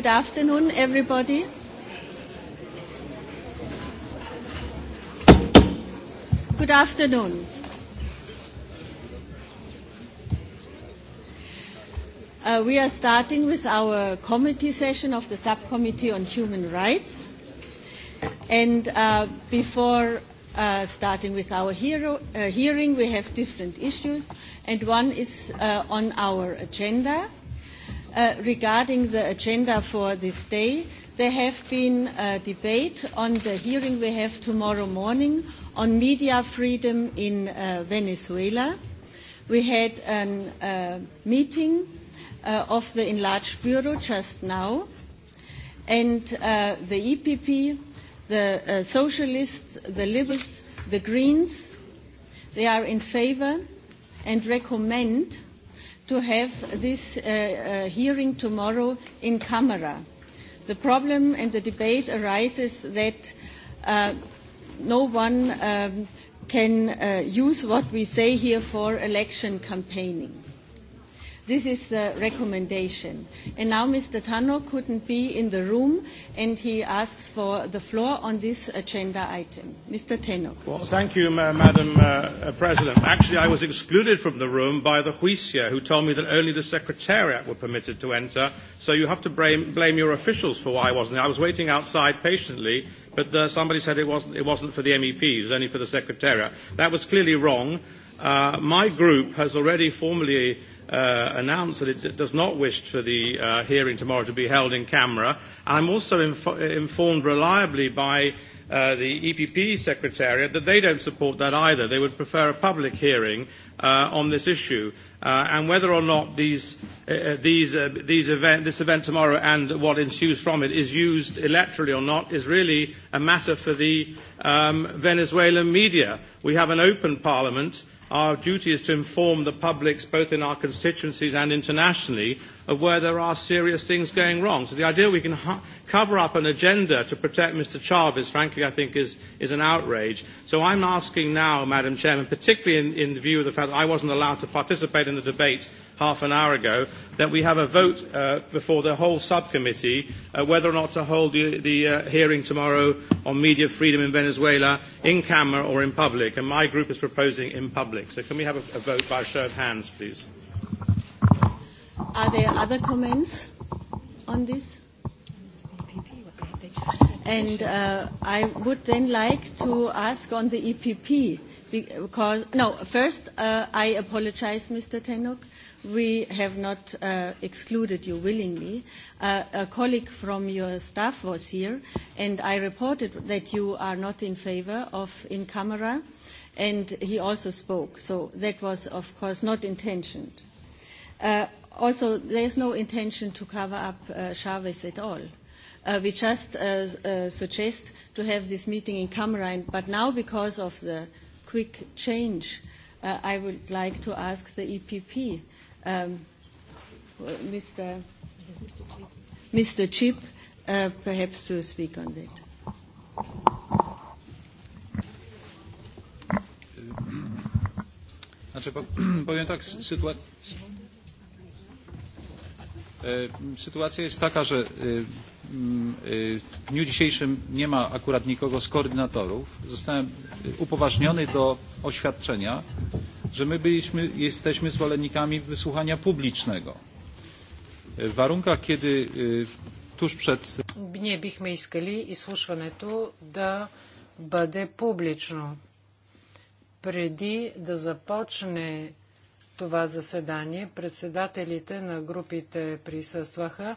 Good afternoon, everybody. Good afternoon. Uh, we are starting with our committee session of the Subcommittee on Human Rights. And uh, before uh, starting with our hero, uh, hearing, we have different issues, and one is uh, on our agenda regarding the agenda for this day. There have been a debate on the hearing we have tomorrow morning on media freedom in Venezuela. We had a meeting of the enlarged bureau just now, and the EPP, the socialists, the liberals, the greens, they are in favor and recommend to have this uh, uh, hearing tomorrow in camera. The problem and the debate arises that uh, no one um, can uh, use what we say here for election campaigning. This is the recommendation. And now Mr. Tano couldn't be in the room, and he asks for the floor on this agenda item. Mr. Tannock. Well, thank you, Madam uh, President. Actually, I was excluded from the room by the Huissier, who told me that only the Secretariat were permitted to enter, so you have to blame, blame your officials for why I wasn't there. I was waiting outside patiently but uh, somebody said it wasn't, it wasn't for the MEPs, it was only for the Secretariat. That was clearly wrong. Uh, my group has already formally uh, announced that it does not wish for the uh, hearing tomorrow to be held in camera. And I'm also inf- informed reliably by uh, the EPP Secretariat that they don't support that either. They would prefer a public hearing uh, on this issue. Uh, and whether or not these, uh, these, uh, these event, this event tomorrow and what ensues from it is used electorally or not is really a matter for the um, Venezuelan media. We have an open parliament our duty is to inform the publics, both in our constituencies and internationally, of where there are serious things going wrong. So the idea we can cover up an agenda to protect Mr Chavez, frankly, I think is, is an outrage. So I'm asking now, Madam Chairman, particularly in, in view of the fact that I wasn't allowed to participate in the debate half an hour ago that we have a vote uh, before the whole subcommittee uh, whether or not to hold the, the uh, hearing tomorrow on media freedom in Venezuela in camera or in public. And my group is proposing in public. So can we have a, a vote by a show of hands, please? Are there other comments on this? And uh, I would then like to ask on the EPP because no, first uh, I apologize, Mr. Tenok we have not uh, excluded you willingly. Uh, a colleague from your staff was here, and I reported that you are not in favor of in camera, and he also spoke. So that was, of course, not intentioned. Uh, also, there is no intention to cover up uh, Chavez at all. Uh, we just uh, uh, suggest to have this meeting in camera, and, but now because of the quick change, uh, I would like to ask the EPP Mr. Chip, perhaps to speak on that. powiem tak, sytuacja, sytuacja jest taka, że w dniu dzisiejszym nie ma akurat nikogo z koordynatorów. Zostałem upoważniony do oświadczenia że my byliśmy, jesteśmy zwolennikami wysłuchania publicznego. W warunkach, kiedy tuż przed... Ние бихме искали изслушването да бъде публично. Преди да започне това заседание, председателите на групите присъстваха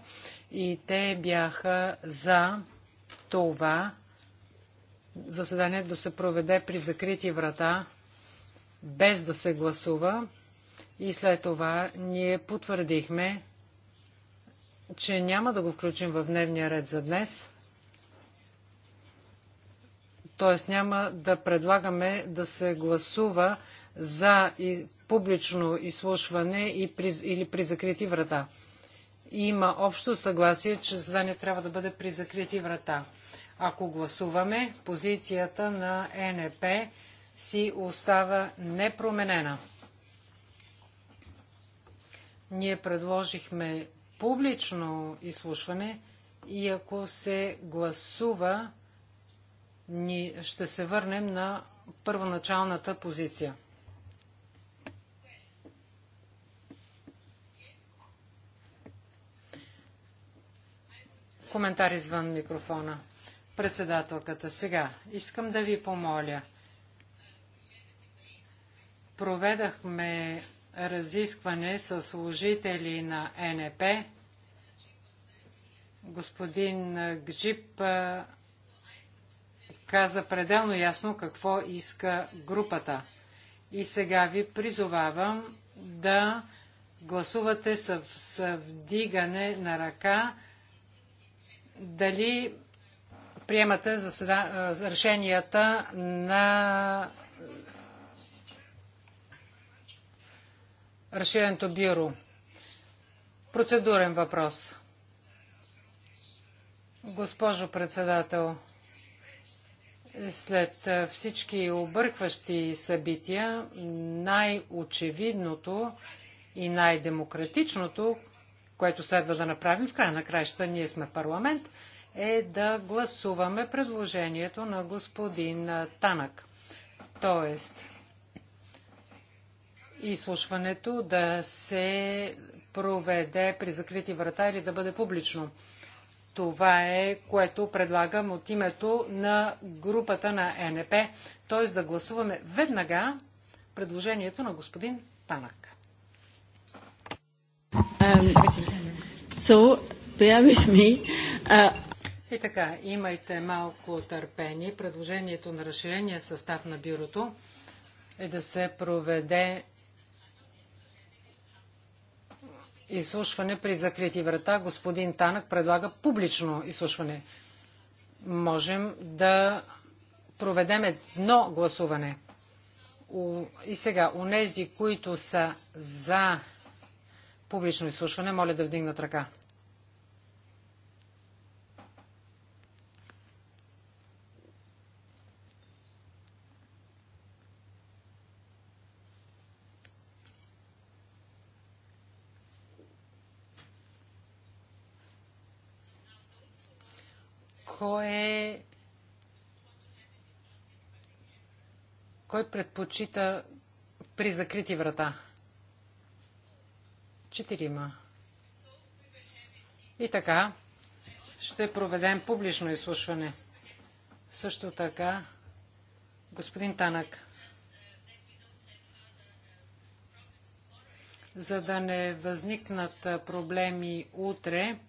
и те бяха за това заседанието да се проведе при закрити врата без да се гласува. И след това ние потвърдихме, че няма да го включим в дневния ред за днес. Т.е. няма да предлагаме да се гласува за публично изслушване и при, или при закрити врата. Има общо съгласие, че заданието трябва да бъде при закрити врата. Ако гласуваме, позицията на НП си остава непроменена. Ние предложихме публично изслушване и ако се гласува, ни ще се върнем на първоначалната позиция. Коментар извън микрофона. Председателката, сега искам да ви помоля – проведахме разискване с служители на НП. Господин Гжип каза пределно ясно какво иска групата. И сега ви призовавам да гласувате с, вдигане на ръка дали приемате заседа... решенията на разширеното бюро. Процедурен въпрос. Госпожо председател, след всички объркващи събития, най-очевидното и най-демократичното, което следва да направим в края на краища, ние сме парламент, е да гласуваме предложението на господин Танък. Тоест, изслушването да се проведе при закрити врата или да бъде публично. Това е, което предлагам от името на групата на НП, т.е. да гласуваме веднага предложението на господин Танък. Um, so, uh... И така, имайте малко търпение. Предложението на разширения състав на бюрото е да се проведе изслушване при закрити врата. Господин Танък предлага публично изслушване. Можем да проведем едно гласуване. И сега, нези, които са за публично изслушване, моля да вдигнат ръка. Кой е, Кой предпочита при закрити врата? Четирима. И така, ще проведем публично изслушване. Също така, господин Танък, за да не възникнат проблеми утре,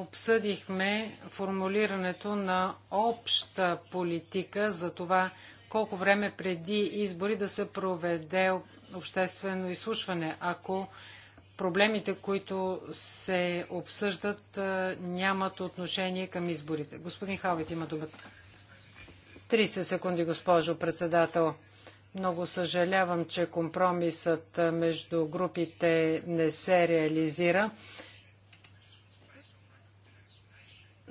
обсъдихме формулирането на обща политика за това колко време преди избори да се проведе обществено изслушване. Ако проблемите, които се обсъждат, нямат отношение към изборите. Господин Халвит има думата. 30 секунди, госпожо председател. Много съжалявам, че компромисът между групите не се реализира.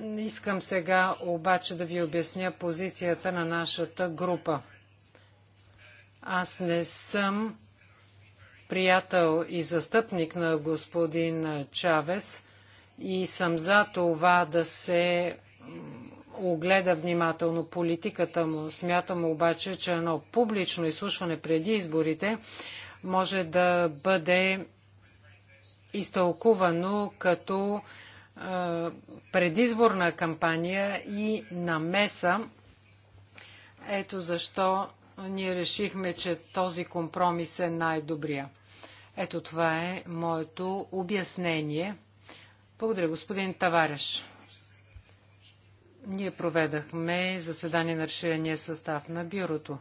Искам сега обаче да ви обясня позицията на нашата група. Аз не съм приятел и застъпник на господин Чавес и съм за това да се огледа внимателно политиката му. Смятам обаче, че едно публично изслушване преди изборите може да бъде изтълкувано като предизборна кампания и намеса. Ето защо ние решихме, че този компромис е най-добрия. Ето това е моето обяснение. Благодаря, господин Тавареш. Ние проведахме заседание на решение състав на бюрото.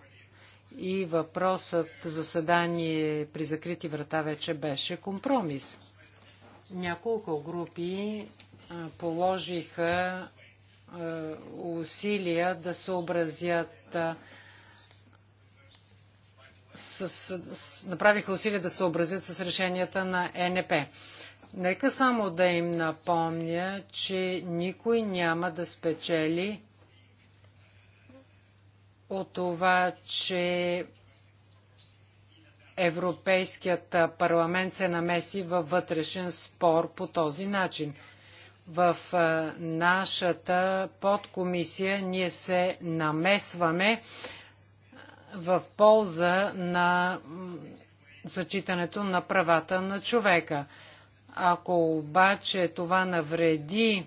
И въпросът заседание при закрити врата вече беше компромис. Няколко групи положиха усилия да съобразят с, с, направиха усилия да съобразят с решенията на ЕНП. Нека само да им напомня, че никой няма да спечели от това, че Европейският парламент се намеси във вътрешен спор по този начин. В нашата подкомисия ние се намесваме в полза на зачитането на правата на човека. Ако обаче това навреди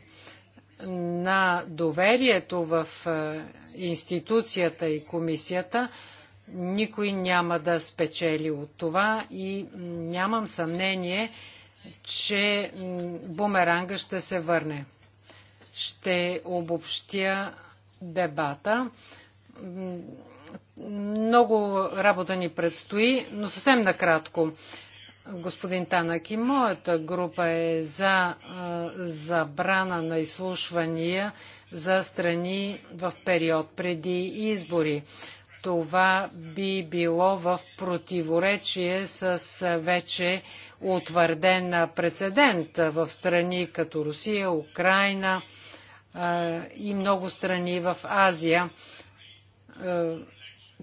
на доверието в институцията и комисията, никой няма да спечели от това и нямам съмнение, че бумеранга ще се върне. Ще обобщя дебата. Много работа ни предстои, но съвсем накратко. Господин Танък и моята група е за забрана на изслушвания за страни в период преди избори това би било в противоречие с вече утвърден прецедент в страни като Русия, Украина и много страни в Азия.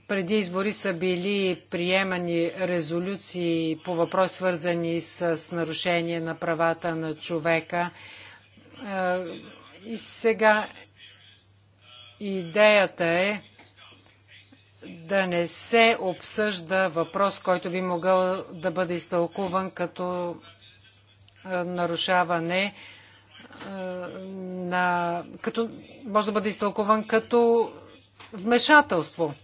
преди избори са били приемани резолюции по въпрос, свързани с нарушение на правата на човека. и сега идеята е, да не се обсъжда въпрос, който би могъл да бъде изтълкуван като нарушаване на... Като, може да бъде изтълкуван като вмешателство.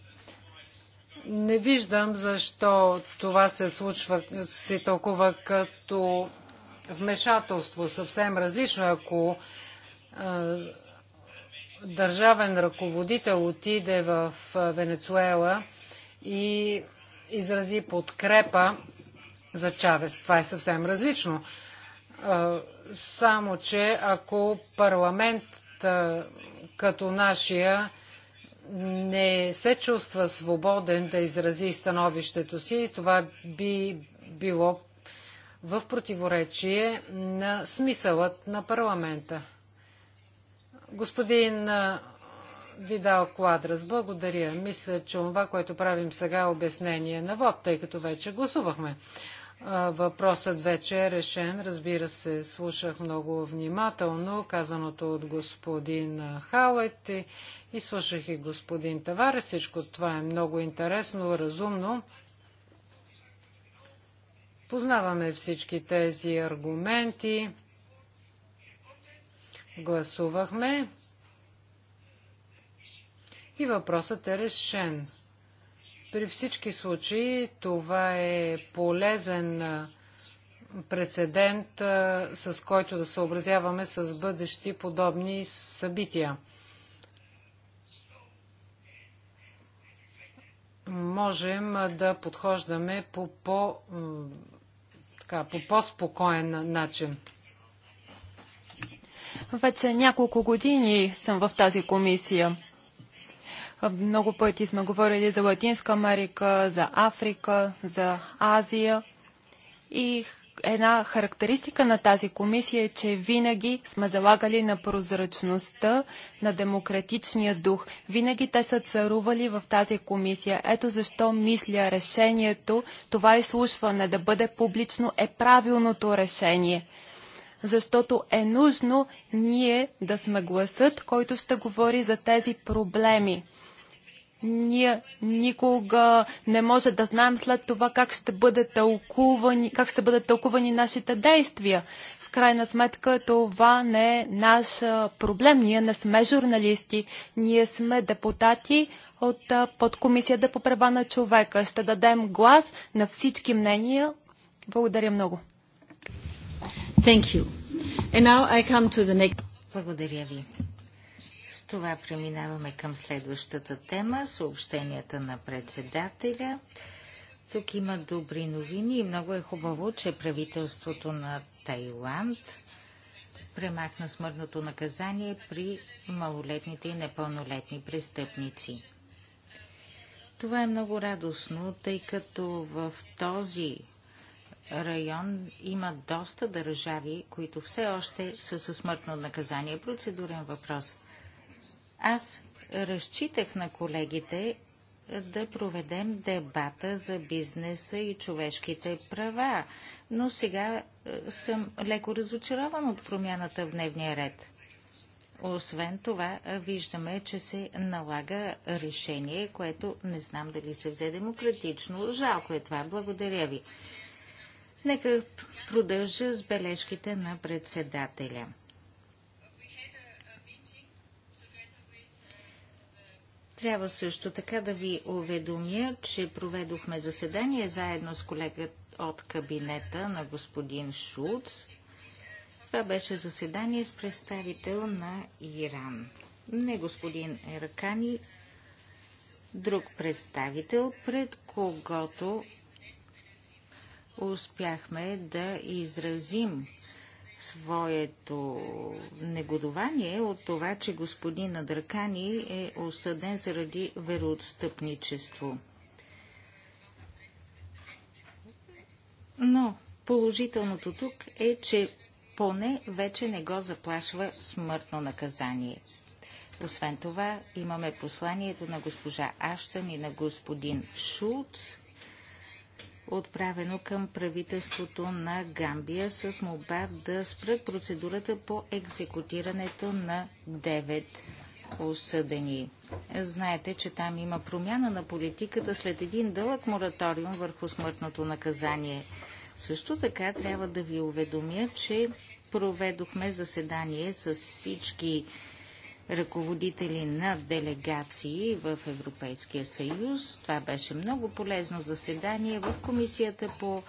Не виждам защо това се случва, се тълкува като вмешателство. Съвсем различно, ако държавен ръководител отиде в Венецуела и изрази подкрепа за Чавес. Това е съвсем различно. Само, че ако парламент като нашия не се чувства свободен да изрази становището си, това би било в противоречие на смисълът на парламента. Господин Видал Квадрас, благодаря. Мисля, че това, което правим сега е обяснение на вод, тъй като вече гласувахме. Въпросът вече е решен. Разбира се, слушах много внимателно казаното от господин Халет и, и слушах и господин Тавар. Всичко това е много интересно, разумно. Познаваме всички тези аргументи. Гласувахме. И въпросът е решен. При всички случаи това е полезен прецедент, с който да съобразяваме с бъдещи подобни събития. Можем да подхождаме по, по, по по-спокоен начин. Вече няколко години съм в тази комисия. Много пъти сме говорили за Латинска Америка, за Африка, за Азия. И една характеристика на тази комисия е, че винаги сме залагали на прозрачността, на демократичния дух. Винаги те са царували в тази комисия. Ето защо мисля решението това изслушване да бъде публично е правилното решение защото е нужно ние да сме гласът, който ще говори за тези проблеми. Ние никога не може да знаем след това как ще, бъде тълкувани, как ще бъдат тълкувани нашите действия. В крайна сметка това не е наш проблем. Ние не сме журналисти, ние сме депутати, от подкомисията по права на човека. Ще дадем глас на всички мнения. Благодаря много. Thank you. And now I come to the next... Благодаря ви. С това преминаваме към следващата тема съобщенията на председателя. Тук има добри новини и много е хубаво, че правителството на Тайланд премахна смъртното наказание при малолетните и непълнолетни престъпници. Това е много радостно, тъй като в този район има доста държави, които все още са със смъртно наказание. Процедурен въпрос. Аз разчитах на колегите е, да проведем дебата за бизнеса и човешките права, но сега е, съм леко разочарован от промяната в дневния ред. Освен това, е, виждаме, че се налага решение, което не знам дали се взе демократично. Жалко е това. Благодаря ви. Нека продължа с бележките на председателя. Трябва също така да ви уведомя, че проведохме заседание заедно с колега от кабинета на господин Шуц. Това беше заседание с представител на Иран. Не господин Еркани, друг представител, пред когото успяхме да изразим своето негодование от това, че господин Адракани е осъден заради вероотстъпничество. Но положителното тук е, че поне вече не го заплашва смъртно наказание. Освен това, имаме посланието на госпожа Аштън и на господин Шулц, отправено към правителството на Гамбия с молба да спрат процедурата по екзекутирането на 9 осъдени. Знаете, че там има промяна на политиката след един дълъг мораториум върху смъртното наказание. Също така трябва да ви уведомя, че проведохме заседание с всички ръководители на делегации в Европейския съюз. Това беше много полезно заседание в Комисията по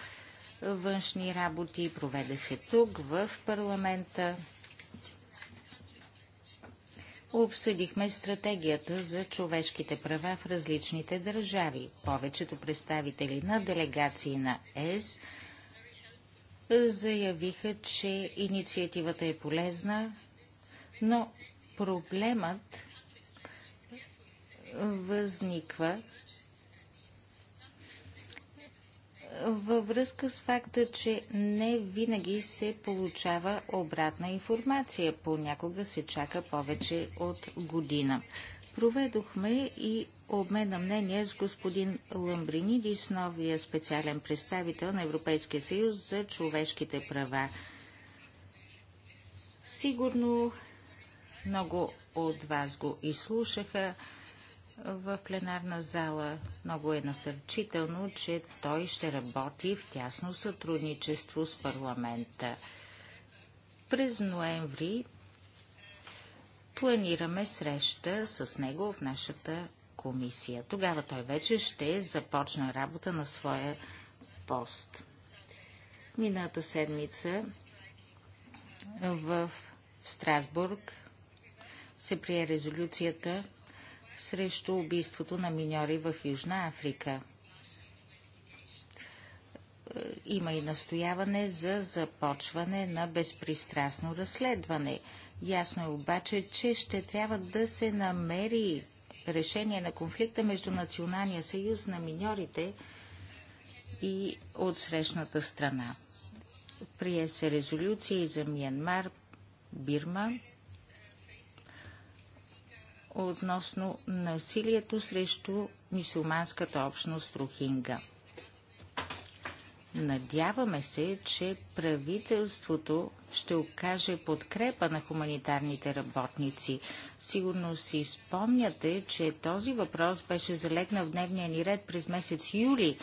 външни работи. Проведе се тук, в парламента. Обсъдихме стратегията за човешките права в различните държави. Повечето представители на делегации на ЕС заявиха, че инициативата е полезна, но Проблемът възниква във връзка с факта, че не винаги се получава обратна информация. Понякога се чака повече от година. Проведохме и обмен на мнение с господин с новия специален представител на Европейския съюз за човешките права. Сигурно много от вас го изслушаха в пленарна зала. Много е насърчително, че той ще работи в тясно сътрудничество с парламента. През ноември планираме среща с него в нашата комисия. Тогава той вече ще започна работа на своя пост. Мината седмица в Страсбург се прие резолюцията срещу убийството на миньори в Южна Африка. Е, има и настояване за започване на безпристрастно разследване. Ясно е обаче, че ще трябва да се намери решение на конфликта между Националния съюз на миньорите и от срещната страна. Прие се и за Миянмар, Бирма, относно насилието срещу мисулманската общност Рухинга. Надяваме се, че правителството ще окаже подкрепа на хуманитарните работници. Сигурно си спомняте, че този въпрос беше залегнал в дневния ни ред през месец юли,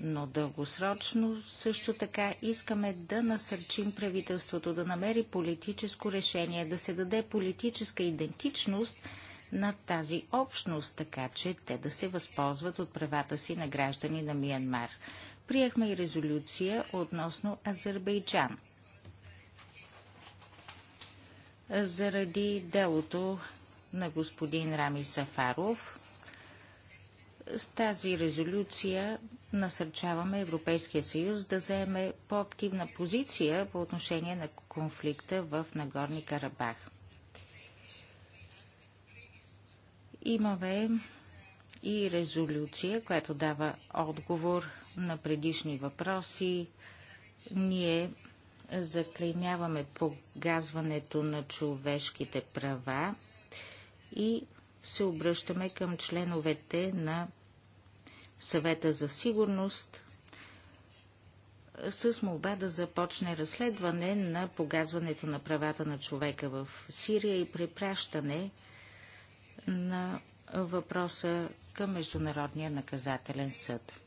но дългосрочно също така искаме да насърчим правителството да намери политическо решение, да се даде политическа идентичност – на тази общност, така че те да се възползват от правата си на граждани на Миянмар. Приехме и резолюция относно Азербайджан. Заради делото на господин Рами Сафаров, с тази резолюция насърчаваме Европейския съюз да заеме по-активна позиция по отношение на конфликта в Нагорни Карабах. Имаме и резолюция, която дава отговор на предишни въпроси. Ние заклеймяваме погазването на човешките права и се обръщаме към членовете на съвета за сигурност с молба да започне разследване на погазването на правата на човека в Сирия и препращане на въпроса към Международния наказателен съд.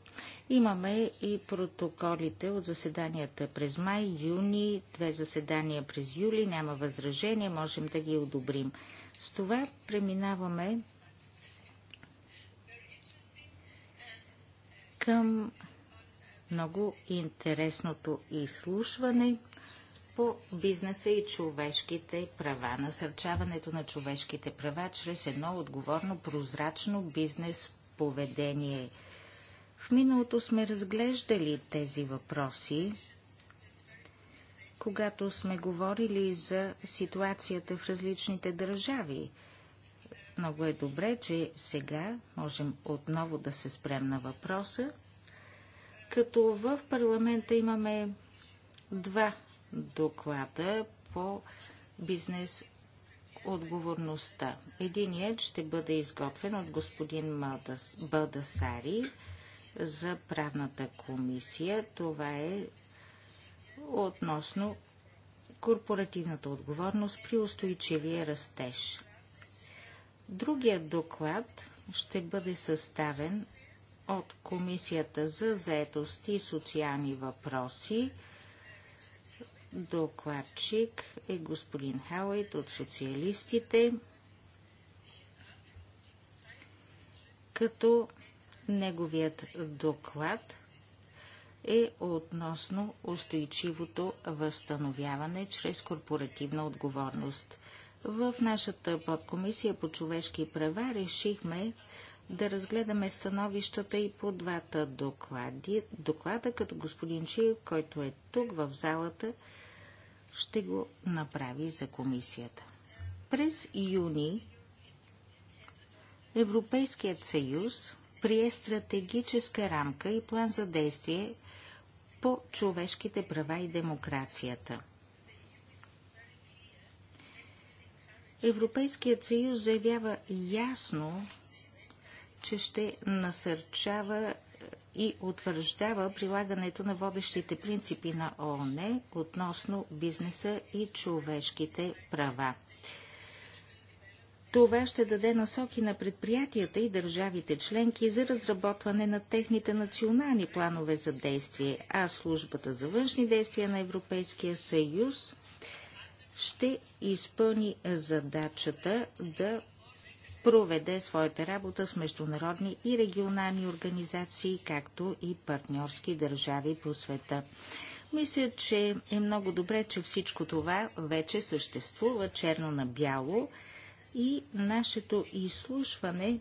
Имаме и протоколите от заседанията през май, юни, две заседания през юли, няма възражение, можем да ги одобрим. С това преминаваме към много интересното изслушване по бизнеса и човешките права, насърчаването на човешките права чрез едно отговорно, прозрачно бизнес поведение. В миналото сме разглеждали тези въпроси, когато сме говорили за ситуацията в различните държави. Много е добре, че сега можем отново да се спрем на въпроса, като в парламента имаме два доклада по бизнес отговорността. Единият ще бъде изготвен от господин Малдас, Балдасари за правната комисия. Това е относно корпоративната отговорност при устойчивия растеж. Другият доклад ще бъде съставен от Комисията за заетост и социални въпроси – Докладчик е господин Хауейт от социалистите. Като неговият доклад е относно устойчивото възстановяване чрез корпоративна отговорност. В нашата подкомисия по човешки права решихме, да разгледаме становищата и по двата доклади. Доклада като господин Чиев, който е тук в залата, ще го направи за комисията. През юни Европейският съюз прие стратегическа рамка и план за действие по човешките права и демокрацията. Европейският съюз заявява ясно, че ще насърчава е, и утвърждава прилагането на водещите принципи на ООН относно бизнеса и човешките права. Това ще даде насоки на предприятията и държавите членки за разработване на техните национални планове за действие, а службата за външни действия на Европейския съюз ще изпълни задачата да проведе своята работа с международни и регионални организации, както и партньорски държави по света. Мисля, че е много добре, че всичко това вече съществува черно на бяло и нашето изслушване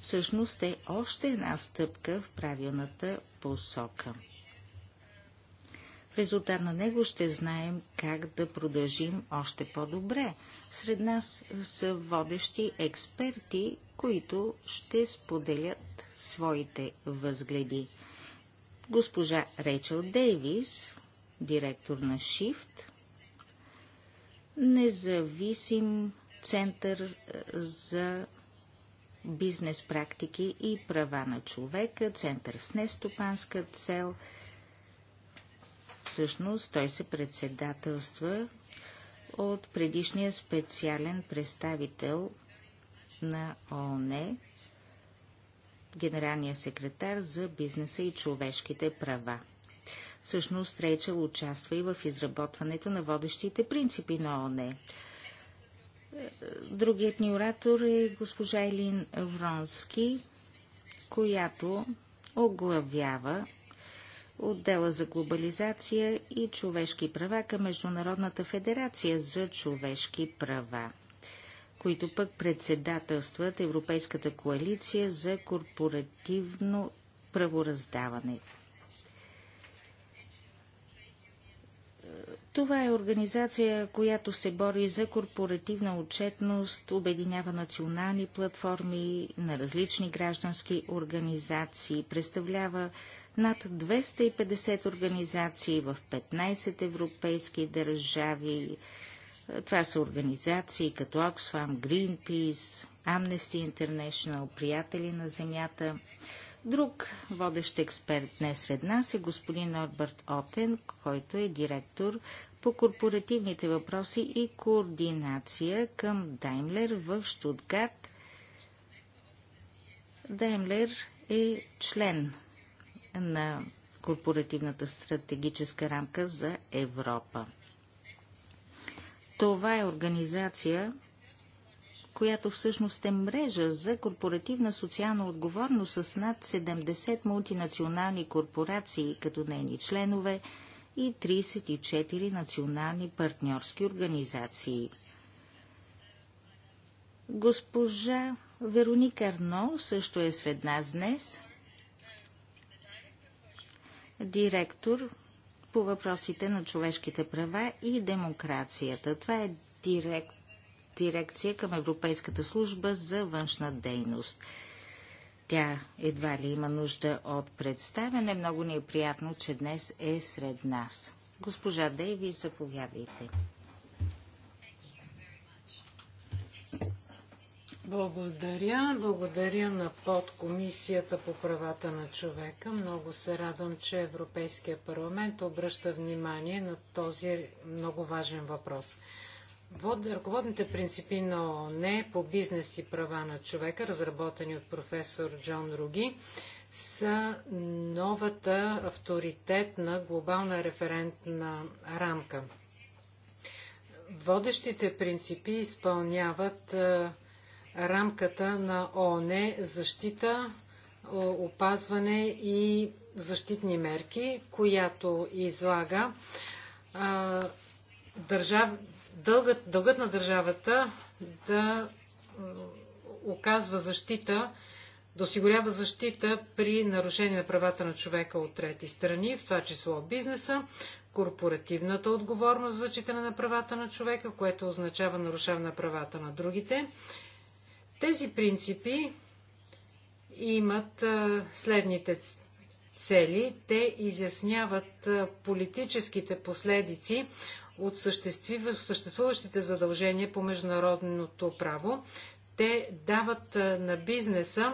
всъщност е още една стъпка в правилната посока. В резултат на него ще знаем как да продължим още по-добре. Сред нас са водещи експерти, които ще споделят своите възгледи. Госпожа Рейчел Дейвис, директор на Shift, независим център е, за бизнес практики и права на човека, център с нестопанска цел – Всъщност той се председателства от предишния специален представител на ООН, генералния секретар за бизнеса и човешките права. Всъщност Рейчел участва и в изработването на водещите принципи на ООН. Другият ни оратор е госпожа Елин Вронски, която оглавява отдела за глобализация и човешки права към Международната федерация за човешки права, които пък председателстват Европейската коалиция за корпоративно правораздаване. Това е организация, която се бори за корпоративна отчетност, обединява национални платформи на различни граждански организации, представлява над 250 организации в 15 европейски държави. Това са организации като Oxfam, Greenpeace, Amnesty International, Приятели на Земята. Друг водещ експерт днес сред нас е господин Орбърт Отен, който е директор по корпоративните въпроси и координация към Даймлер в Штутгарт. Даймлер е член на корпоративната стратегическа рамка за Европа. Това е организация, която всъщност е мрежа за корпоративна социална отговорност с над 70 мултинационални корпорации като нейни членове и 34 национални партньорски организации. Госпожа Вероника Арно също е сред нас днес – директор по въпросите на човешките права и демокрацията. Това е директ, дирекция към Европейската служба за външна дейност. Тя едва ли има нужда от представяне. Много ни е приятно, че днес е сред нас. Госпожа Дейви, заповядайте. Благодаря. Благодаря на подкомисията по правата на човека. Много се радвам, че Европейския парламент обръща внимание на този много важен въпрос. ръководните принципи на ООН по бизнес и права на човека, разработени от професор Джон Руги, са новата авторитетна глобална референтна рамка. Водещите принципи изпълняват е, рамката на ООН защита, опазване и защитни мерки, която излага държав... дългът, дългът на държавата да оказва защита, да осигурява защита при нарушение на правата на човека от трети страни, в това число бизнеса, корпоративната отговорност за зачитане на правата на човека, което означава нарушаване на правата на другите тези принципи имат следните цели. Те изясняват политическите последици от съществуващите задължения по международното право. Те дават на бизнеса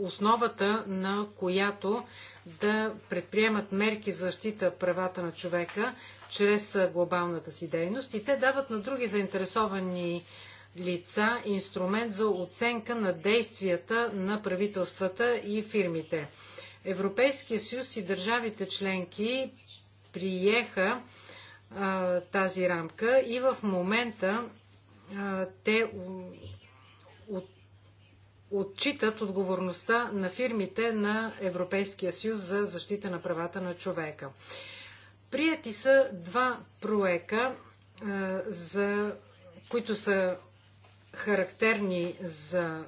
основата, на която да предприемат мерки за защита правата на човека чрез глобалната си дейност и те дават на други заинтересовани лица инструмент за оценка на действията на правителствата и фирмите. Европейския съюз и държавите членки приеха а, тази рамка и в момента а, те от, отчитат отговорността на фирмите на Европейския съюз за защита на правата на човека. Прияти са два проека а, за които са характерни за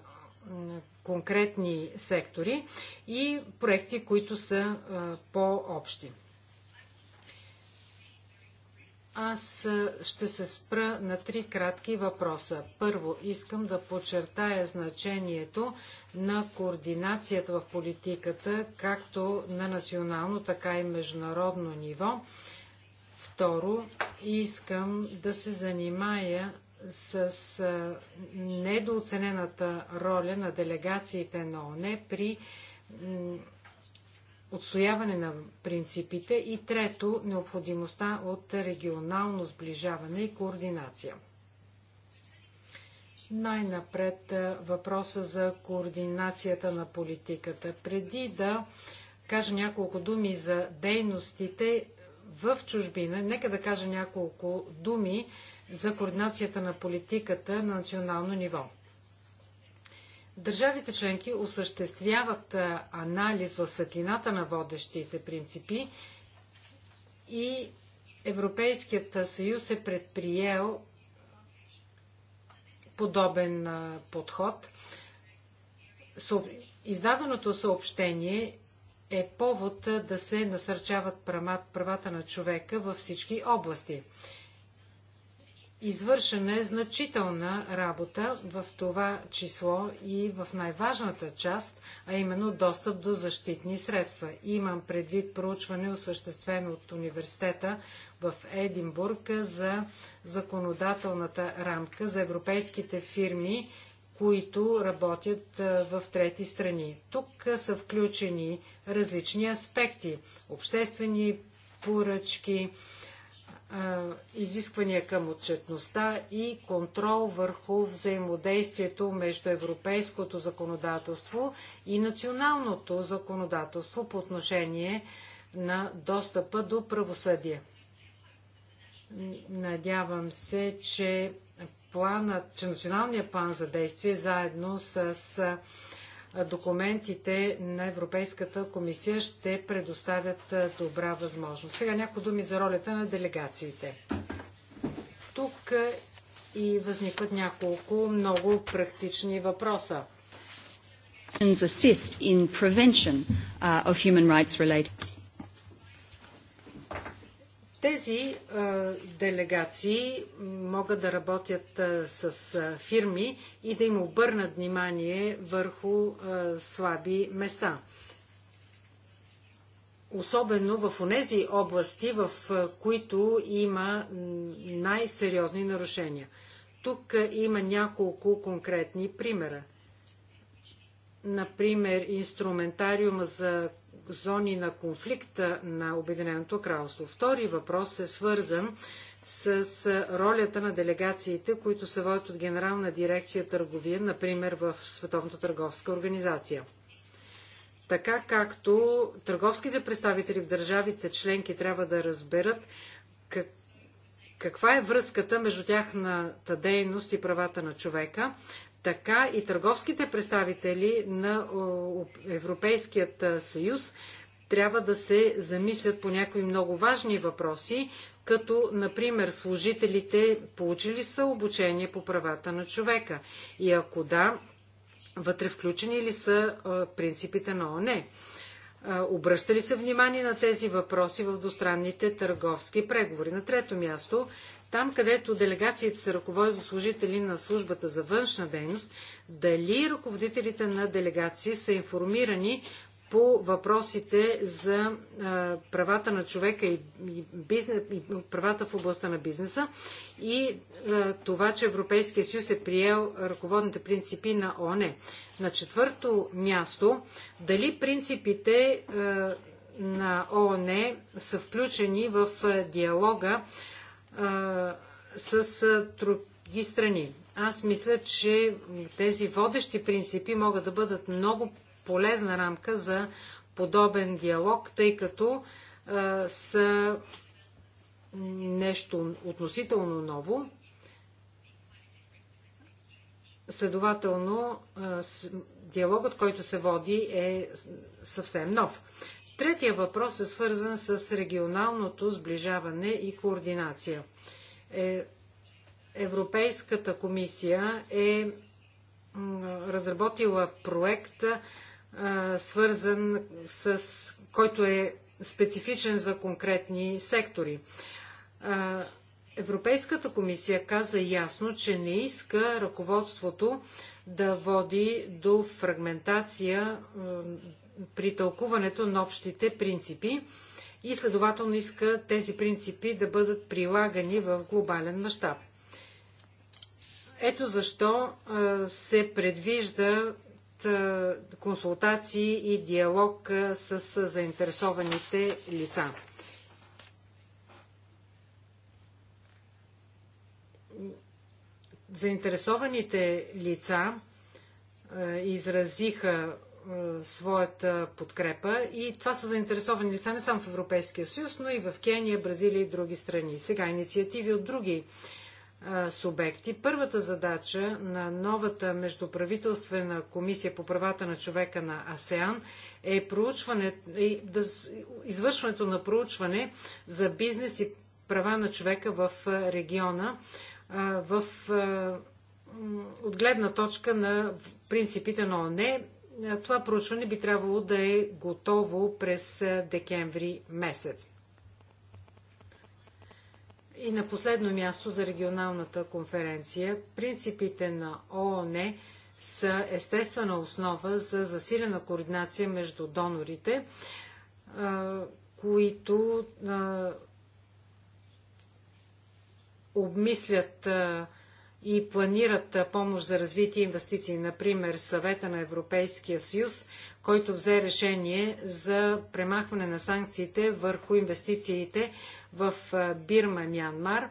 конкретни сектори и проекти, които са по-общи. Аз ще се спра на три кратки въпроса. Първо, искам да подчертая значението на координацията в политиката, както на национално, така и международно ниво. Второ, искам да се занимая с недооценената роля на делегациите на ОНЕ при отстояване на принципите и трето необходимостта от регионално сближаване и координация. Най-напред въпроса за координацията на политиката. Преди да кажа няколко думи за дейностите в чужбина, нека да кажа няколко думи за координацията на политиката на национално ниво. Държавите членки осъществяват анализ в светлината на водещите принципи и Европейският съюз е предприел подобен подход. Издаденото съобщение е повод да се насърчават правата на човека във всички области. Извършена е значителна работа в това число и в най-важната част, а именно достъп до защитни средства. Имам предвид проучване, осъществено от университета в Единбург за законодателната рамка за европейските фирми, които работят в трети страни. Тук са включени различни аспекти – обществени поръчки, изисквания към отчетността и контрол върху взаимодействието между европейското законодателство и националното законодателство по отношение на достъпа до правосъдие. Надявам се, че, планът, че националният план за действие заедно с документите на Европейската комисия ще предоставят добра възможност. Сега някои думи за ролята на делегациите. Тук и възникват няколко много практични въпроса. Assist in prevention uh, of human rights related. Тези е, делегации могат да работят е, с е, фирми и да им обърнат внимание върху слаби места. Особено в онези области, в които има най-сериозни нарушения. Тук има няколко конкретни примера например, инструментариума за зони на конфликта на Обединеното кралство. Втори въпрос е свързан с ролята на делегациите, които се водят от Генерална дирекция търговия, например в Световната търговска организация. Така както търговските представители в държавите членки трябва да разберат как, каква е връзката между тяхната дейност и правата на човека, така и търговските представители на Европейският съюз трябва да се замислят по някои много важни въпроси, като, например, служителите получили са обучение по правата на човека? И ако да, вътре включени ли са принципите на ОНЕ? Обръща ли се внимание на тези въпроси в двустранните търговски преговори? На трето място, там, където делегациите се ръководят от служители на службата за външна дейност, дали ръководителите на делегации са информирани по въпросите за а, правата на човека и, и, бизнес, и правата в областта на бизнеса и а, това, че Европейския съюз е приел ръководните принципи на ОНЕ. На четвърто място, дали принципите а, на ООН са включени в диалога а, с други страни. Аз мисля, че тези водещи принципи могат да бъдат много полезна рамка за подобен диалог, тъй като а, са нещо относително ново. Следователно, диалогът, който се води, е съвсем нов. Третия въпрос е свързан с регионалното сближаване и координация. Е, Европейската комисия е разработила проект, свързан с който е специфичен за конкретни сектори. Европейската комисия каза ясно, че не иска ръководството да води до фрагментация при тълкуването на общите принципи и следователно иска тези принципи да бъдат прилагани в глобален мащаб. Ето защо се предвижда консултации и диалог с заинтересованите лица. Заинтересованите лица изразиха е, своята подкрепа и това са заинтересовани лица не само в Европейския съюз, но и в Кения, Бразилия и други страни. Сега инициативи от други а, е, субекти. Първата задача на новата междуправителствена комисия по правата на човека на АСЕАН е, проучване, е да, извършването на проучване за бизнес и права на човека в е, региона а, в а, от гледна точка на принципите на ОНЕ е, това проучване би трябвало да е готово през е, декември месец. И на последно място за регионалната конференция, принципите на ООН са естествена основа за засилена координация между донорите, е, които обмислят и планират помощ за развитие и инвестиции. Например, съвета на Европейския съюз, който взе решение за премахване на санкциите върху инвестициите в Бирма, Мянмар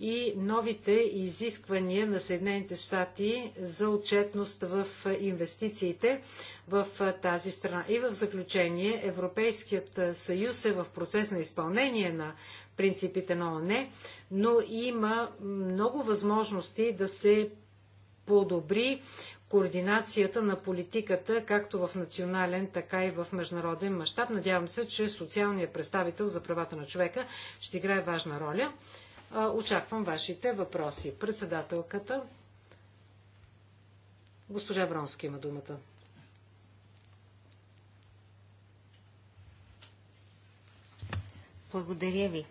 и новите изисквания на Съединените щати за отчетност в инвестициите в тази страна. И в заключение, Европейският съюз е в процес на изпълнение на принципите на ОНЕ, но има много възможности да се подобри координацията на политиката, както в национален, така и в международен мащаб. Надявам се, че социалният представител за правата на човека ще играе важна роля. Очаквам вашите въпроси. Председателката, госпожа Бронски има думата. Благодаря ви.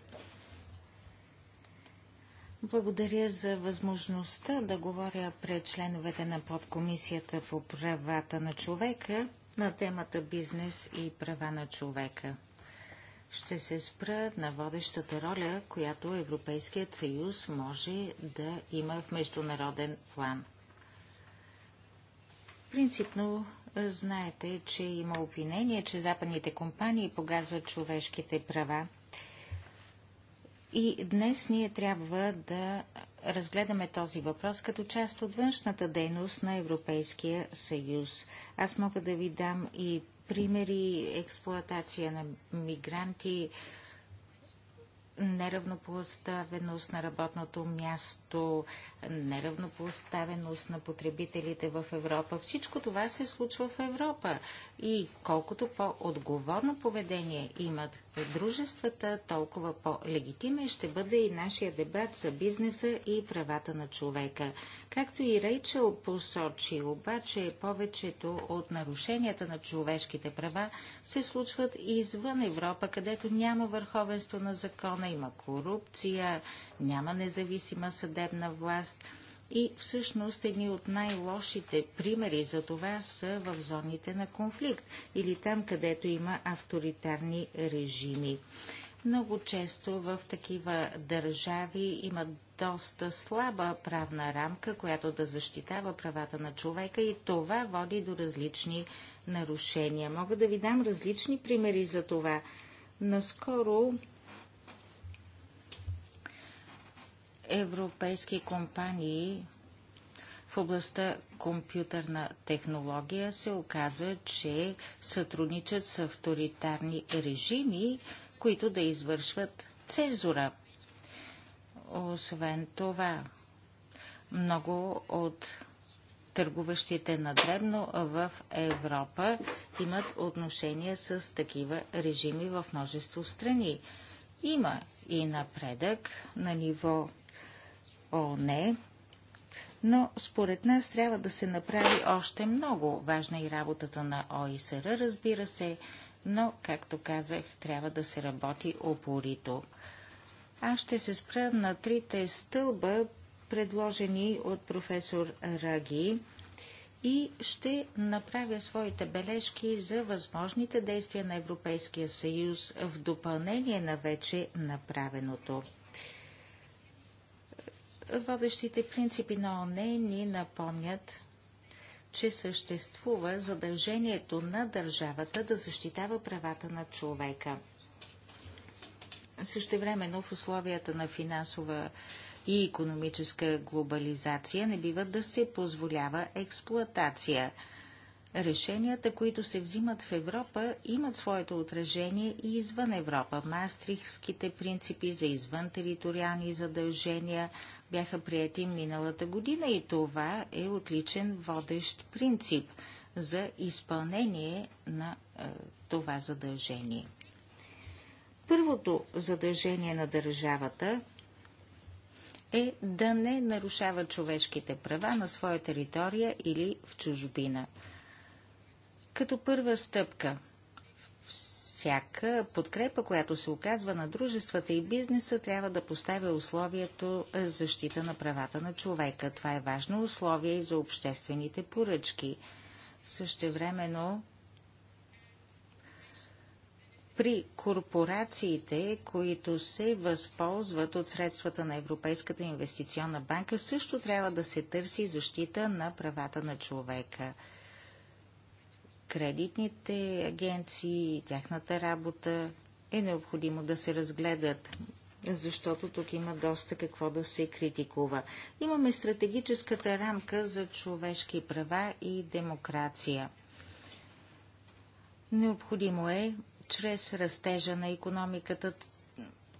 Благодаря за възможността да говоря пред членовете на подкомисията по правата на човека на темата бизнес и права на човека. Ще се спра на водещата роля, която Европейският съюз може да има в международен план. Принципно знаете, че има обвинение, че западните компании погазват човешките права. И днес ние трябва да разгледаме този въпрос като част от външната дейност на Европейския съюз. Аз мога да ви дам и примери, експлоатация на мигранти, неравнопоставеност на работното място, неравнопоставеност на потребителите в Европа. Всичко това се случва в Европа. И колкото по-отговорно поведение имат дружествата, толкова по-легитимен ще бъде и нашия дебат за бизнеса и правата на човека. Както и Рейчел посочи, обаче повечето от нарушенията на човешките права се случват извън Европа, където няма върховенство на закона система, има корупция, няма независима съдебна власт. И всъщност едни от най-лошите примери за това са в зоните на конфликт или там, където има авторитарни режими. Много често в такива държави има доста слаба правна рамка, която да защитава правата на човека и това води до различни нарушения. Мога да ви дам различни примери за това. Наскоро европейски компании в областта компютърна технология се оказва, че сътрудничат с авторитарни режими, които да извършват цензура. Освен това, много от търгуващите на дребно в Европа имат отношения с такива режими в множество страни. Има и напредък на ниво не. но според нас трябва да се направи още много. Важна е и работата на ОИСР, разбира се, но, както казах, трябва да се работи опорито. Аз ще се спра на трите стълба, предложени от професор Раги и ще направя своите бележки за възможните действия на Европейския съюз в допълнение на вече направеното. Водещите принципи на ОНЕ ни напомнят, че съществува задължението на държавата да защитава правата на човека. Същевременно в условията на финансова и економическа глобализация не бива да се позволява експлоатация – Решенията, които се взимат в Европа, имат своето отражение и извън Европа. Мастрихските принципи за извън териториални задължения бяха прияти миналата година и това е отличен водещ принцип за изпълнение на е, това задължение. Първото задължение на държавата е да не нарушава човешките права на своя територия или в чужбина – като първа стъпка. Всяка подкрепа, която се оказва на дружествата и бизнеса, трябва да поставя условието защита на правата на човека. Това е важно условие и за обществените поръчки. Същевременно при корпорациите, които се възползват от средствата на Европейската инвестиционна банка, също трябва да се търси защита на правата на човека кредитните агенции и тяхната работа е необходимо да се разгледат, защото тук има доста какво да се критикува. Имаме стратегическата рамка за човешки права и демокрация. Необходимо е чрез растежа на економиката,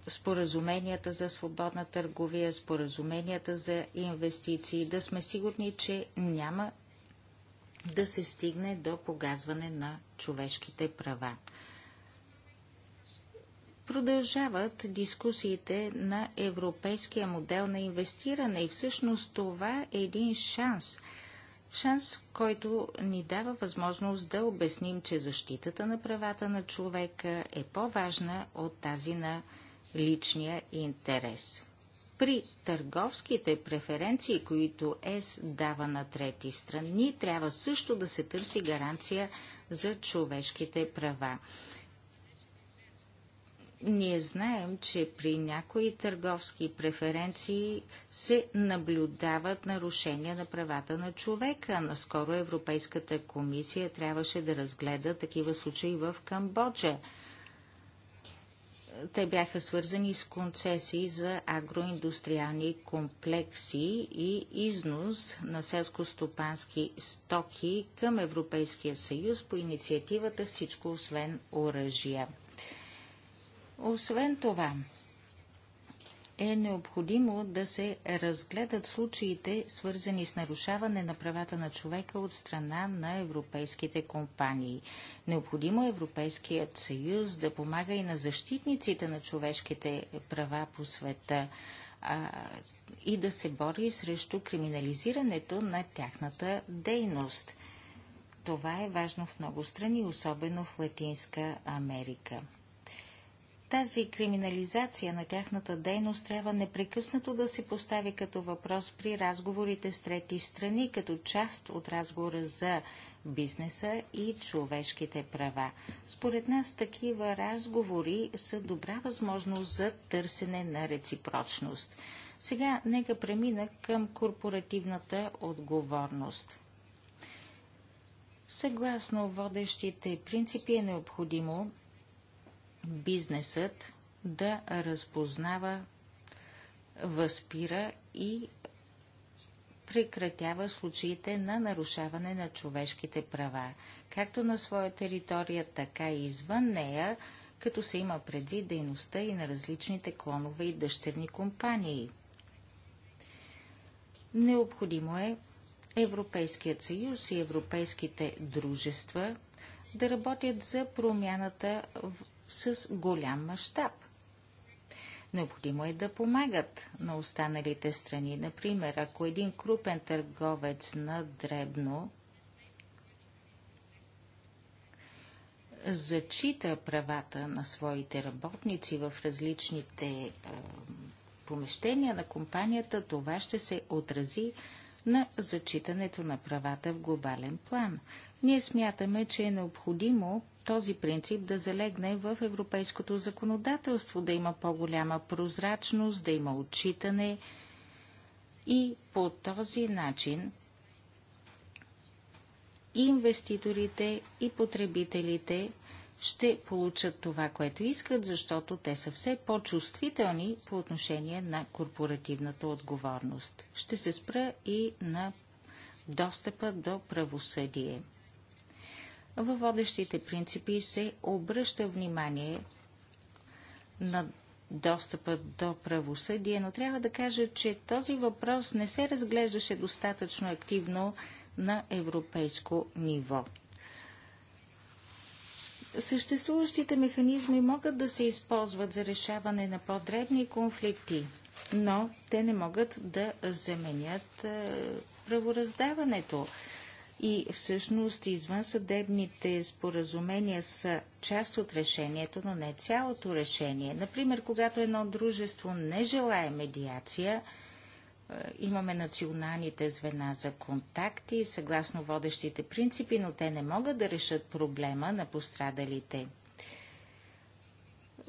споразуменията за свободна търговия, споразуменията за инвестиции, да сме сигурни, че няма да се стигне до погазване на човешките права. Продължават дискусиите на европейския модел на инвестиране и всъщност това е един шанс. Шанс, който ни дава възможност да обясним, че защитата на правата на човека е по-важна от тази на личния интерес при търговските преференции, които ЕС дава на трети страни, трябва също да се търси гаранция за човешките права. Ние знаем, че при някои търговски преференции се наблюдават нарушения на правата на човека. Наскоро Европейската комисия трябваше да разгледа такива случаи в Камбоджа те бяха свързани с концесии за агроиндустриални комплекси и износ на селско-стопански стоки към Европейския съюз по инициативата Всичко освен оръжия. Освен това, е необходимо да се разгледат случаите, свързани с нарушаване на правата на човека от страна на европейските компании. Необходимо е Европейският съюз да помага и на защитниците на човешките права по света а, и да се бори срещу криминализирането на тяхната дейност. Това е важно в много страни, особено в Латинска Америка. Тази криминализация на тяхната дейност трябва непрекъснато да се постави като въпрос при разговорите с трети страни, като част от разговора за бизнеса и човешките права. Според нас такива разговори са добра възможност за търсене на реципрочност. Сега нека премина към корпоративната отговорност. Съгласно водещите принципи е необходимо бизнесът да разпознава, възпира и прекратява случаите на нарушаване на човешките права, както на своя територия, така и извън нея, като се има предвид дейността и на различните клонове и дъщерни компании. Необходимо е Европейският съюз и европейските дружества да работят за промяната в с голям мащаб. Необходимо е да помагат на останалите страни. Например, ако един крупен търговец на дребно зачита правата на своите работници в различните е, помещения на компанията, това ще се отрази на зачитането на правата в глобален план. Ние смятаме, че е необходимо този принцип да залегне в европейското законодателство, да има по-голяма прозрачност, да има отчитане и по този начин и инвеститорите и потребителите ще получат това, което искат, защото те са все по-чувствителни по отношение на корпоративната отговорност. Ще се спра и на достъпа до правосъдие. Във водещите принципи се обръща внимание на достъпа до правосъдие, но трябва да кажа, че този въпрос не се разглеждаше достатъчно активно на европейско ниво. Съществуващите механизми могат да се използват за решаване на по-дребни конфликти, но те не могат да заменят е, правораздаването и всъщност извънсъдебните споразумения са част от решението, но не цялото решение. Например, когато едно дружество не желая медиация, е, имаме националните звена за контакти, съгласно водещите принципи, но те не могат да решат проблема на пострадалите.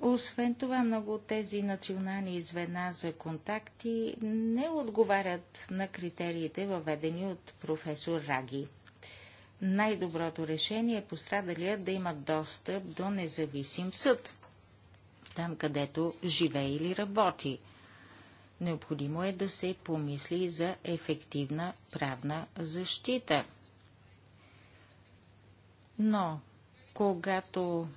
Освен това, много от тези национални звена за контакти не отговарят на критериите, въведени от професор Раги най-доброто решение е пострадалият да има достъп до независим съд, там където живее или работи. Необходимо е да се помисли за ефективна правна защита. Но, когато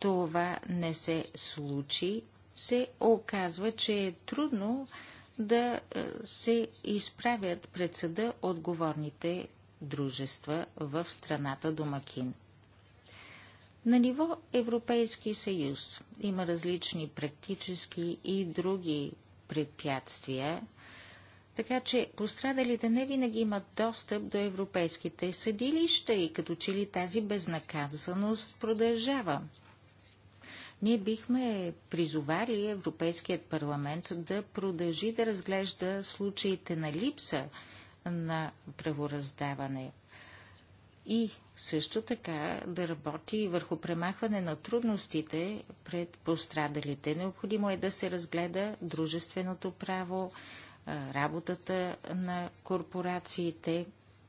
това не се случи, се оказва, че е трудно да е, се изправят пред съда отговорните дружества в страната домакин. На ниво Европейски съюз има различни практически и други препятствия, така че пострадалите не винаги имат достъп до европейските съдилища и като че ли тази безнаказаност продължава. Ние бихме призовали Европейският парламент да продължи да разглежда случаите на липса на правораздаване и също така да работи върху премахване на трудностите пред пострадалите. Необходимо е да се разгледа дружественото право, работата на корпорациите.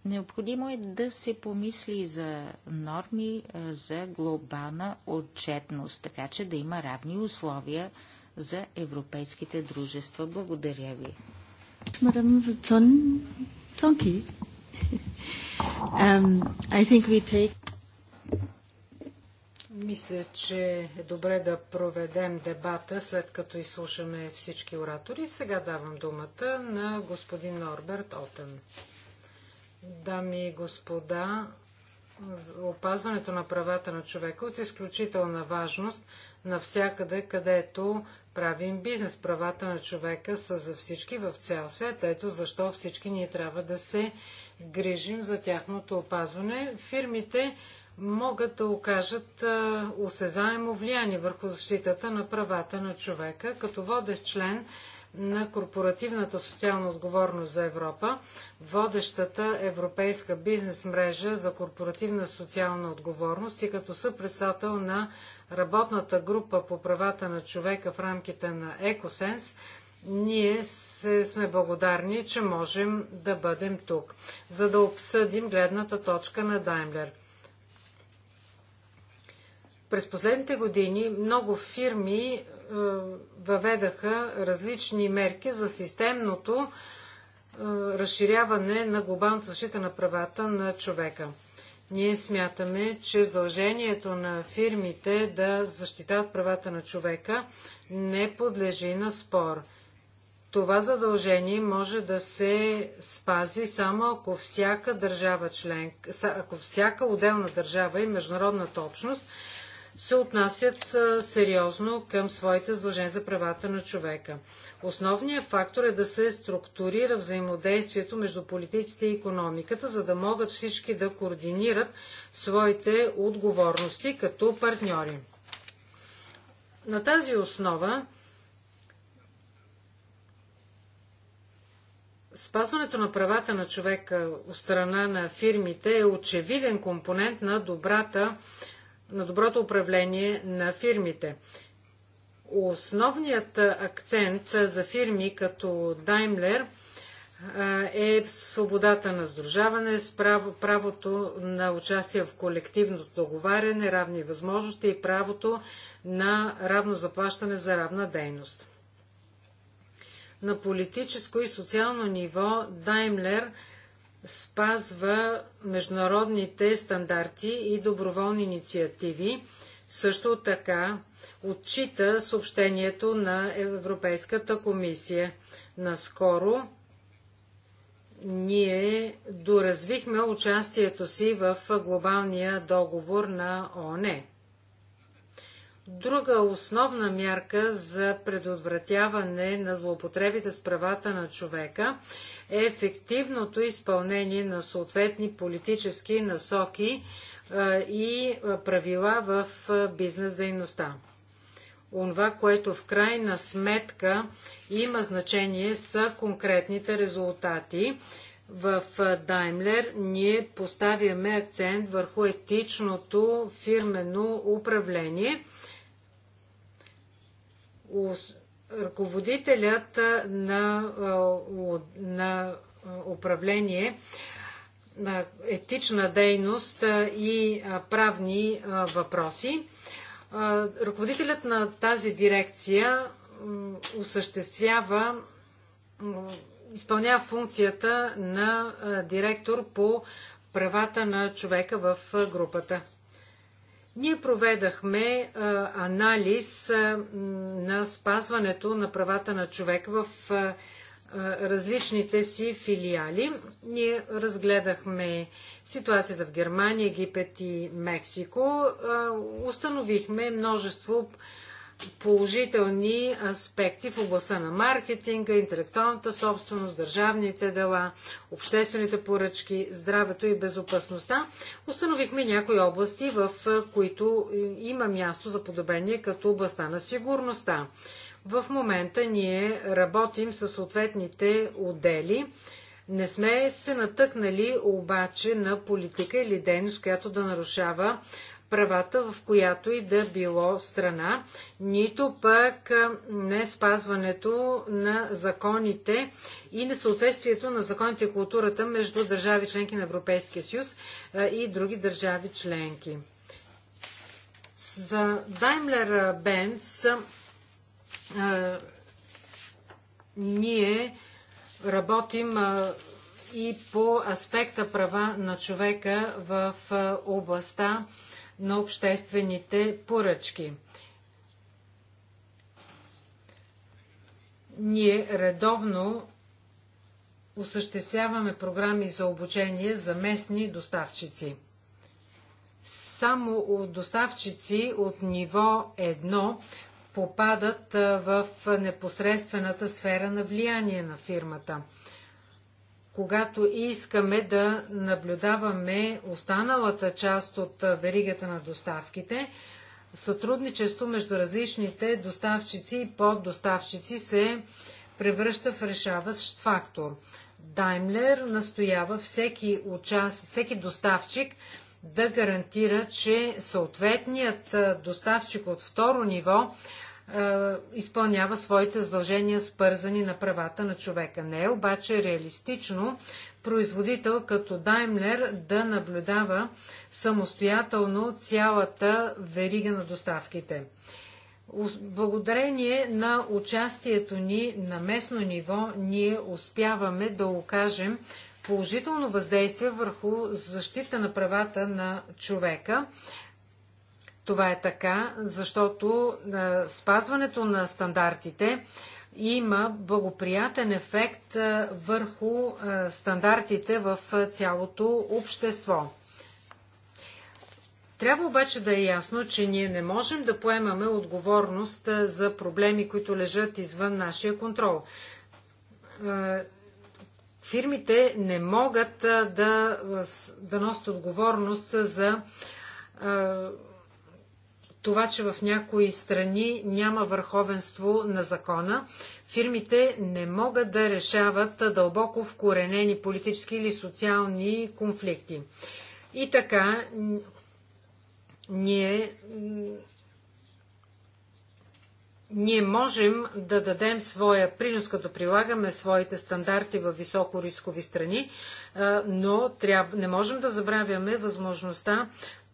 Необходимо е да се помисли за норми за глобална отчетност, така че да има равни условия за европейските дружества. Благодаря ви. Мадам Цон... Цонки. I think we take... Мисля, че е добре да проведем дебата, след като изслушаме всички оратори. Сега давам думата на господин Норберт Отен. Дами и господа, опазването на правата на човека е от изключителна важност навсякъде, където правим бизнес. Правата на човека са за всички в цял свят. Ето защо всички ние трябва да се грижим за тяхното опазване. Фирмите могат да окажат осезаемо влияние върху защитата на правата на човека. Като водещ член на корпоративната социална отговорност за Европа, водещата европейска бизнес мрежа за корпоративна социална отговорност и като съпредсател на работната група по правата на човека в рамките на Екосенс, ние се, сме благодарни, че можем да бъдем тук, за да обсъдим гледната точка на Даймлер – през последните години много фирми е, въведаха различни мерки за системното е, разширяване на глобалната защита на правата на човека. Ние смятаме, че задължението на фирмите да защитават правата на човека не подлежи на спор. Това задължение може да се спази само ако всяка държава член, ако всяка отделна държава и международната общност се отнасят сериозно към своите задължения за правата на човека. Основният фактор е да се структурира взаимодействието между политиците и економиката, за да могат всички да координират своите отговорности като партньори. На тази основа спазването на правата на човека от страна на фирмите е очевиден компонент на добрата на доброто управление на фирмите. Основният акцент за фирми като Daimler е свободата на сдружаване, правото на участие в колективното договаряне, равни възможности и правото на равно заплащане за равна дейност. На политическо и социално ниво Даймлер – спазва международните стандарти и доброволни инициативи. Също така отчита съобщението на Европейската комисия. Наскоро ние доразвихме участието си в глобалния договор на ООН. Друга основна мярка за предотвратяване на злоупотребите с правата на човека ефективното изпълнение на съответни политически насоки е, и е, правила в е, бизнес дейността. Онова, което в крайна сметка има значение са конкретните резултати. В Даймлер ние поставяме акцент върху етичното фирмено управление ръководителят на, на управление на етична дейност и правни въпроси. Ръководителят на тази дирекция осъществява, изпълнява функцията на директор по правата на човека в групата. Ние проведахме а, анализ а, на спазването на правата на човек в а, различните си филиали. Ние разгледахме ситуацията в Германия, Египет и Мексико. Установихме множество положителни аспекти в областта на маркетинга, интелектуалната собственост, държавните дела, обществените поръчки, здравето и безопасността. Установихме някои области, в които има място за подобрение, като областта на сигурността. В момента ние работим със съответните отдели. Не сме се натъкнали обаче на политика или дейност, която да нарушава правата, в която и да било страна, нито пък не спазването на законите и несъответствието на законите и културата между държави членки на Европейския съюз и други държави членки. За Daimler Benz ние работим и по аспекта права на човека в областта на обществените поръчки. Ние редовно осъществяваме програми за обучение за местни доставчици. Само доставчици от ниво 1 попадат в непосредствената сфера на влияние на фирмата – когато искаме да наблюдаваме останалата част от веригата на доставките, сътрудничество между различните доставчици и поддоставчици се превръща в решаващ фактор. Даймлер настоява всеки, участ... всеки доставчик да гарантира, че съответният доставчик от второ ниво изпълнява своите задължения спързани на правата на човека. Не е обаче реалистично производител като Даймлер да наблюдава самостоятелно цялата верига на доставките. Благодарение на участието ни на местно ниво, ние успяваме да окажем положително въздействие върху защита на правата на човека, това е така, защото е, спазването на стандартите има благоприятен ефект е, върху е, стандартите в цялото общество. Трябва обаче да е ясно, че ние не можем да поемаме отговорност за проблеми, които лежат извън нашия контрол. Фирмите не могат да, да носят отговорност за това, че в някои страни няма върховенство на закона. Фирмите не могат да решават дълбоко вкоренени политически или социални конфликти. И така, ние, ние можем да дадем своя принос, като прилагаме своите стандарти в високо рискови страни, но трябва, не можем да забравяме възможността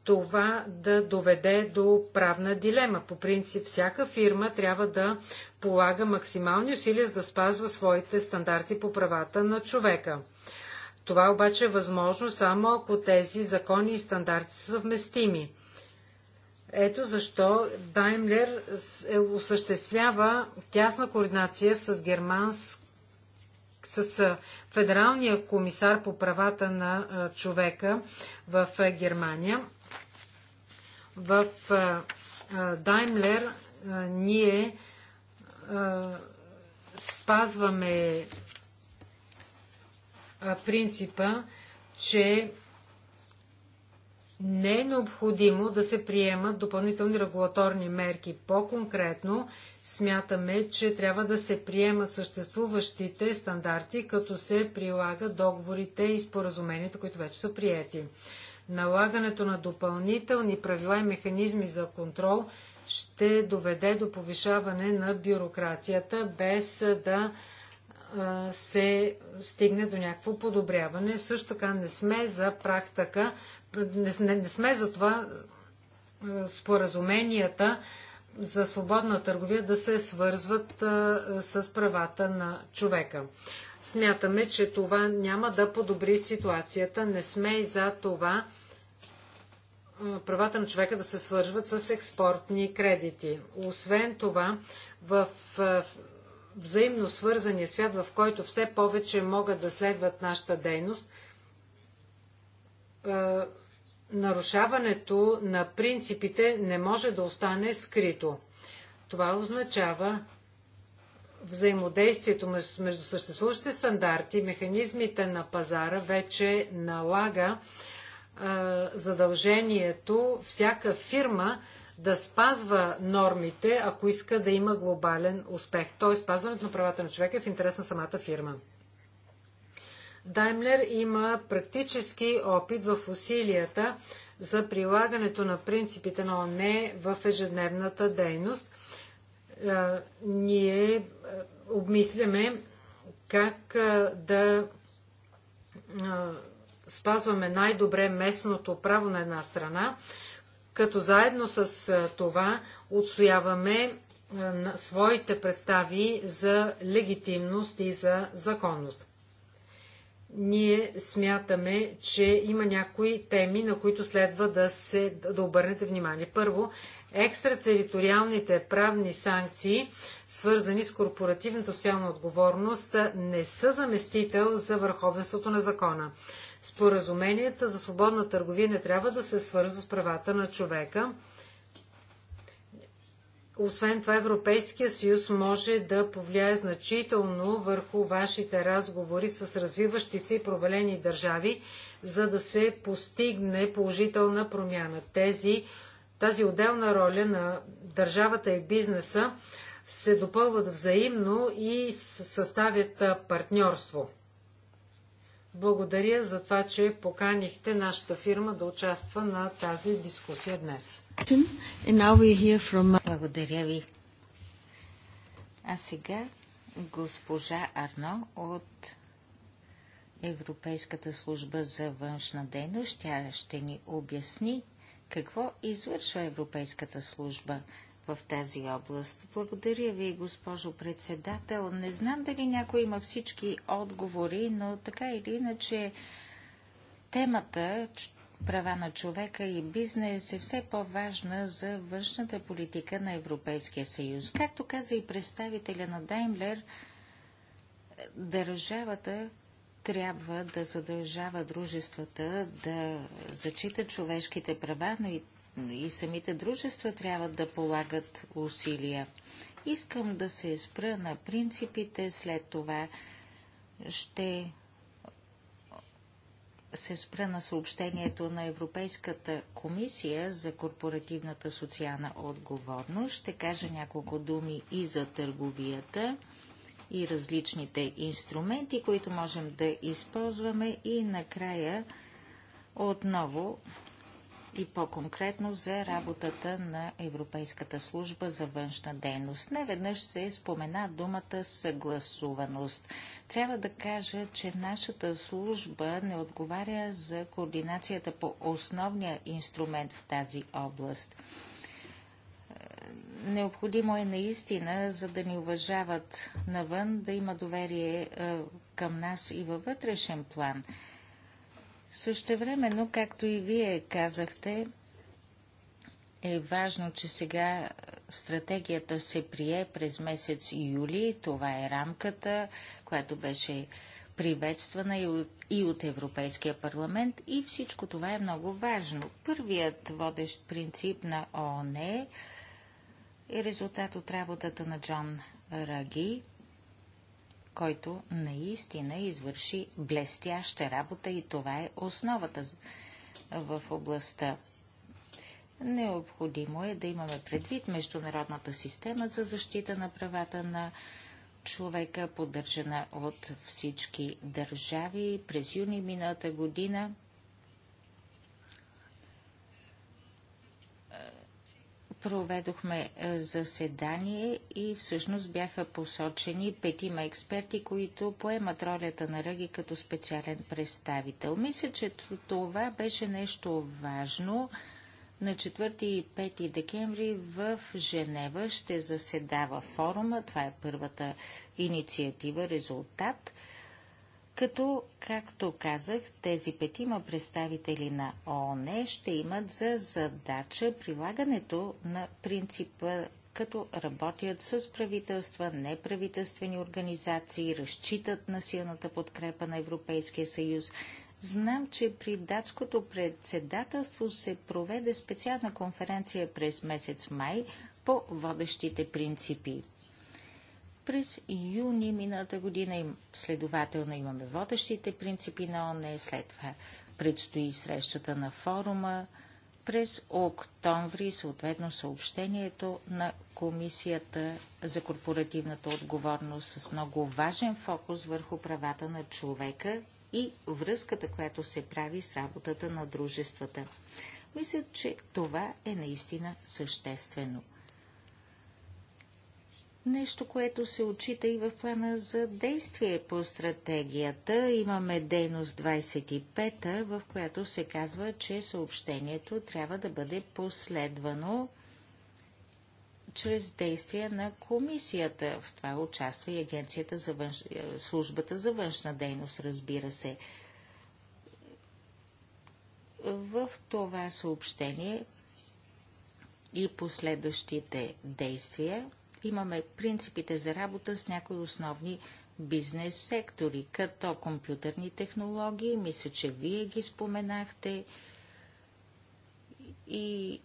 това да доведе до правна дилема. По принцип, всяка фирма трябва да полага максимални усилия, за да спазва своите стандарти по правата на човека. Това обаче е възможно само ако тези закони и стандарти са съвместими. Ето защо Даймлер е, осъществява тясна координация с германск с федералния комисар по правата на човека в Германия. В Даймлер ние спазваме принципа, че не е необходимо да се приемат допълнителни регулаторни мерки. По-конкретно смятаме, че трябва да се приемат съществуващите стандарти, като се прилагат договорите и споразуменията, които вече са приети. Налагането на допълнителни правила и механизми за контрол ще доведе до повишаване на бюрокрацията, без да се стигне до някакво подобряване. Също така не сме за практика, не, не сме за това споразуменията за свободна търговия да се свързват а, с правата на човека. Смятаме, че това няма да подобри ситуацията. Не сме и за това правата на човека да се свържват с експортни кредити. Освен това, в взаимно свързания свят, в който все повече могат да следват нашата дейност, нарушаването на принципите не може да остане скрито. Това означава, взаимодействието между съществуващите стандарти, механизмите на пазара вече налага задължението всяка фирма да спазва нормите, ако иска да има глобален успех. Т.е. спазването на правата на човека е в интерес на самата фирма. Даймлер има практически опит в усилията за прилагането на принципите на ОНЕ в ежедневната дейност ние обмисляме как да спазваме най-добре местното право на една страна, като заедно с това отстояваме своите представи за легитимност и за законност. Ние смятаме, че има някои теми, на които следва да, се, да обърнете внимание. Първо, екстратериториалните правни санкции, свързани с корпоративната социална отговорност, не са заместител за върховенството на закона. Споразуменията за свободна търговия не трябва да се свързва с правата на човека. Освен това, Европейския съюз може да повлияе значително върху вашите разговори с развиващи се и провалени държави, за да се постигне положителна промяна. Тези тази отделна роля на държавата и бизнеса се допълват взаимно и съставят партньорство. Благодаря за това, че поканихте нашата фирма да участва на тази дискусия днес. Благодаря ви. А сега госпожа Арно от Европейската служба за външна дейност. Тя ще ни обясни какво извършва Европейската служба в тази област. Благодаря ви, госпожо председател. Не знам дали някой има всички отговори, но така или иначе темата права на човека и бизнес е все по-важна за външната политика на Европейския съюз. Както каза и представителя на Даймлер, държавата трябва да задължава дружествата да зачитат човешките права, но и, и самите дружества трябва да полагат усилия. Искам да се спра на принципите, след това ще се спра на съобщението на Европейската комисия за корпоративната социална отговорност. Ще кажа няколко думи и за търговията и различните инструменти, които можем да използваме и накрая отново и по-конкретно за работата на Европейската служба за външна дейност. Не веднъж се спомена думата съгласуваност. Трябва да кажа, че нашата служба не отговаря за координацията по основния инструмент в тази област – Необходимо е наистина, за да ни уважават навън, да има доверие е, към нас и във вътрешен план. Същевременно, както и вие казахте, е важно, че сега стратегията се прие през месец юли. Това е рамката, която беше приветствана и от, и от Европейския парламент и всичко това е много важно. Първият водещ принцип на ООН е е резултат от работата на Джон Раги, който наистина извърши блестяща работа и това е основата в областта. Необходимо е да имаме предвид международната система за защита на правата на човека, поддържана от всички държави. През юни миналата година проведохме е, заседание и всъщност бяха посочени петима експерти, които поемат ролята на Ръги като специален представител. Мисля, че това беше нещо важно. На 4 и 5 декември в Женева ще заседава форума. Това е първата инициатива, резултат – като, както казах, тези петима представители на ООН ще имат за задача прилагането на принципа като работят с правителства, неправителствени организации, разчитат на силната подкрепа на Европейския съюз. Знам, че при датското председателство се проведе специална конференция през месец май по водещите принципи. През юни миналата година и, следователно имаме водещите принципи на ОНЕ, след това предстои срещата на форума, през октомври съответно съобщението на Комисията за корпоративната отговорност с много важен фокус върху правата на човека и връзката, която се прави с работата на дружествата. Мисля, че това е наистина съществено. Нещо, което се отчита и в плана за действие по стратегията. Имаме дейност 25, та в която се казва, че съобщението трябва да бъде последвано чрез действия на комисията. В това участва и агенцията за външ... Е, службата за външна дейност, разбира се. В това съобщение и последващите действия имаме принципите за работа с някои основни бизнес сектори, като компютърни технологии, мисля, че вие ги споменахте. И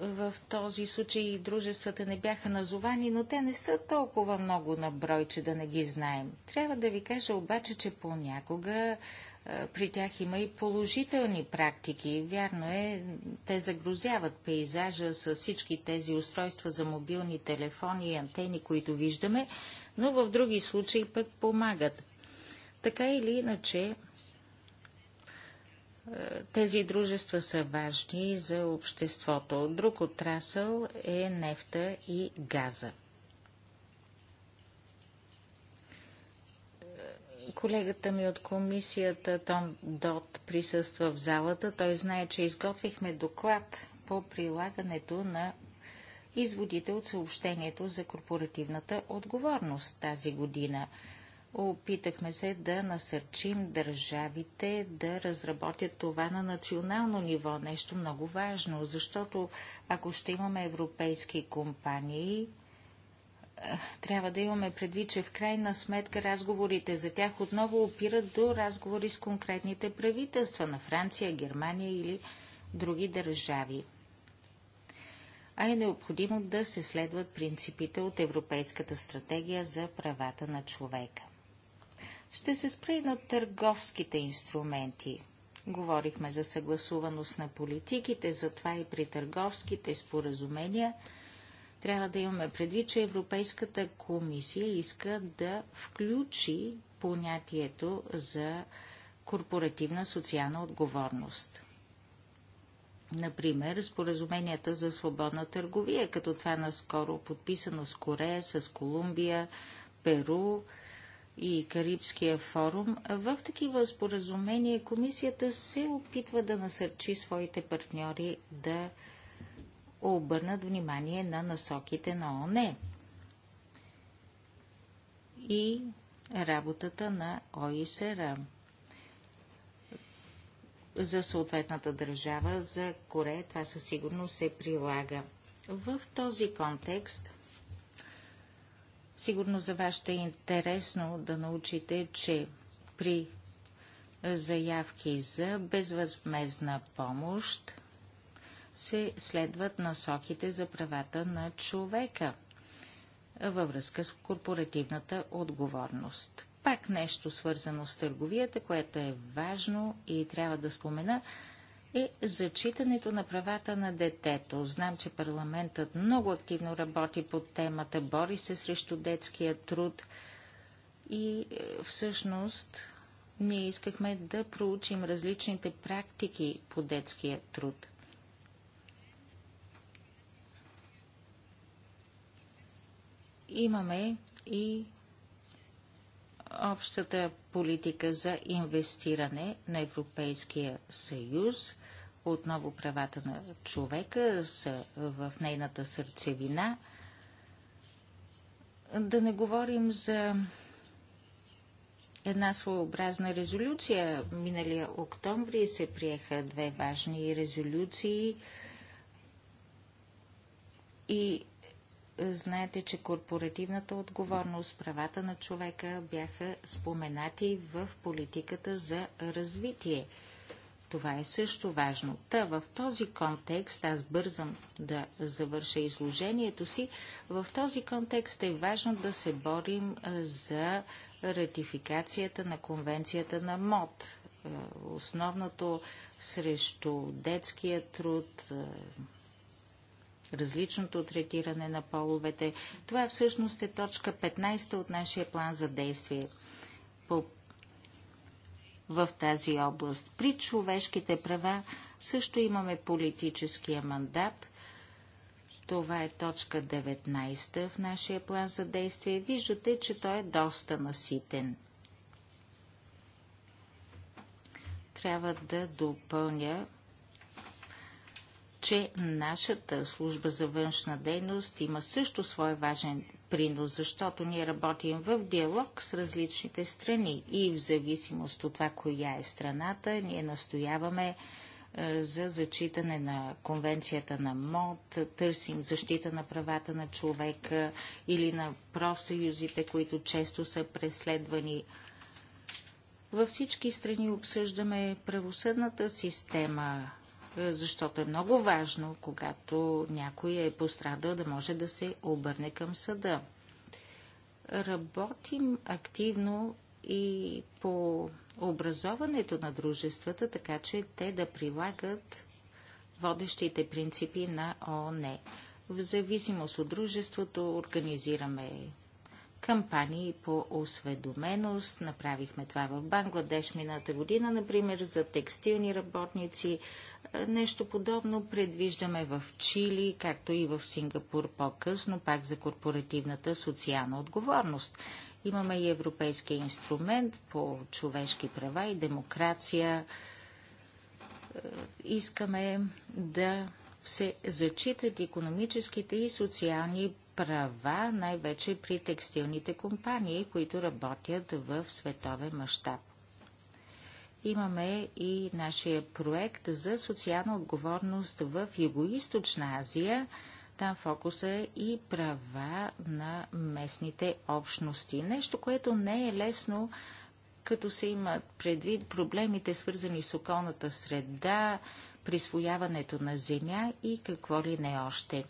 е, в този случай дружествата не бяха назовани, но те не са толкова много на брой, че да не ги знаем. Трябва да ви кажа обаче, че понякога е, при тях има и положителни практики. Вярно е, те загрузяват пейзажа с всички тези устройства за мобилни телефони и антени, които виждаме, но в други случаи пък помагат. Така или иначе, е, тези дружества са важни за обществото. Друг отрасъл е нефта и газа. Колегата ми от комисията Том Дот присъства в залата. Той знае, че изготвихме доклад по прилагането на изводите от съобщението за корпоративната отговорност тази година. Опитахме се да насърчим държавите да разработят това на национално ниво, нещо много важно, защото ако ще имаме европейски компании, трябва да имаме предвид, че в крайна сметка разговорите за тях отново опират до разговори с конкретните правителства на Франция, Германия или други държави. А е необходимо да се следват принципите от Европейската стратегия за правата на човека. Ще се спра и на търговските инструменти. Говорихме за съгласуваност на политиките, затова и при търговските споразумения – трябва да имаме предвид, че Европейската комисия иска да включи понятието за корпоративна социална отговорност. Например, споразуменията за свободна търговия, като това наскоро подписано с Корея, с Колумбия, Перу и Карибския форум. В такива споразумения комисията се опитва да насърчи своите партньори да обърнат внимание на насоките на ОНЕ и работата на ОИСР за съответната държава, за Корея това със сигурност се прилага. В този контекст, сигурно за вас ще е интересно да научите, че при заявки за безвъзмезна помощ се следват насоките за правата на човека във връзка с корпоративната отговорност. Пак нещо свързано с търговията, което е важно и трябва да спомена, е зачитането на правата на детето. Знам, че парламентът много активно работи по темата, бори се срещу детския труд и е, всъщност ние искахме да проучим различните практики по детския труд. имаме и общата политика за инвестиране на Европейския съюз. Отново правата на човека са в нейната сърцевина. Да не говорим за една своеобразна резолюция. Миналия октомври се приеха две важни резолюции и знаете, че корпоративната отговорност, правата на човека бяха споменати в политиката за развитие. Това е също важно. Та в този контекст, аз бързам да завърша изложението си, в този контекст е важно да се борим за ратификацията на конвенцията на МОД. Основното срещу детския труд, различното третиране на половете. Това всъщност е точка 15 от нашия план за действие по, в тази област. При човешките права също имаме политическия мандат. Това е точка 19 в нашия план за действие. Виждате, че той е доста наситен. Трябва да допълня че нашата служба за външна дейност има също свой важен принос, защото ние работим в диалог с различните страни и в зависимост от това, коя е страната, ние настояваме е, за зачитане на конвенцията на МОД, търсим защита на правата на човека или на профсъюзите, които често са преследвани. Във всички страни обсъждаме правосъдната система, е, защото е много важно, когато някой е пострадал, да може да се обърне към съда. Работим активно и по образоването на дружествата, така че те да прилагат водещите принципи на ООН. В зависимост от дружеството организираме кампании по осведоменост. Направихме това в Бангладеш мината година, например, за текстилни работници, Нещо подобно предвиждаме в Чили, както и в Сингапур по-късно, пак за корпоративната социална отговорност. Имаме и Европейския инструмент по човешки права и демокрация. Е, искаме да се зачитат економическите и социални права, най-вече при текстилните компании, които работят в световен мащаб. Имаме и нашия проект за социална отговорност в Юго-Источна Азия. Там фокуса е и права на местните общности. Нещо, което не е лесно, като се имат предвид проблемите, свързани с околната среда, присвояването на земя и какво ли не още.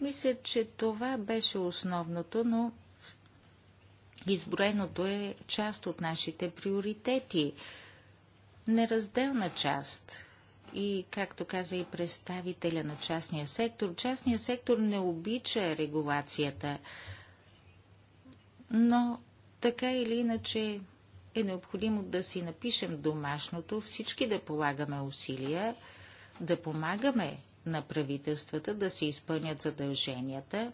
Мисля, че това беше основното, но изброеното е част от нашите приоритети неразделна част. И, както каза и представителя на частния сектор, частния сектор не обича регулацията, но така или иначе е необходимо да си напишем домашното, всички да полагаме усилия, да помагаме на правителствата да се изпълнят задълженията,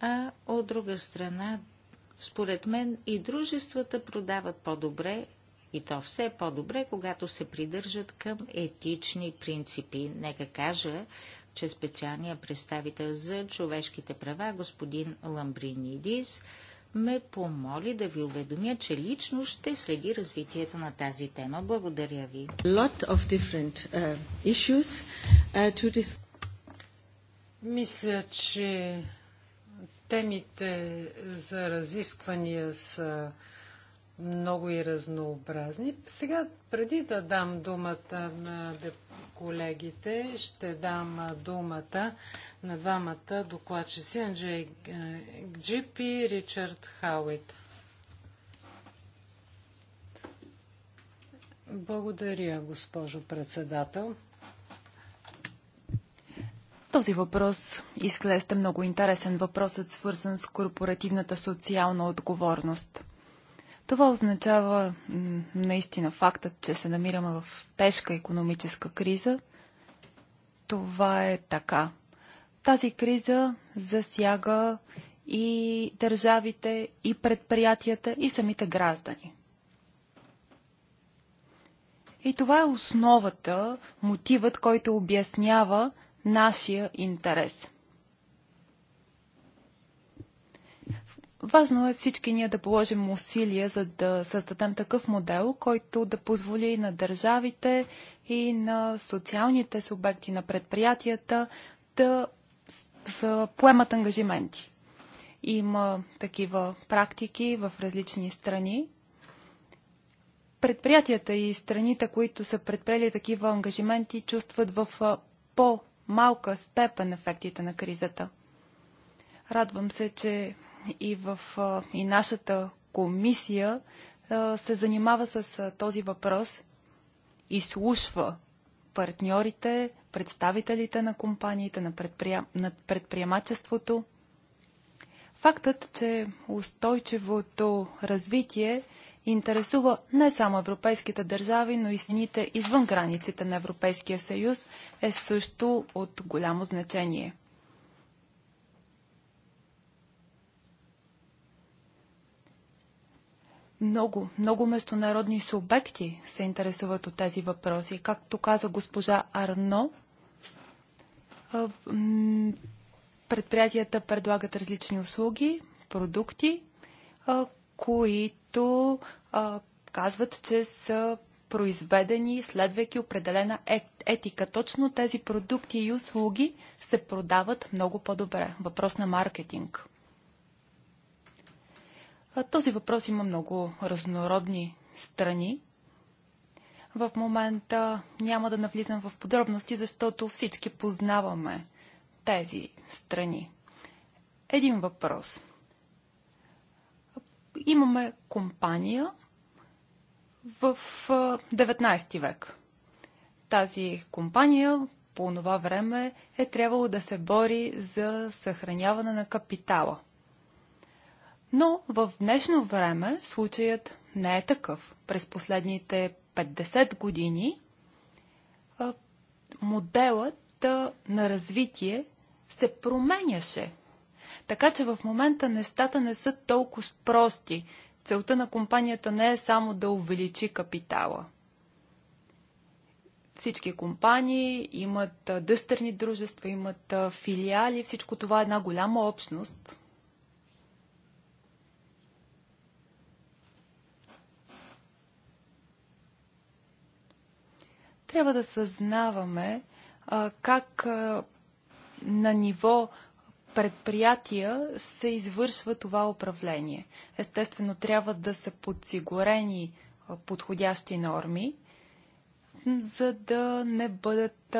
а от друга страна, според мен, и дружествата продават по-добре, и то все е по-добре, когато се придържат към етични принципи. Нека кажа, че специалният представител за човешките права, господин Ламбринидис, ме помоли да ви уведомя, че лично ще следи развитието на тази тема. Благодаря ви. Uh, issues, uh, Мисля, че темите за разисквания са много и разнообразни. Сега, преди да дам думата на колегите, ще дам думата на двамата докладчици Анджей е, Гджип и Ричард Хауит. Благодаря, госпожо председател. Този въпрос изглежда много интересен. Въпросът свързан с корпоративната социална отговорност. Това означава наистина фактът, че се намираме в тежка економическа криза. Това е така. Тази криза засяга и държавите, и предприятията, и самите граждани. И това е основата, мотивът, който обяснява нашия интерес – Важно е всички ние да положим усилия, за да създадем такъв модел, който да позволи на държавите и на социалните субекти, на предприятията да, да поемат ангажименти. Има такива практики в различни страни. Предприятията и страните, които са предприели такива ангажименти, чувстват в по-малка степен ефектите на кризата. Радвам се, че и в и нашата комисия се занимава с този въпрос, и слушва партньорите, представителите на компаниите, на, предприем... на предприемачеството. Фактът, че устойчивото развитие интересува не само европейските държави, но и сините извън границите на Европейския съюз, е също от голямо значение. Много, много международни субекти се интересуват от тези въпроси. Както каза госпожа Арно, предприятията предлагат различни услуги, продукти, които казват, че са произведени, следвайки определена е-, етика. Точно тези продукти и услуги се продават много по-добре. Въпрос на маркетинг. Този въпрос има много разнородни страни. В момента няма да навлизам в подробности, защото всички познаваме тези страни. Един въпрос. Имаме компания в 19 век. Тази компания по това време е трябвало да се бори за съхраняване на капитала – но в днешно време случаят не е такъв. През последните 50 години моделът на развитие се променяше. Така че в момента нещата не са толкова прости. Целта на компанията не е само да увеличи капитала. Всички компании имат дъщерни дружества, имат филиали, всичко това е една голяма общност – трябва да съзнаваме а, как а, на ниво предприятия се извършва това управление. Естествено, трябва да са подсигурени подходящи норми, за да не бъдат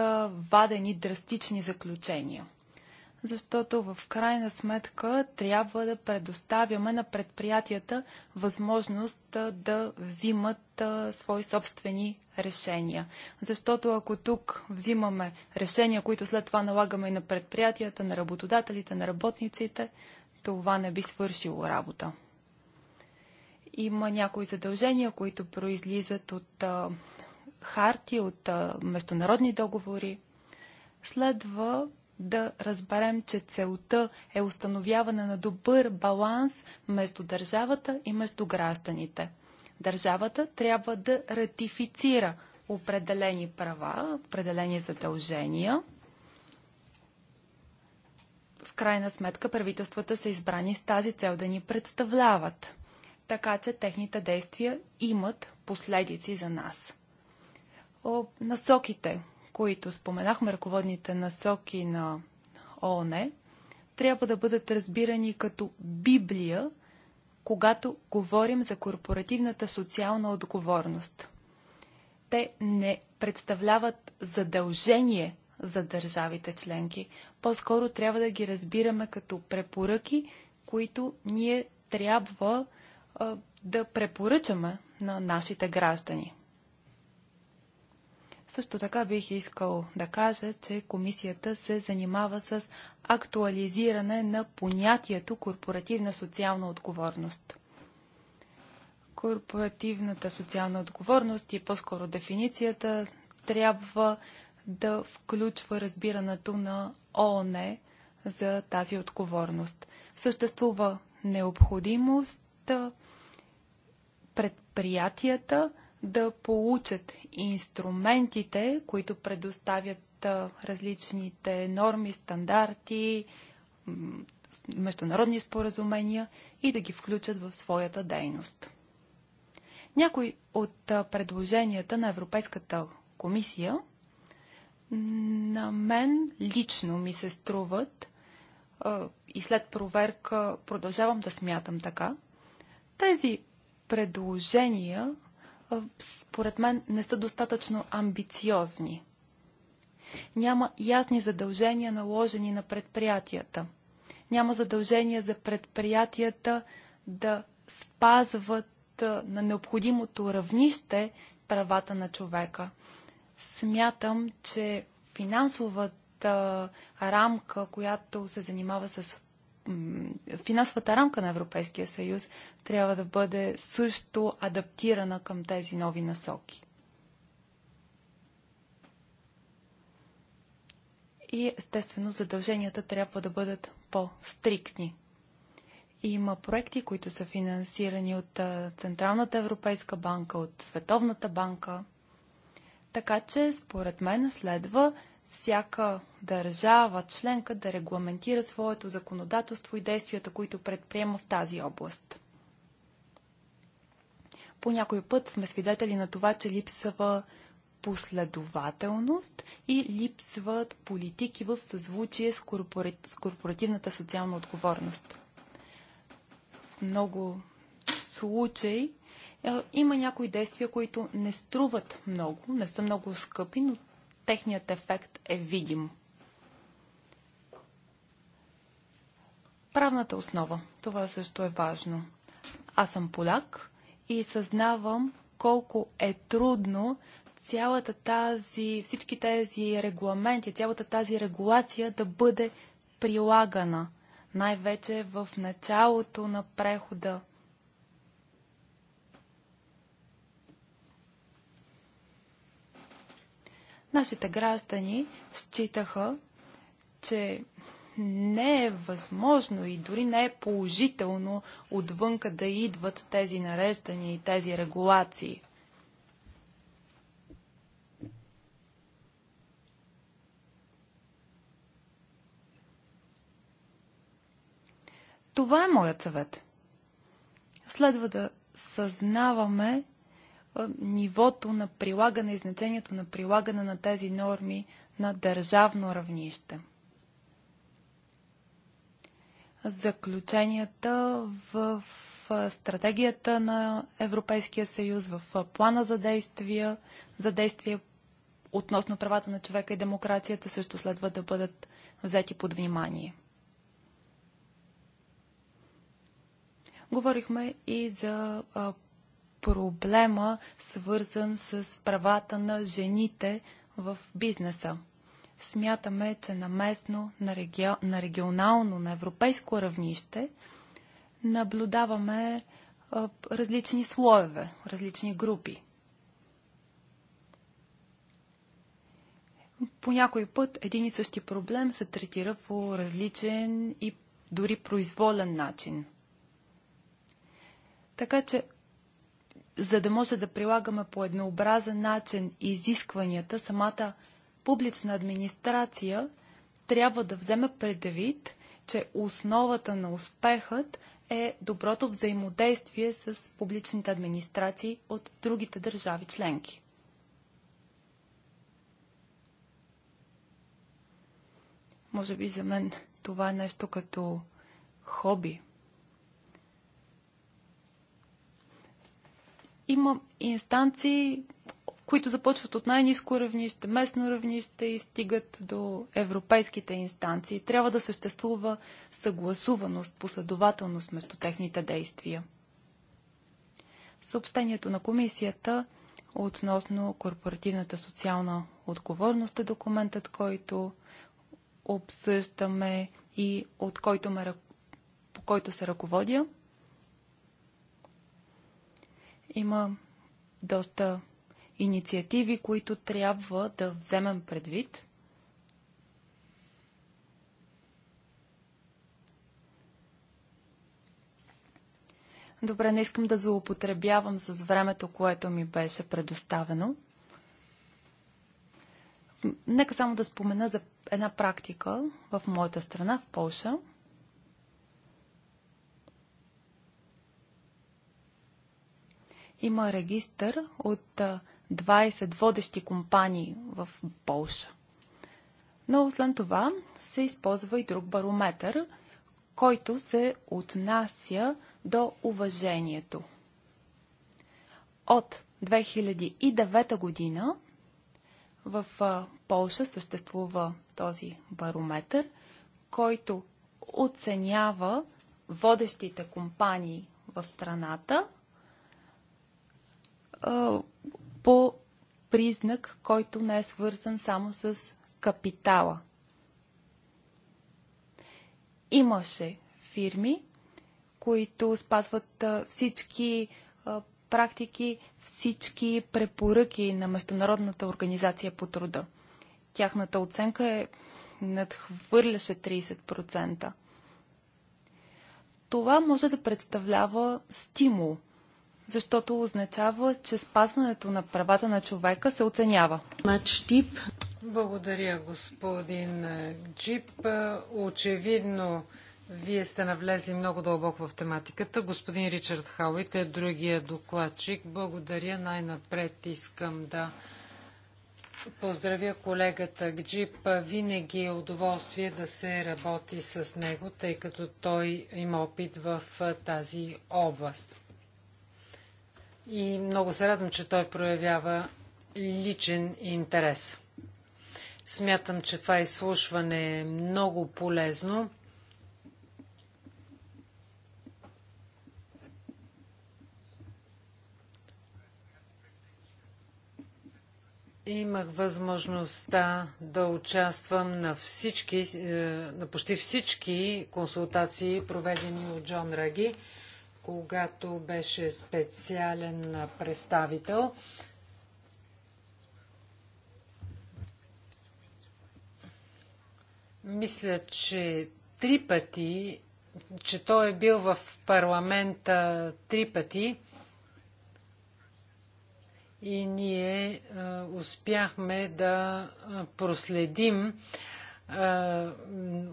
вадени драстични заключения защото в крайна сметка трябва да предоставяме на предприятията възможност да взимат свои собствени решения. Защото ако тук взимаме решения, които след това налагаме и на предприятията, на работодателите, на работниците, това не би свършило работа. Има някои задължения, които произлизат от а, харти, от а, международни договори. Следва да разберем, че целта е установяване на добър баланс между държавата и между гражданите. Държавата трябва да ратифицира определени права, определени задължения. В крайна сметка правителствата са избрани с тази цел да ни представляват, така че техните действия имат последици за нас. О, насоките, които споменахме, ръководните насоки на ООН, трябва да бъдат разбирани като Библия, когато говорим за корпоративната социална отговорност. Те не представляват задължение за държавите членки. По-скоро трябва да ги разбираме като препоръки, които ние трябва а, да препоръчаме на нашите граждани. Също така бих искал да кажа, че комисията се занимава с актуализиране на понятието корпоративна социална отговорност. Корпоративната социална отговорност и по-скоро дефиницията трябва да включва разбирането на ООН за тази отговорност. Съществува необходимост предприятията да получат инструментите, които предоставят различните норми, стандарти, международни споразумения и да ги включат в своята дейност. Някои от предложенията на Европейската комисия на мен лично ми се струват и след проверка продължавам да смятам така. Тези предложения според мен не са достатъчно амбициозни. Няма ясни задължения наложени на предприятията. Няма задължения за предприятията да спазват на необходимото равнище правата на човека. Смятам, че финансовата рамка, която се занимава с финансовата рамка на Европейския съюз трябва да бъде също адаптирана към тези нови насоки. И естествено задълженията трябва да бъдат по-стриктни. Има проекти, които са финансирани от Централната Европейска банка, от Световната банка. Така че, според мен, следва всяка държава членка да регламентира своето законодателство и действията, които предприема в тази област. По някой път сме свидетели на това, че липсва последователност и липсват политики в съзвучие с, с корпоративната социална отговорност. В много случаи е, има някои действия, които не струват много, не са много скъпи, но техният ефект е видим. Правната основа. Това също е важно. Аз съм поляк и съзнавам колко е трудно цялата тази, всички тези регламенти, цялата тази регулация да бъде прилагана. Най-вече в началото на прехода Нашите граждани считаха, че не е възможно и дори не е положително отвънка да идват тези нареждания и тези регулации. Това е моят съвет. Следва да съзнаваме, нивото на прилагане и значението на прилагане на тези норми на държавно равнище. Заключенията в стратегията на Европейския съюз, в плана за действия, за действия относно правата на човека и демокрацията също следва да бъдат взети под внимание. Говорихме и за проблема, свързан с правата на жените в бизнеса. Смятаме, че на местно, на, реги... на регионално, на европейско равнище наблюдаваме различни слоеве, различни групи. По някой път един и същи проблем се третира по различен и дори произволен начин. Така че за да може да прилагаме по еднообразен начин изискванията, самата публична администрация трябва да вземе предвид, че основата на успехът е доброто взаимодействие с публичните администрации от другите държави членки. Може би за мен това е нещо като хоби – има инстанции, които започват от най-низко равнище, местно равнище и стигат до европейските инстанции. Трябва да съществува съгласуваност, последователност между техните действия. Съобщението на комисията относно корпоративната социална отговорност е документът, който обсъждаме и от който ме, по който се ръководя – има доста инициативи, които трябва да вземем предвид. Добре, не искам да злоупотребявам с времето, което ми беше предоставено. Нека само да спомена за една практика в моята страна, в Польша. има регистър от 20 водещи компании в Полша. Но освен това се използва и друг барометър, който се отнася до уважението. От 2009 година в Полша съществува този барометър, който оценява водещите компании в страната – по признак, който не е свързан само с капитала. Имаше фирми, които спазват всички практики, всички препоръки на Международната организация по труда. Тяхната оценка е надхвърляше 30%. Това може да представлява стимул – защото означава, че спазването на правата на човека се оценява. Благодаря, господин Джип. Очевидно, вие сте навлезли много дълбоко в тематиката. Господин Ричард Хауит е другия докладчик. Благодаря. Най-напред искам да поздравя колегата Гджип. Винаги е удоволствие да се работи с него, тъй като той има опит в тази област и много се радвам, че той проявява личен интерес. Смятам, че това изслушване е много полезно. Имах възможността да участвам на, всички, е, на почти всички консултации, проведени от Джон Раги когато беше специален представител. Мисля, че три пъти, че той е бил в парламента три пъти и ние успяхме да проследим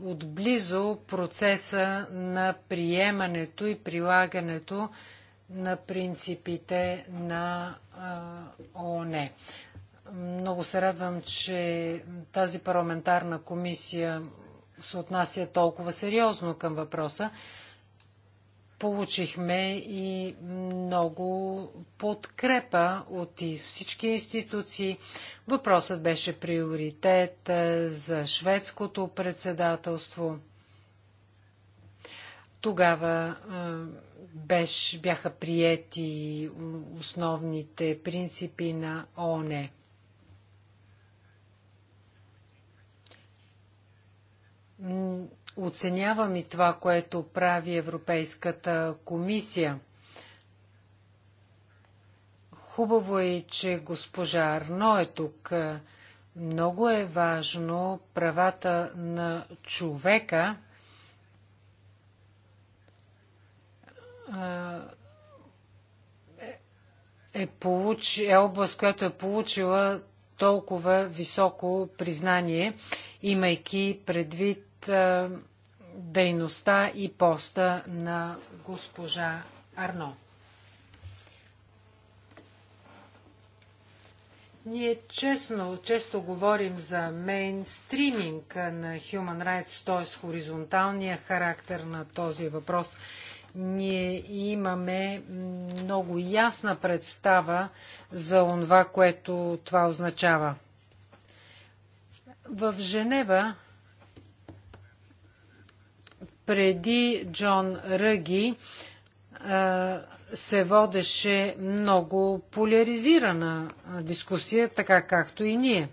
отблизо процеса на приемането и прилагането на принципите на ООН. Много се радвам, че тази парламентарна комисия се отнася толкова сериозно към въпроса. Получихме и много подкрепа от всички институции. Въпросът беше приоритет е, за шведското председателство. Тогава е, беше, бяха приети основните принципи на ОНЕ оценявам и това, което прави Европейската комисия. Хубаво е, че госпожа Арно е тук. Много е важно правата на човека е, е, получ... е област, която е получила толкова високо признание, имайки предвид е, дейността и поста на госпожа Арно. Ние честно, често говорим за мейнстриминг на Human Rights, т.е. хоризонталния характер на този въпрос. Ние имаме много ясна представа за това, което това означава. В Женева преди Джон Ръги се водеше много поляризирана дискусия, така както и ние.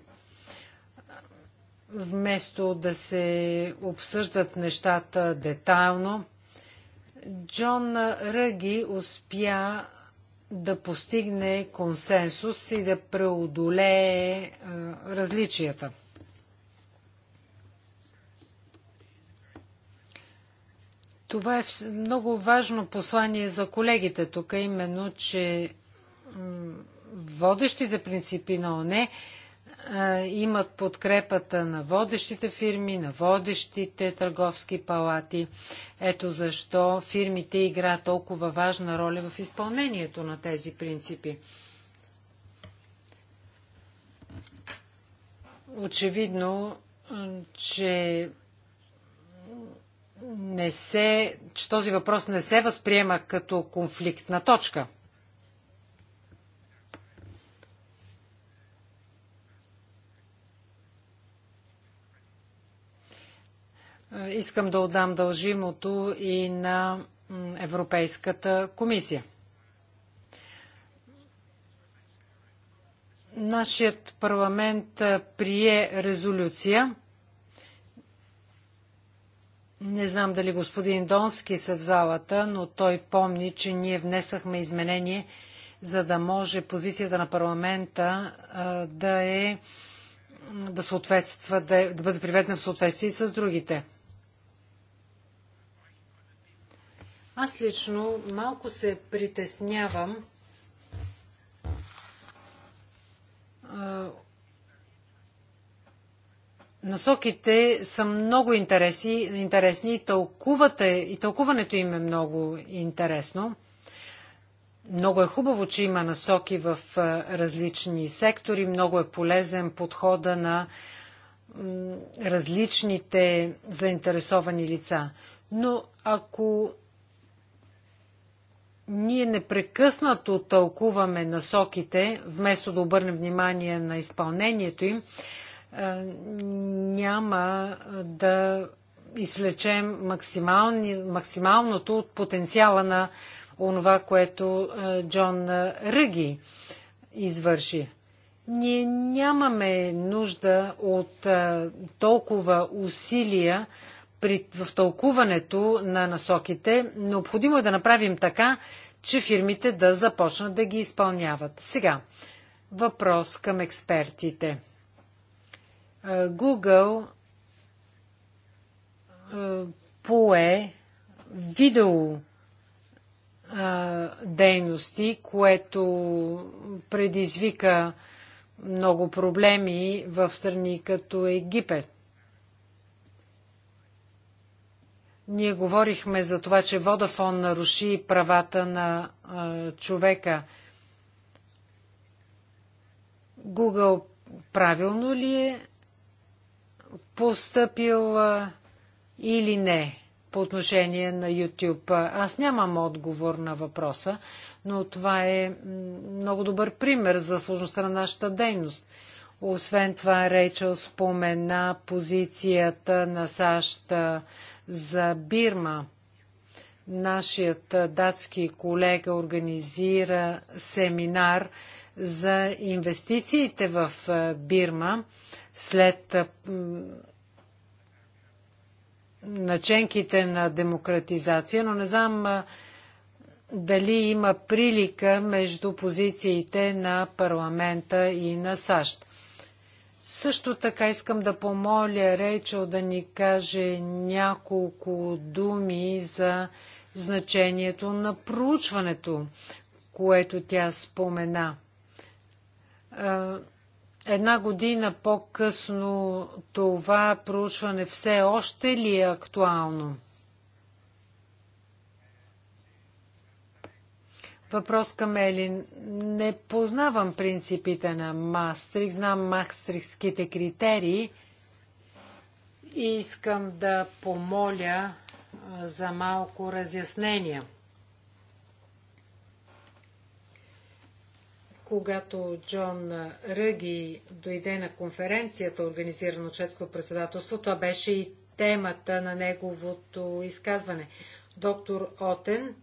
Вместо да се обсъждат нещата детайлно, Джон Ръги успя да постигне консенсус и да преодолее различията. Това е много важно послание за колегите тук, именно, че водещите принципи на ОНЕ имат подкрепата на водещите фирми, на водещите търговски палати. Ето защо фирмите играят толкова важна роля в изпълнението на тези принципи. Очевидно, че не се, че този въпрос не се възприема като конфликтна точка. Е, искам да отдам дължимото и на Европейската комисия. Нашият парламент е, прие резолюция не знам дали господин Донски са в залата, но той помни, че ние внесахме изменение, за да може позицията на парламента да е да съответства, да, е, да бъде приведена в съответствие с другите. Аз лично малко се притеснявам Насоките са много интереси, интересни и, тълкувате, и тълкуването им е много интересно. Много е хубаво, че има насоки в различни сектори. Много е полезен подхода на различните заинтересовани лица. Но ако ние непрекъснато тълкуваме насоките, вместо да обърнем внимание на изпълнението им, няма да извлечем максималното от потенциала на онова, което Джон Ръги извърши. Ние нямаме нужда от толкова усилия в тълкуването на насоките. Необходимо е да направим така, че фирмите да започнат да ги изпълняват. Сега, въпрос към експертите – Google пое видео дейности, което предизвика много проблеми в страни като Египет. Ние говорихме за това, че Водафон наруши правата на а, човека. Google правилно ли е постъпил или не по отношение на YouTube. Аз нямам отговор на въпроса, но това е много добър пример за сложността на нашата дейност. Освен това, Рейчел спомена позицията на САЩ за Бирма. Нашият датски колега организира семинар за инвестициите в Бирма след наченките на демократизация, но не знам дали има прилика между позициите на парламента и на САЩ. Също така искам да помоля Рейчел да ни каже няколко думи за значението на проучването, което тя спомена. Една година по-късно това проучване все още ли е актуално? Въпрос към Елин. Не познавам принципите на Мастрих, знам мастрихските критерии и искам да помоля за малко разяснения. когато Джон Ръги дойде на конференцията, организирана от шведско председателство, това беше и темата на неговото изказване. Доктор Отен,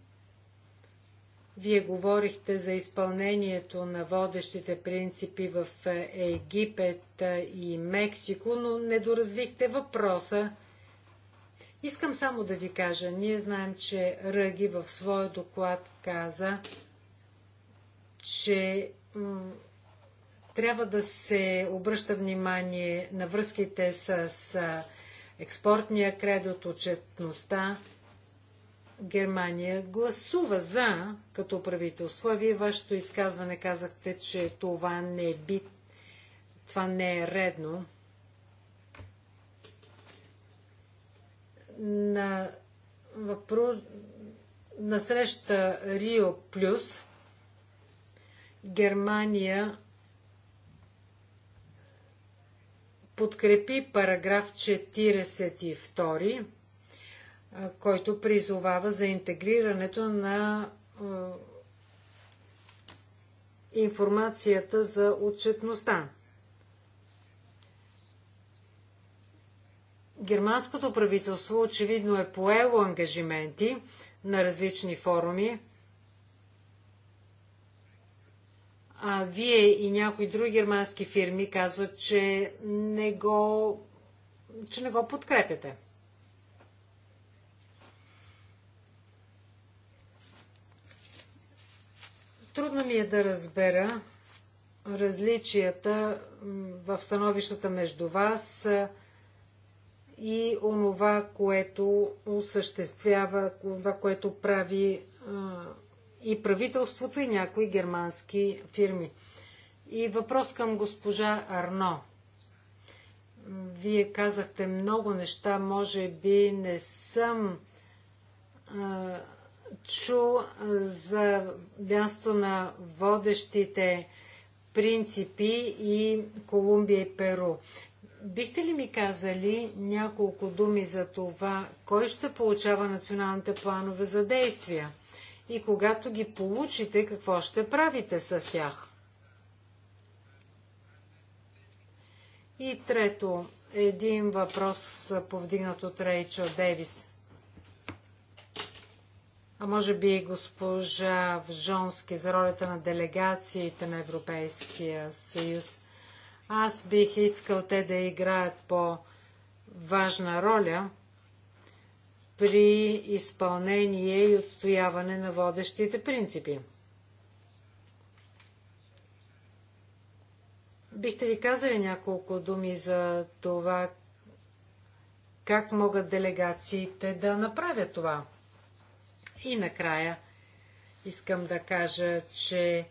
вие говорихте за изпълнението на водещите принципи в Египет и Мексико, но не доразвихте въпроса. Искам само да ви кажа, ние знаем, че Ръги в своя доклад каза, че трябва да се обръща внимание на връзките с, експортния кредит, отчетността. Германия гласува за като правителство. А вие вашето изказване казахте, че това не е бит, това не е редно. На, въпро... на среща Рио Плюс Германия подкрепи параграф 42, който призовава за интегрирането на информацията за отчетността. Германското правителство очевидно е поело ангажименти на различни форуми, а вие и някои други германски фирми казват, че не го, че не го подкрепяте. Трудно ми е да разбера различията в становищата между вас и онова, което осъществява, това, което прави и правителството и някои германски фирми. И въпрос към госпожа Арно. Вие казахте много неща, може би не съм а, чу за място на водещите принципи и Колумбия и Перу. Бихте ли ми казали няколко думи за това, кой ще получава националните планове за действия? и когато ги получите, какво ще правите с тях? И трето, един въпрос повдигнат от Рейчел Дейвис. А може би госпожа Вжонски за ролята на делегациите на Европейския съюз. Аз бих искал те да играят по важна роля – при изпълнение и отстояване на водещите принципи. Бихте ли казали няколко думи за това, как могат делегациите да направят това? И накрая искам да кажа, че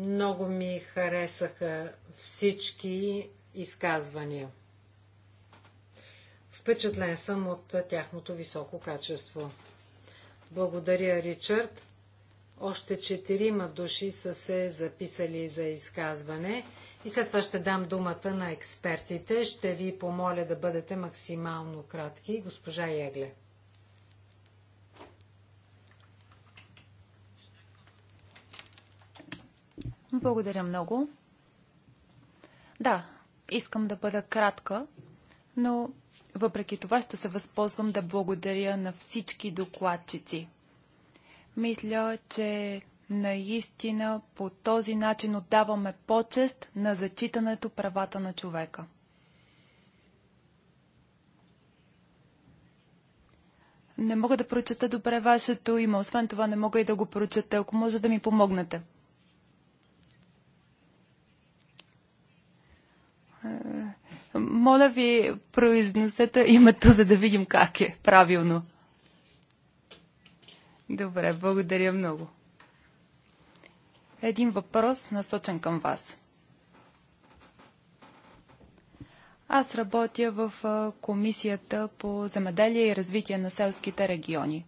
много ми харесаха всички изказвания. Впечатлен съм от тяхното високо качество. Благодаря, Ричард. Още четирима души са се записали за изказване и след това ще дам думата на експертите. Ще ви помоля да бъдете максимално кратки. Госпожа Егле. Благодаря много. Да, искам да бъда кратка, но въпреки това ще се възползвам да благодаря на всички докладчици. Мисля, че наистина по този начин отдаваме почест на зачитането правата на човека. Не мога да прочета добре вашето име, освен това не мога и да го прочета, ако може да ми помогнете. Моля ви, произнесете името, за да видим как е правилно. Добре, благодаря много. Един въпрос насочен към вас. Аз работя в Комисията по земеделие и развитие на селските региони.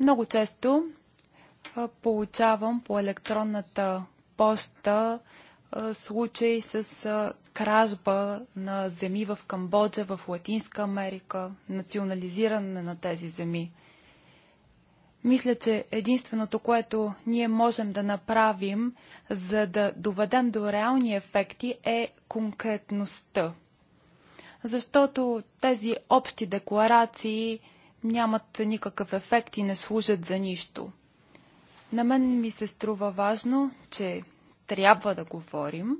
Много често получавам по електронната поща случаи с кражба на земи в Камбоджа, в Латинска Америка, национализиране на тези земи. Мисля, че единственото, което ние можем да направим, за да доведем до реални ефекти, е конкретността. Защото тези общи декларации нямат никакъв ефект и не служат за нищо. На мен ми се струва важно, че трябва да говорим,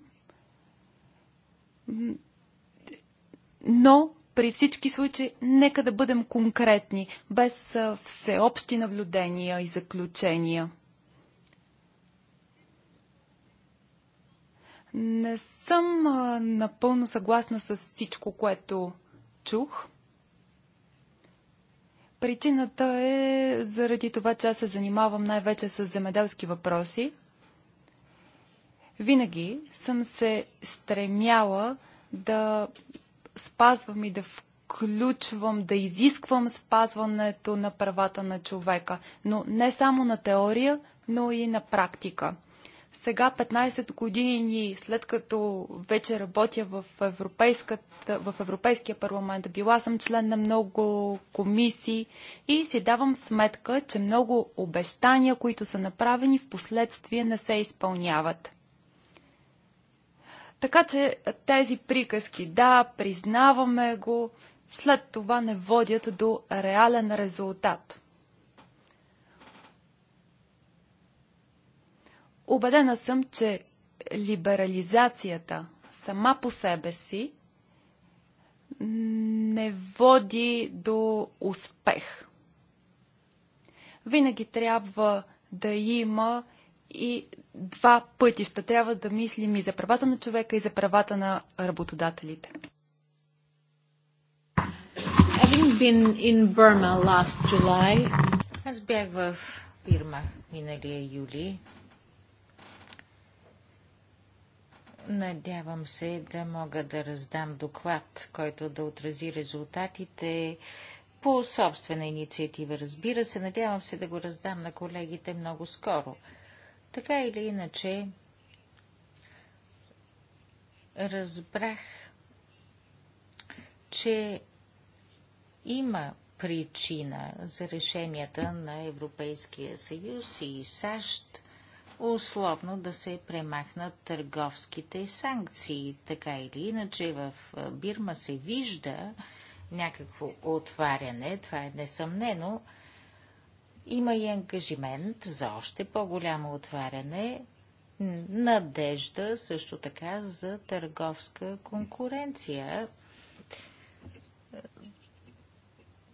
но при всички случаи, нека да бъдем конкретни, без всеобщи наблюдения и заключения. Не съм напълно съгласна с всичко, което чух. Причината е заради това, че аз се занимавам най-вече с земеделски въпроси – винаги съм се стремяла да спазвам и да включвам, да изисквам спазването на правата на човека, но не само на теория, но и на практика. Сега, 15 години след като вече работя в, в Европейския парламент, била съм член на много комисии и си давам сметка, че много обещания, които са направени, в последствие не се изпълняват. Така че тези приказки, да, признаваме го, след това не водят до реален резултат. Обедена съм, че либерализацията сама по себе си не води до успех. Винаги трябва да има и два пътища. Трябва да мислим и за правата на човека, и за правата на работодателите. Аз бях в Бирма миналия юли. Надявам се да мога да раздам доклад, който да отрази резултатите по собствена инициатива, разбира се. Надявам се да го раздам на колегите много скоро. Така или иначе, разбрах, че има причина за решенията на Европейския съюз и САЩ условно да се премахнат търговските санкции. Така или иначе в Бирма се вижда някакво отваряне, това е несъмнено, има и ангажимент за още по-голямо отваряне, надежда също така за търговска конкуренция.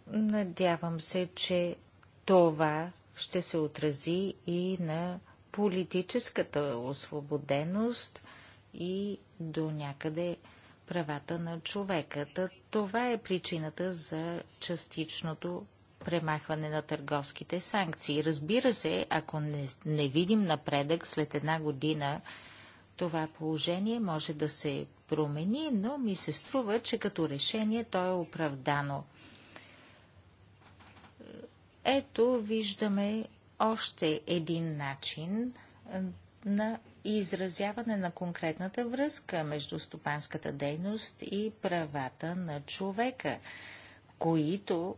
Надявам се, че това ще се отрази и на политическата освободеност и до някъде правата на човеката. Това е причината за частичното премахване на търговските санкции. Разбира се, ако не, не видим напредък след една година, това положение може да се промени, но ми се струва, че като решение то е оправдано. Ето виждаме още един начин на изразяване на конкретната връзка между стопанската дейност и правата на човека, които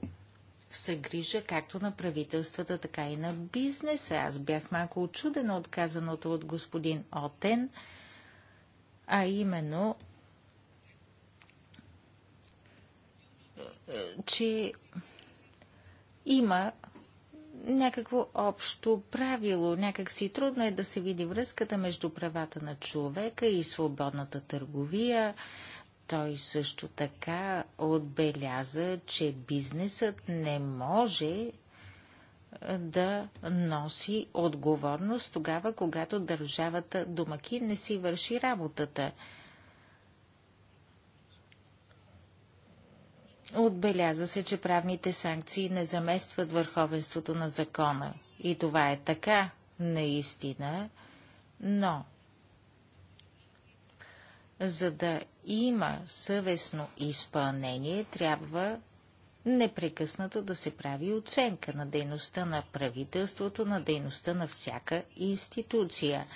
се грижа както на правителствата, така и на бизнеса. Аз бях малко очудена от казаното от господин Отен, а именно, че има някакво общо правило. Някак си трудно е да се види връзката между правата на човека и свободната търговия. Той също така отбеляза, че бизнесът не може да носи отговорност тогава, когато държавата домаки не си върши работата. Отбеляза се, че правните санкции не заместват върховенството на закона. И това е така, наистина, но за да има съвестно изпълнение, трябва непрекъснато да се прави оценка на дейността на правителството, на дейността на всяка институция.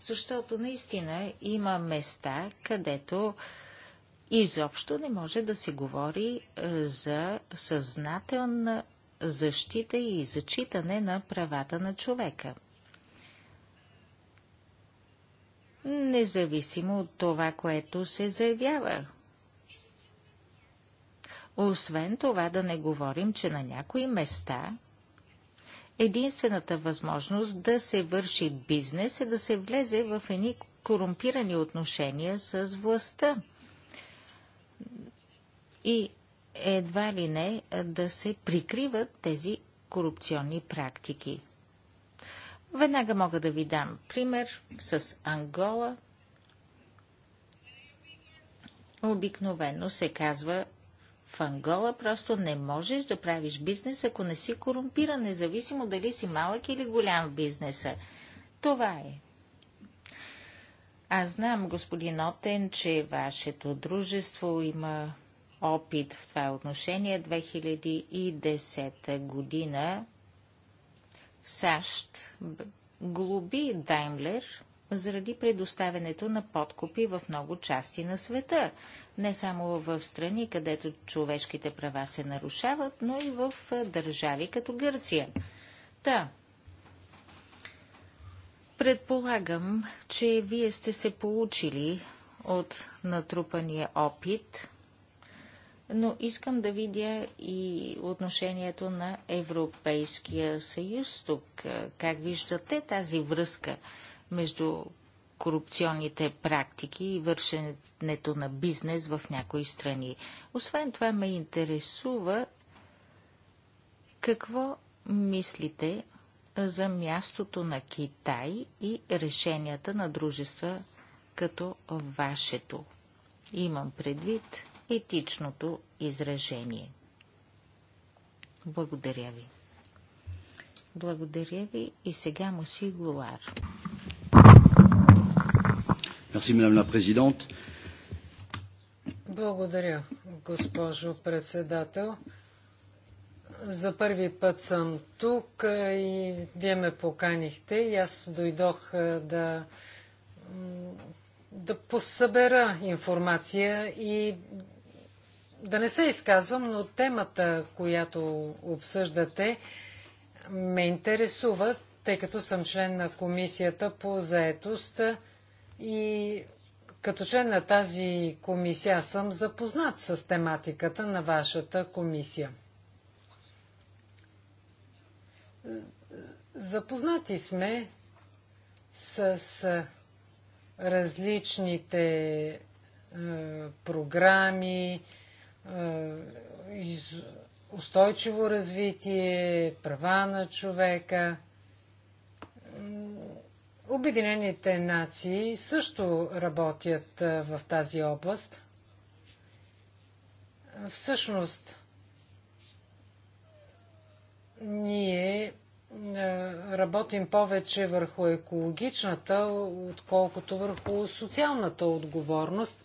Защото наистина има места, където изобщо не може да се говори е, за съзнателна защита и зачитане на правата на човека. независимо от това, което се заявява. Освен това да не говорим, че на някои места единствената възможност да се върши бизнес е да се влезе в едни корумпирани отношения с властта. И едва ли не да се прикриват тези корупционни практики. Веднага мога да ви дам пример с Ангола. Обикновено се казва в Ангола просто не можеш да правиш бизнес, ако не си корумпиран, независимо дали си малък или голям в бизнеса. Това е. Аз знам, господин Оптен, че вашето дружество има опит в това отношение. 2010 година САЩ глоби Даймлер заради предоставянето на подкупи в много части на света. Не само в страни, където човешките права се нарушават, но и в държави като Гърция. Та, предполагам, че вие сте се получили от натрупания опит но искам да видя и отношението на Европейския съюз тук. Как виждате тази връзка между корупционните практики и вършенето на бизнес в някои страни? Освен това ме интересува какво мислите за мястото на Китай и решенията на дружества като вашето. Имам предвид етичното изражение. Благодаря ви. Благодаря ви и сега му си Голар. Благодаря, госпожо председател. За първи път съм тук и вие ме поканихте и аз дойдох е, да, да посъбера информация и да не се изказвам, но темата, която обсъждате, ме интересува, тъй като съм член на комисията по заетост и като член на тази комисия съм запознат с тематиката на вашата комисия. Запознати сме с различните е, програми, е, устойчиво развитие, права на човека. Обединените нации също работят е, в тази област. Всъщност, ние е, работим повече върху екологичната, отколкото върху социалната отговорност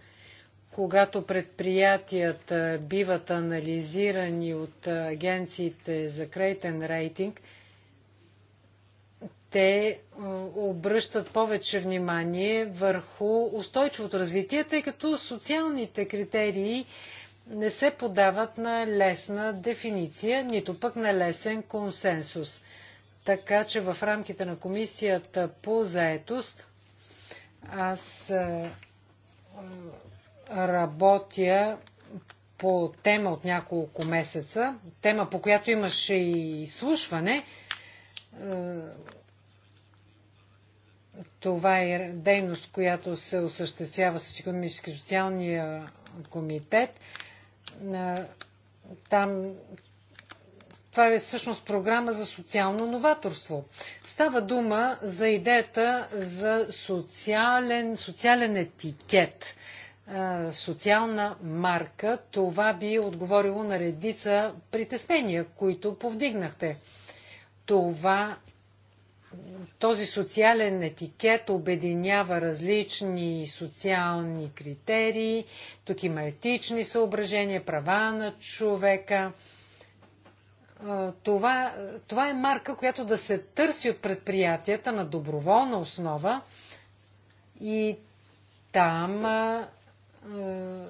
когато предприятията биват анализирани от агенциите за кредитен рейтинг, те обръщат повече внимание върху устойчивото развитие, тъй като социалните критерии не се подават на лесна дефиниция, нито пък на лесен консенсус. Така че в рамките на комисията по заетост аз работя по тема от няколко месеца, тема по която имаше и изслушване. Е, това е дейност, която се осъществява с економически и социалния комитет. Е, там това е всъщност програма за социално новаторство. Става дума за идеята за социален, социален етикет – социална марка, това би отговорило на редица притеснения, които повдигнахте. Това, този социален етикет обединява различни социални критерии. Тук има етични съображения, права на човека. Това, това е марка, която да се търси от предприятията на доброволна основа и там е,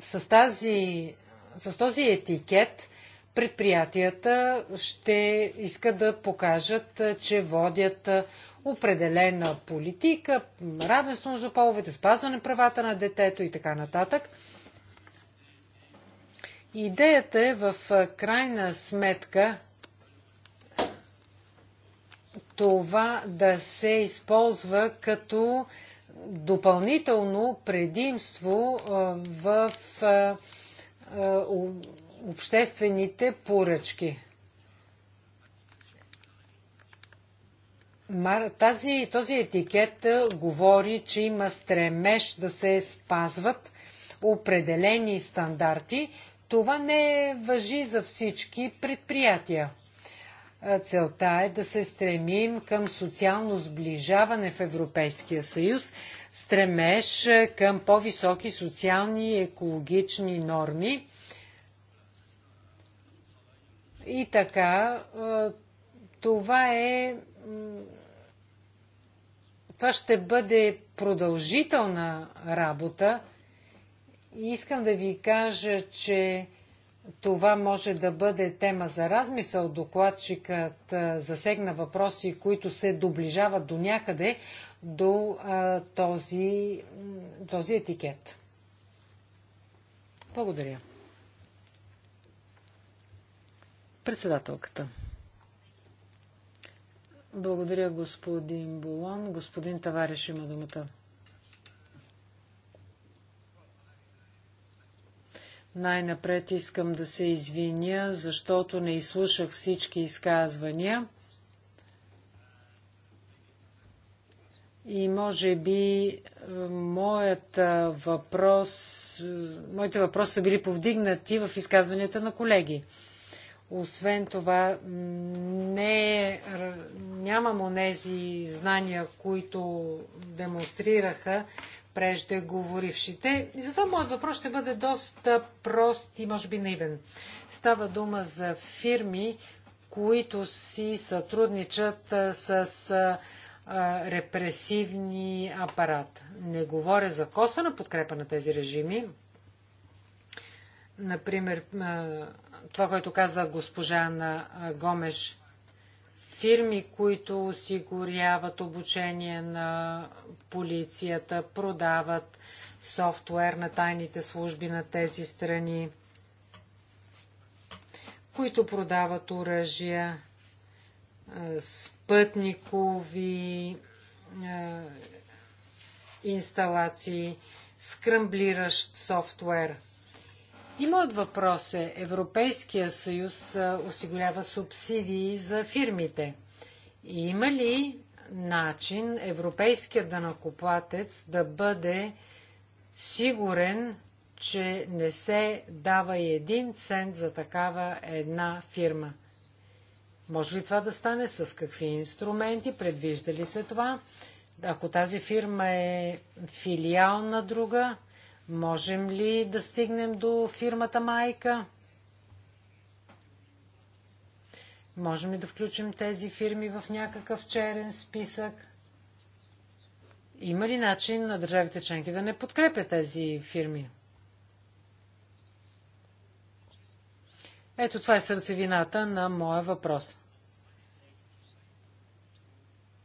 с, тази, с този етикет предприятията ще искат да покажат, е, че водят е, определена политика, равенство между половете, спазване правата на детето и така нататък. Идеята е в крайна сметка това да се използва като допълнително предимство в обществените поръчки. Тази, този етикет говори, че има стремеж да се спазват определени стандарти. Това не е въжи за всички предприятия. Целта е да се стремим към социално сближаване в Европейския съюз, стремеж към по-високи социални и екологични норми. И така, това е. Това ще бъде продължителна работа. И искам да ви кажа, че това може да бъде тема за размисъл. Докладчикът засегна въпроси, които се доближават до някъде до този, този етикет. Благодаря. Председателката. Благодаря, господин Булон. Господин Тавариш има думата. Най-напред искам да се извиня, защото не изслушах всички изказвания. И може би е, въпрос, е, моите въпроси са били повдигнати в изказванията на колеги. Освен това, не, е, нямам онези знания, които демонстрираха преждеговорившите. И затова моят въпрос ще бъде доста прост и може би наивен. Става дума за фирми, които си сътрудничат с репресивни апарат. Не говоря за косвена подкрепа на тези режими. Например, това, което каза госпожа на Гомеш, фирми, които осигуряват обучение на полицията, продават софтуер на тайните служби на тези страни, които продават оръжия, спътникови инсталации, скрамблиращ софтуер – и моят въпрос е, Европейския съюз осигурява субсидии за фирмите. И има ли начин европейският данакоплатец да бъде сигурен, че не се дава и един цент за такава една фирма? Може ли това да стане? С какви инструменти? Предвижда ли се това? Ако тази фирма е филиал на друга, Можем ли да стигнем до фирмата майка? Можем ли да включим тези фирми в някакъв черен списък? Има ли начин на държавите членки да не подкрепят тези фирми? Ето това е сърцевината на моя въпрос.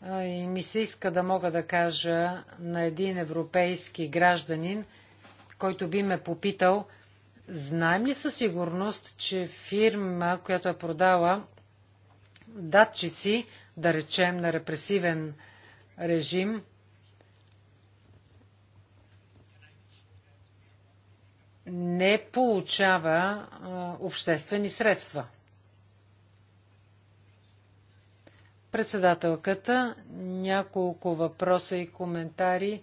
И ми се иска да мога да кажа на един европейски гражданин – който би ме попитал, знаем ли със сигурност, че фирма, която е продала датчици, да речем, на репресивен режим, не получава а, обществени средства. Председателката, няколко въпроса и коментари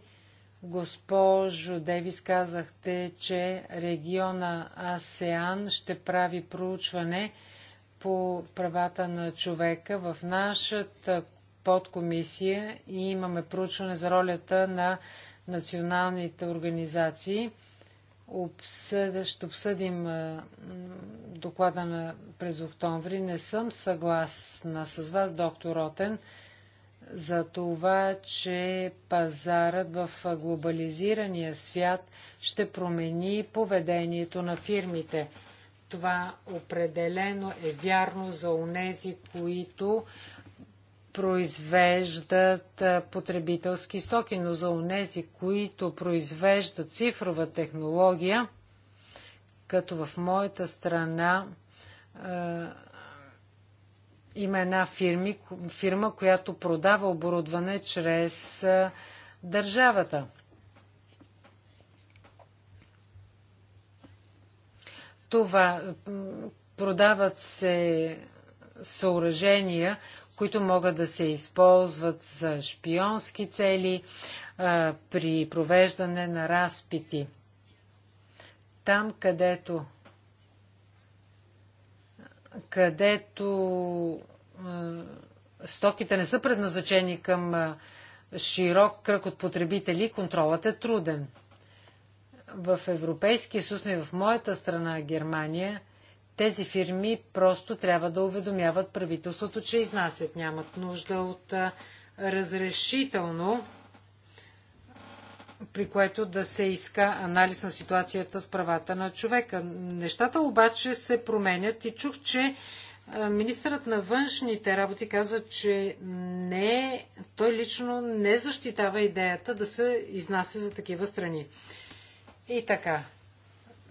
Госпожо Девис, казахте, че региона АСЕАН ще прави проучване по правата на човека. В нашата подкомисия и имаме проучване за ролята на националните организации. Ще обсъдим доклада на през октомври. Не съм съгласна с вас, доктор Ротен, за това, че пазарът в глобализирания свят ще промени поведението на фирмите. Това определено е вярно за онези, които произвеждат потребителски стоки, но за онези, които произвеждат цифрова технология, като в моята страна има една фирми, фирма, която продава оборудване чрез държавата. Това продават се съоръжения, които могат да се използват за шпионски цели а, при провеждане на разпити. Там, където където стоките не са предназначени към широк кръг от потребители, контролът е труден. В Европейския съюз, но и в моята страна, Германия, тези фирми просто трябва да уведомяват правителството, че изнасят. Нямат нужда от разрешително при което да се иска анализ на ситуацията с правата на човека. Нещата обаче се променят и чух, че министърът на външните работи каза, че не, е, той лично не защитава идеята да се изнася за такива страни. И така,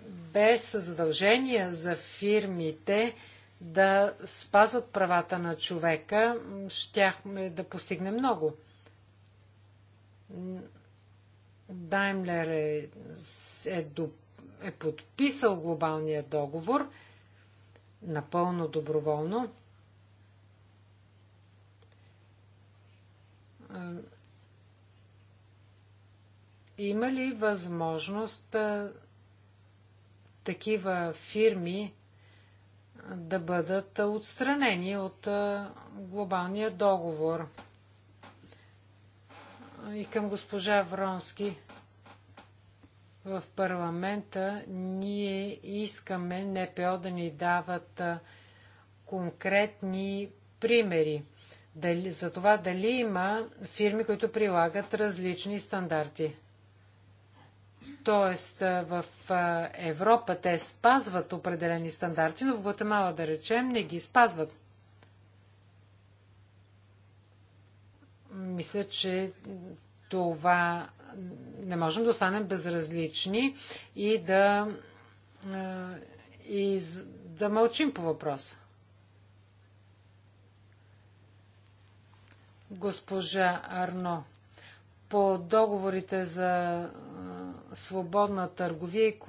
без задължения за фирмите да спазват правата на човека, щяхме да постигнем много Даймлер е, е, е подписал глобалния договор напълно доброволно. Има ли възможност такива фирми да бъдат отстранени от глобалния договор? и към госпожа Вронски. В парламента ние искаме НПО да ни дават конкретни примери дали, за това дали има фирми, които прилагат различни стандарти. Тоест в Европа те спазват определени стандарти, но в Гватемала, да речем, не ги спазват. Мисля, че това не можем да останем безразлични и да, и да мълчим по въпроса. Госпожа Арно, по договорите за свободна търговия и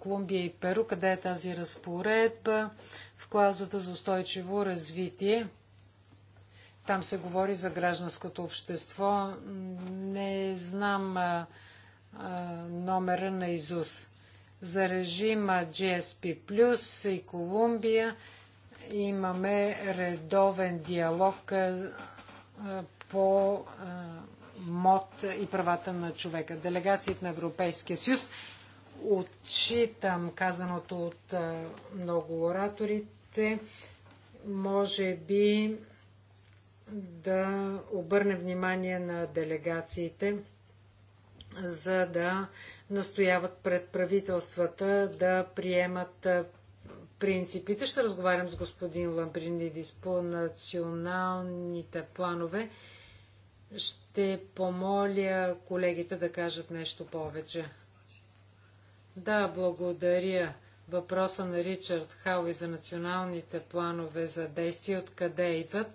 Колумбия и Перу, къде е тази разпоредба в клазата за устойчиво развитие. Там се говори за гражданското общество. Не знам а, а, номера на ИЗУС. За режима GSP и Колумбия имаме редовен диалог а, по МОД и правата на човека. Делегациите на Европейския съюз отчитам казаното от много ораторите. Може би да обърне внимание на делегациите, за да настояват пред правителствата да приемат принципите. Ще разговарям с господин Ламбринидис по националните планове. Ще помоля колегите да кажат нещо повече. Да, благодаря. Въпроса на Ричард Хауи за националните планове за действие, откъде идват.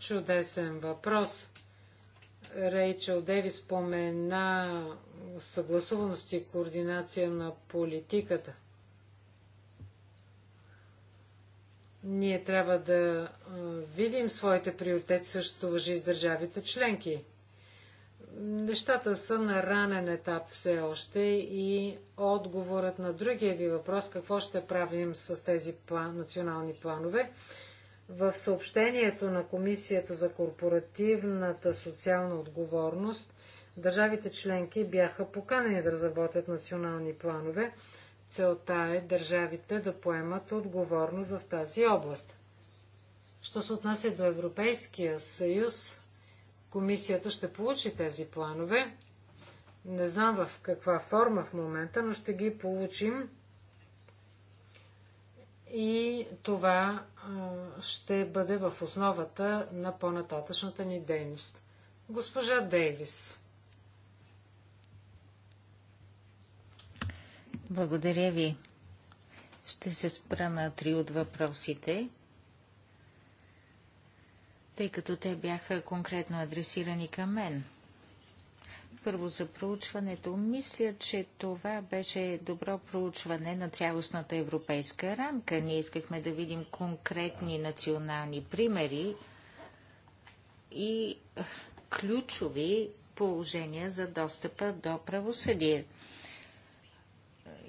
Чудесен въпрос. Рейчел Деви спомена съгласуваност и координация на политиката. Ние трябва да видим своите приоритети, също въжи с държавите членки. Нещата са на ранен етап все още и отговорът на другия ви въпрос, какво ще правим с тези план, национални планове, в съобщението на Комисията за корпоративната социална отговорност държавите членки бяха поканени да разработят национални планове. Целта е държавите да поемат отговорност в тази област. Що се отнася до Европейския съюз, комисията ще получи тези планове. Не знам в каква форма в момента, но ще ги получим и това ще бъде в основата на по-нататъчната ни дейност. Госпожа Дейвис. Благодаря ви. Ще се спра на три от въпросите, тъй като те бяха конкретно адресирани към мен – първо за проучването. Мисля, че това беше добро проучване на цялостната европейска рамка. Ние искахме да видим конкретни национални примери и ключови положения за достъпа до правосъдие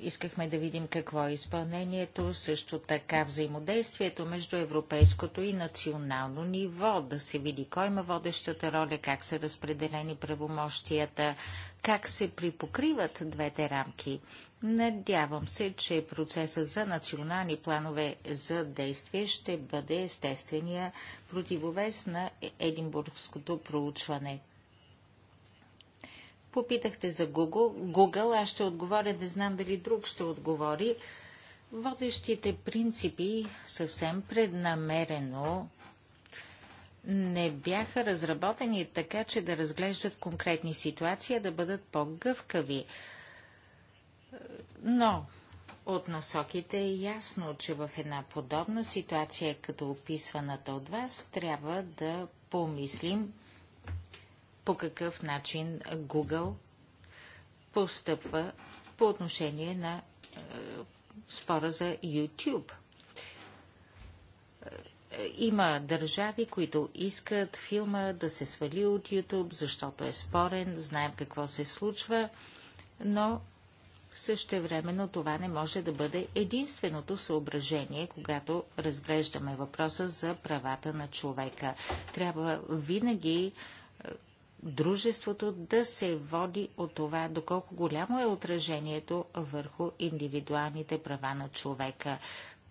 искахме да видим какво е изпълнението, също така взаимодействието между европейското и национално ниво, да се види кой има водещата роля, как са разпределени правомощията, как се припокриват двете рамки. Надявам се, че процесът за национални планове за действие ще бъде естествения противовес на Единбургското проучване. Попитахте за Google. Google, аз ще отговоря, не знам дали друг ще отговори. Водещите принципи съвсем преднамерено не бяха разработени така, че да разглеждат конкретни ситуации, а да бъдат по-гъвкави. Но от насоките е ясно, че в една подобна ситуация, като описваната от вас, трябва да помислим по какъв начин Google постъпва по отношение на е, спора за YouTube. Е, има държави, които искат филма да се свали от YouTube, защото е спорен, знаем какво се случва, но Същевременно това не може да бъде единственото съображение, когато разглеждаме въпроса за правата на човека. Трябва винаги е, дружеството да се води от това, доколко голямо е отражението върху индивидуалните права на човека.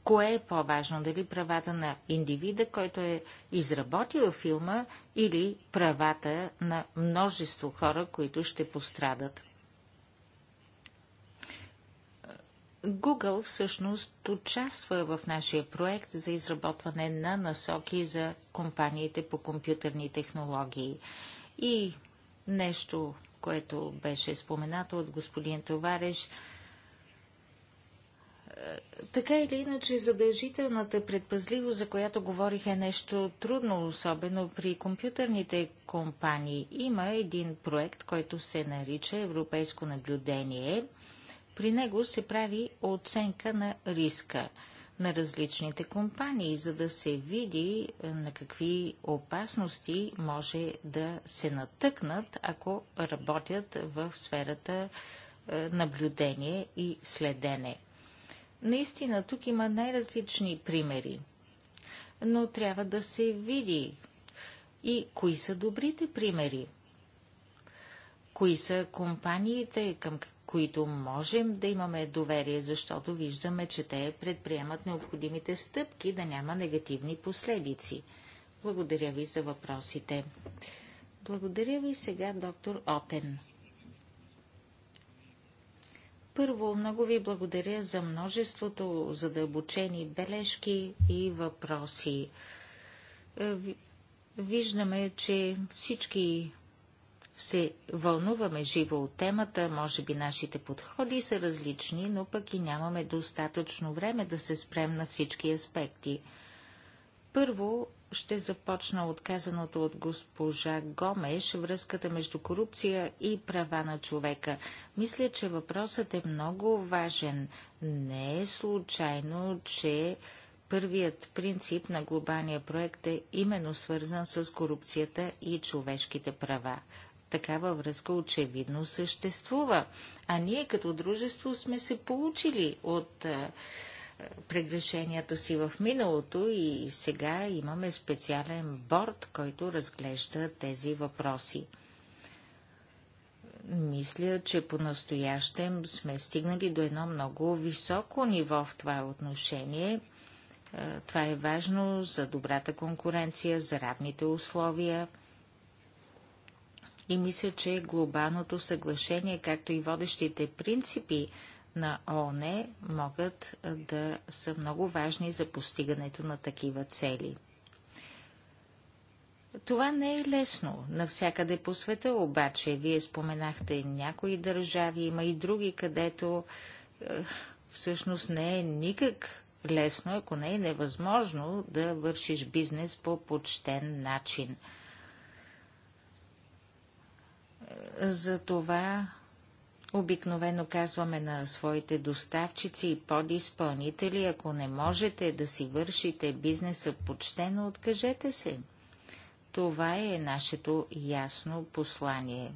Кое е по-важно? Дали правата на индивида, който е изработил филма, или правата на множество хора, които ще пострадат? Google всъщност участва в нашия проект за изработване на насоки за компаниите по компютърни технологии. И нещо, което беше споменато от господин Товареш, е, така или иначе, задължителната предпазливост, за която говорих, е нещо трудно, особено при компютърните компании. Има един проект, който се нарича Европейско наблюдение. При него се прави оценка на риска на различните компании, за да се види е, на какви опасности може да се натъкнат, ако работят в сферата е, наблюдение и следене. Наистина, тук има най-различни примери, но трябва да се види и кои са добрите примери. Кои са компаниите, към които можем да имаме доверие, защото виждаме, че те предприемат необходимите стъпки да няма негативни последици. Благодаря ви за въпросите. Благодаря ви сега, доктор Отен. Първо, много ви благодаря за множеството задълбочени бележки и въпроси. Е, виждаме, че всички се вълнуваме живо от темата, може би нашите подходи са различни, но пък и нямаме достатъчно време да се спрем на всички аспекти. Първо ще започна отказаното от госпожа Гомеш връзката между корупция и права на човека. Мисля, че въпросът е много важен. Не е случайно, че първият принцип на глобалния проект е именно свързан с корупцията и човешките права. Такава връзка очевидно съществува. А ние като дружество сме се получили от прегрешенията си в миналото и сега имаме специален борт, който разглежда тези въпроси. Мисля, че по-настоящем сме стигнали до едно много високо ниво в това отношение. Това е важно за добрата конкуренция, за равните условия – и мисля, че глобалното съглашение, както и водещите принципи на ООН могат да са много важни за постигането на такива цели. Това не е лесно. Навсякъде по света обаче, вие споменахте някои държави, има и други, където е, всъщност не е никак лесно, ако не е невъзможно да вършиш бизнес по почтен начин. За това обикновено казваме на своите доставчици и подизпълнители, ако не можете да си вършите бизнеса почтено, откажете се. Това е нашето ясно послание.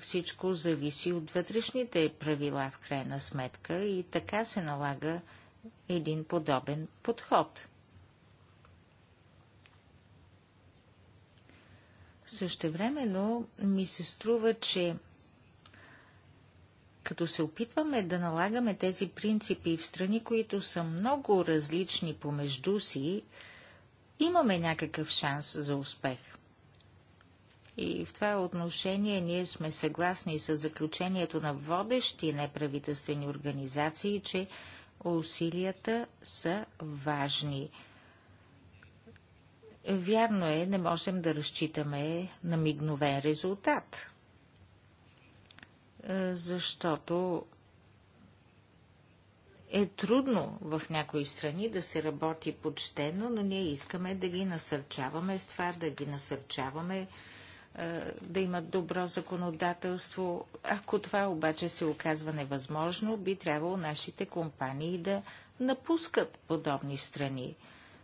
Всичко зависи от вътрешните правила в крайна сметка и така се налага един подобен подход – Същевременно ми се струва, че като се опитваме да налагаме тези принципи в страни, които са много различни помежду си, имаме някакъв шанс за успех. И в това отношение ние сме съгласни с заключението на водещи неправителствени организации, че усилията са важни – Вярно е, не можем да разчитаме на мигновен резултат, е, защото е трудно в някои страни да се работи почтено, но ние искаме да ги насърчаваме в това, да ги насърчаваме е, да имат добро законодателство. Ако това обаче се оказва невъзможно, би трябвало нашите компании да напускат подобни страни.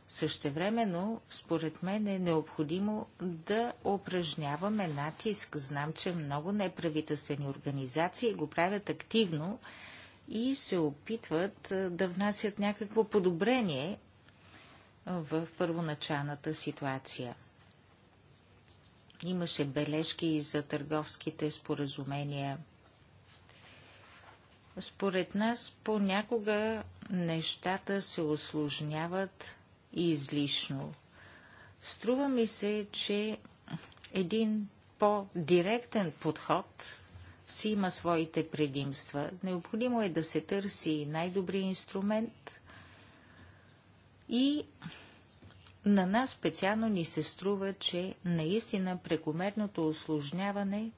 Същевременно, според мен е необходимо да упражняваме натиск. Знам, че много неправителствени организации го правят активно и се опитват да внасят някакво подобрение в първоначалната ситуация. Имаше бележки и за търговските споразумения. Според нас понякога нещата се осложняват и излишно. Струва ми се, че един по-директен подход си има своите предимства. Необходимо е да се търси най-добрият инструмент и на нас специално ни се струва, че наистина прекомерното осложняване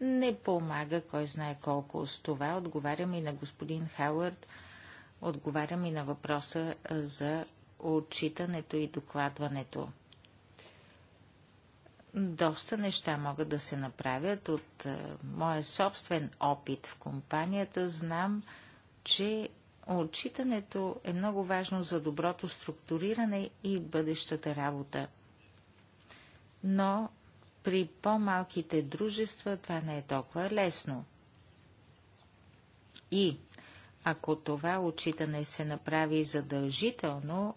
не помага, кой знае колко. С това отговарям и на господин Хауърд, отговарям и на въпроса за отчитането и докладването. Доста неща могат да се направят от е, моя собствен опит в компанията. Знам, че отчитането е много важно за доброто структуриране и бъдещата работа. Но при по-малките дружества това не е толкова лесно. И ако това отчитане се направи задължително,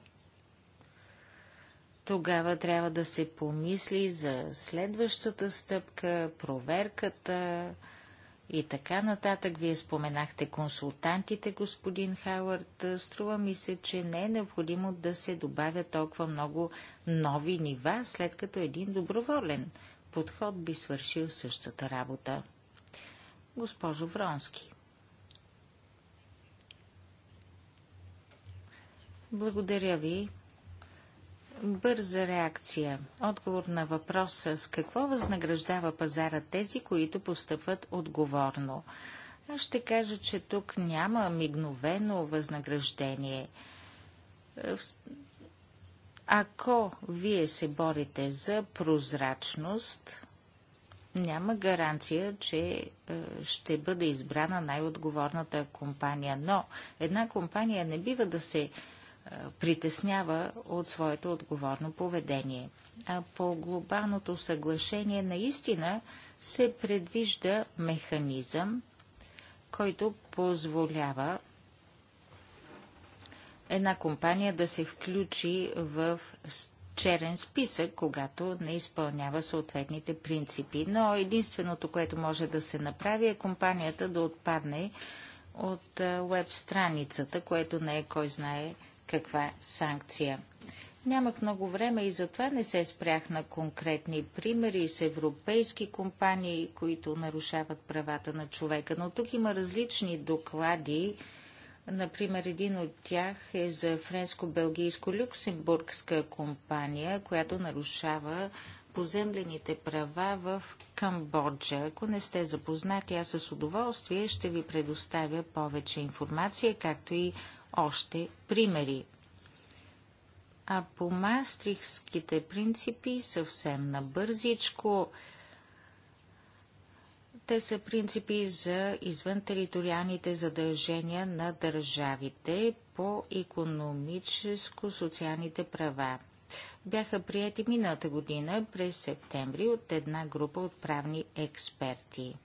тогава трябва да се помисли за следващата стъпка, проверката и така нататък. Вие споменахте консултантите, господин Хауърд. Струва ми се, че не е необходимо да се добавя толкова много нови нива, след като един доброволен подход би свършил същата работа. Госпожо Вронски. Благодаря ви. Бърза реакция. Отговор на въпроса с какво възнаграждава пазара тези, които постъпват отговорно. Аз ще кажа, че тук няма мигновено възнаграждение. Е, ако вие се борите за прозрачност, няма гаранция, че е, ще бъде избрана най-отговорната компания. Но една компания не бива да се притеснява от своето отговорно поведение. А по глобалното съглашение наистина се предвижда механизъм, който позволява една компания да се включи в черен списък, когато не изпълнява съответните принципи. Но единственото, което може да се направи е компанията да отпадне от веб страницата, което не е кой знае каква санкция. Нямах много време и затова не се спрях на конкретни примери с европейски компании, които нарушават правата на човека. Но тук има различни доклади. Например, един от тях е за френско-белгийско-люксембургска компания, която нарушава поземлените права в Камбоджа. Ако не сте запознати, аз с удоволствие ще ви предоставя повече информация, както и още примери. А по мастрихските принципи съвсем набързичко. Те са принципи за извънтериториалните задължения на държавите по економическо-социалните права. Бяха прияти миналата година през септември от една група от правни експерти –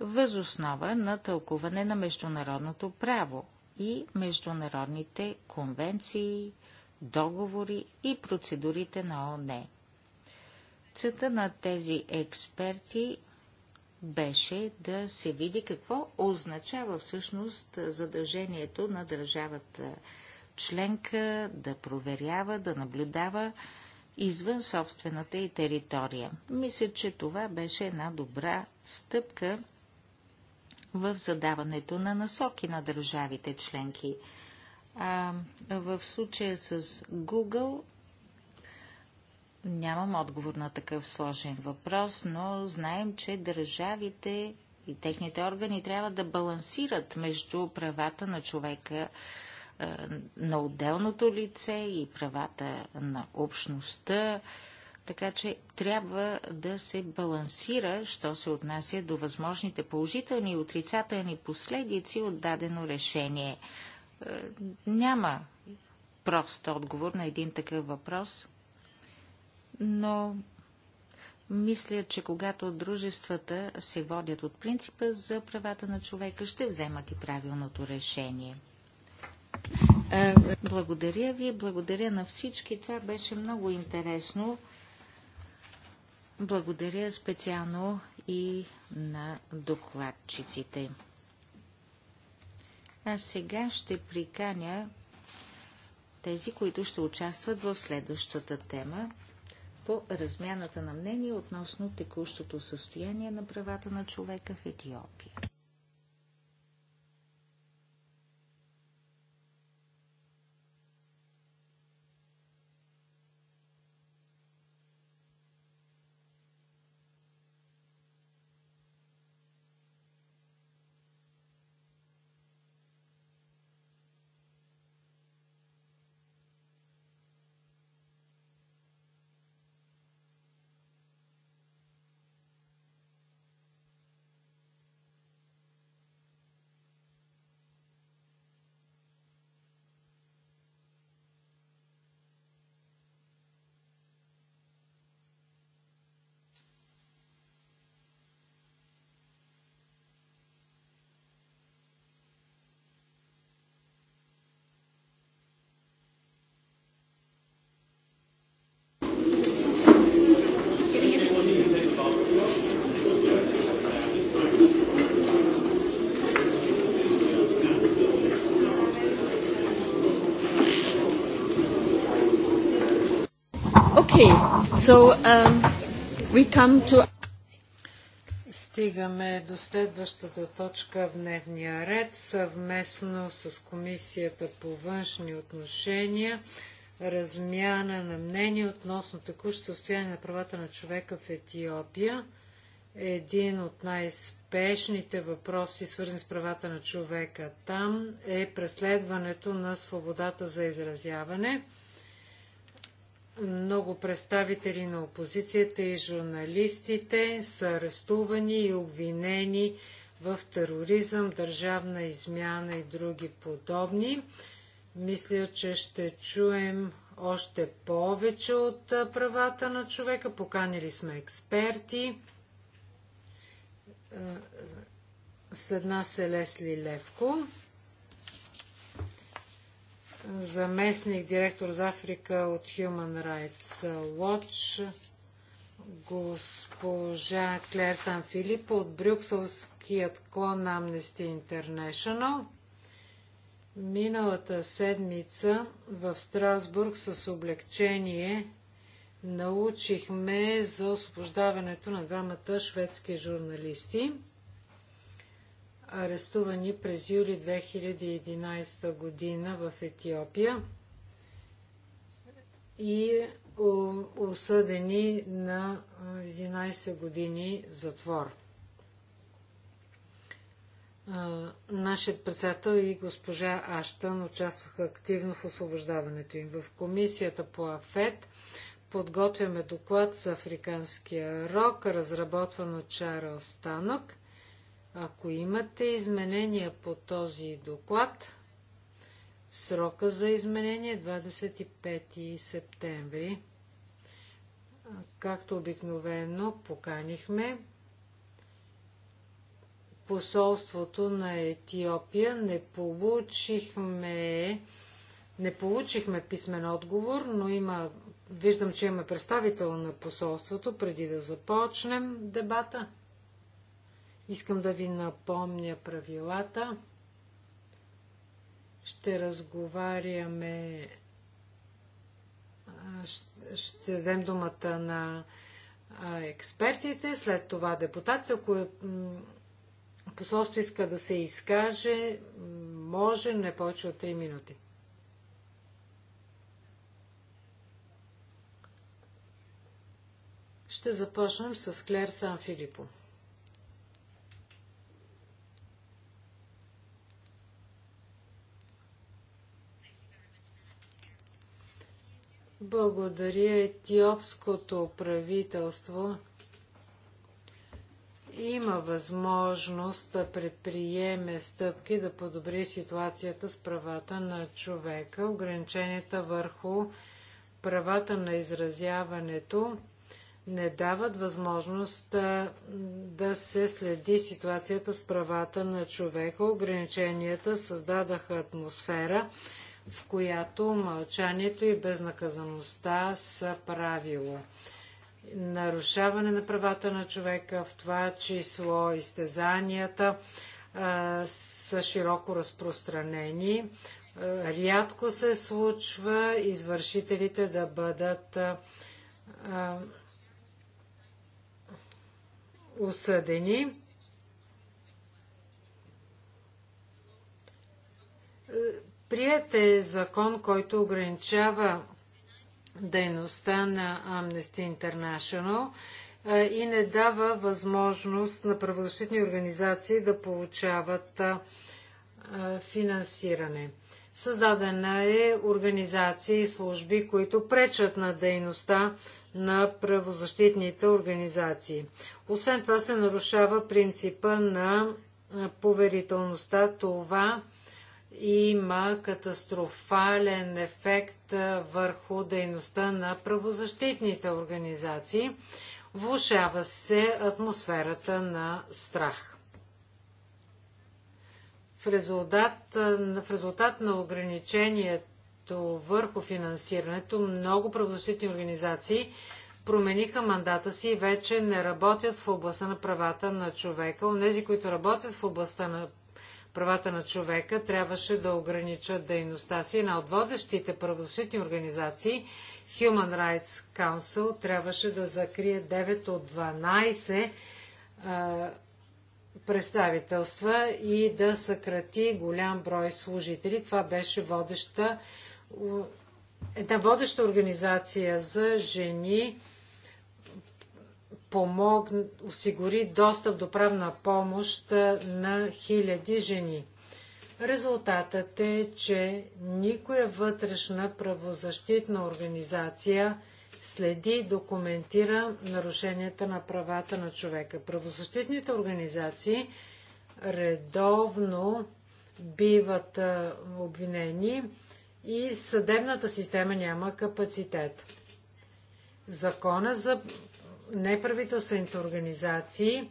възоснова на тълкуване на международното право и международните конвенции, договори и процедурите на ООН. Цета на тези експерти беше да се види какво означава всъщност задължението на държавата членка да проверява, да наблюдава извън собствената и територия. Мисля, че това беше една добра стъпка в задаването на насоки на държавите членки. А, в случая с Google нямам отговор на такъв сложен въпрос, но знаем, че държавите и техните органи трябва да балансират между правата на човека на отделното лице и правата на общността така че трябва да се балансира, що се отнася до възможните положителни и отрицателни последици от дадено решение. Е, няма прост отговор на един такъв въпрос, но мисля, че когато дружествата се водят от принципа за правата на човека, ще вземат и правилното решение. Е, е, благодаря ви, благодаря на всички. Това беше много интересно. Благодаря специално и на докладчиците. А сега ще приканя тези, които ще участват в следващата тема по размяната на мнение относно текущото състояние на правата на човека в Етиопия. Okay, so um, we come to... Стигаме до следващата точка в дневния ред, съвместно с Комисията по външни отношения, размяна на мнение относно текущо състояние на правата на човека в Етиопия. Един от най-спешните въпроси, свързани с правата на човека там, е преследването на свободата за изразяване – много представители на опозицията и журналистите са арестувани и обвинени в тероризъм, държавна измяна и други подобни. Мисля, че ще чуем още повече от правата на човека. Поканили сме експерти. След нас е Лесли Левко заместник директор за Африка от Human Rights Watch, госпожа Клер Сан Филип от брюкселският клон на Amnesty International. Миналата седмица в Страсбург с облегчение научихме за освобождаването на двамата шведски журналисти – арестувани през юли 2011 година в Етиопия и осъдени на 11 години затвор. Нашият председател и госпожа Аштън участваха активно в освобождаването им. В комисията по АФЕД подготвяме доклад за африканския рок, разработван от Чарлз Танък ако имате изменения по този доклад, срока за изменение 25 е септември. Както обикновено поканихме посолството на Етиопия, не получихме не получихме писмен отговор, но има, виждам, че има представител на посолството преди да започнем дебата. Искам да ви напомня правилата. Ще разговаряме. Ще дадем думата на експертите, след това депутатите. Ако посолство иска да се изкаже, може не повече от 3 минути. Ще започнем с Клер Сан Филипо. Благодаря етиопското правителство има възможност да предприеме стъпки да подобри ситуацията с правата на човека, ограниченията върху правата на изразяването не дават възможност да, да се следи ситуацията с правата на човека. Ограниченията създадаха атмосфера, в която мълчанието и безнаказаността са правило. Нарушаване на правата на човека, в това число изтезанията, са широко разпространени. рядко се случва извършителите да бъдат а, осъдени. Прият е закон, който ограничава дейността на Amnesty International и не дава възможност на правозащитни организации да получават финансиране. Създадена е организация и служби, които пречат на дейността на правозащитните организации. Освен това се нарушава принципа на поверителността. Това има катастрофален ефект върху дейността на правозащитните организации. Влушава се атмосферата на страх. В резултат, в резултат на ограничението върху финансирането, много правозащитни организации промениха мандата си и вече не работят в областта на правата на човека. Онези, които работят в областта на правата на човека трябваше да ограничат дейността си. Една от водещите правозащитни организации, Human Rights Council, трябваше да закрие 9 от 12 а, представителства и да съкрати голям брой служители. Това беше водеща, една водеща организация за жени, помогна, осигури достъп до правна помощ на хиляди жени. Резултатът е, че никоя вътрешна правозащитна организация следи и документира нарушенията на правата на човека. Правозащитните организации редовно биват обвинени и съдебната система няма капацитет. Закона за неправителствените организации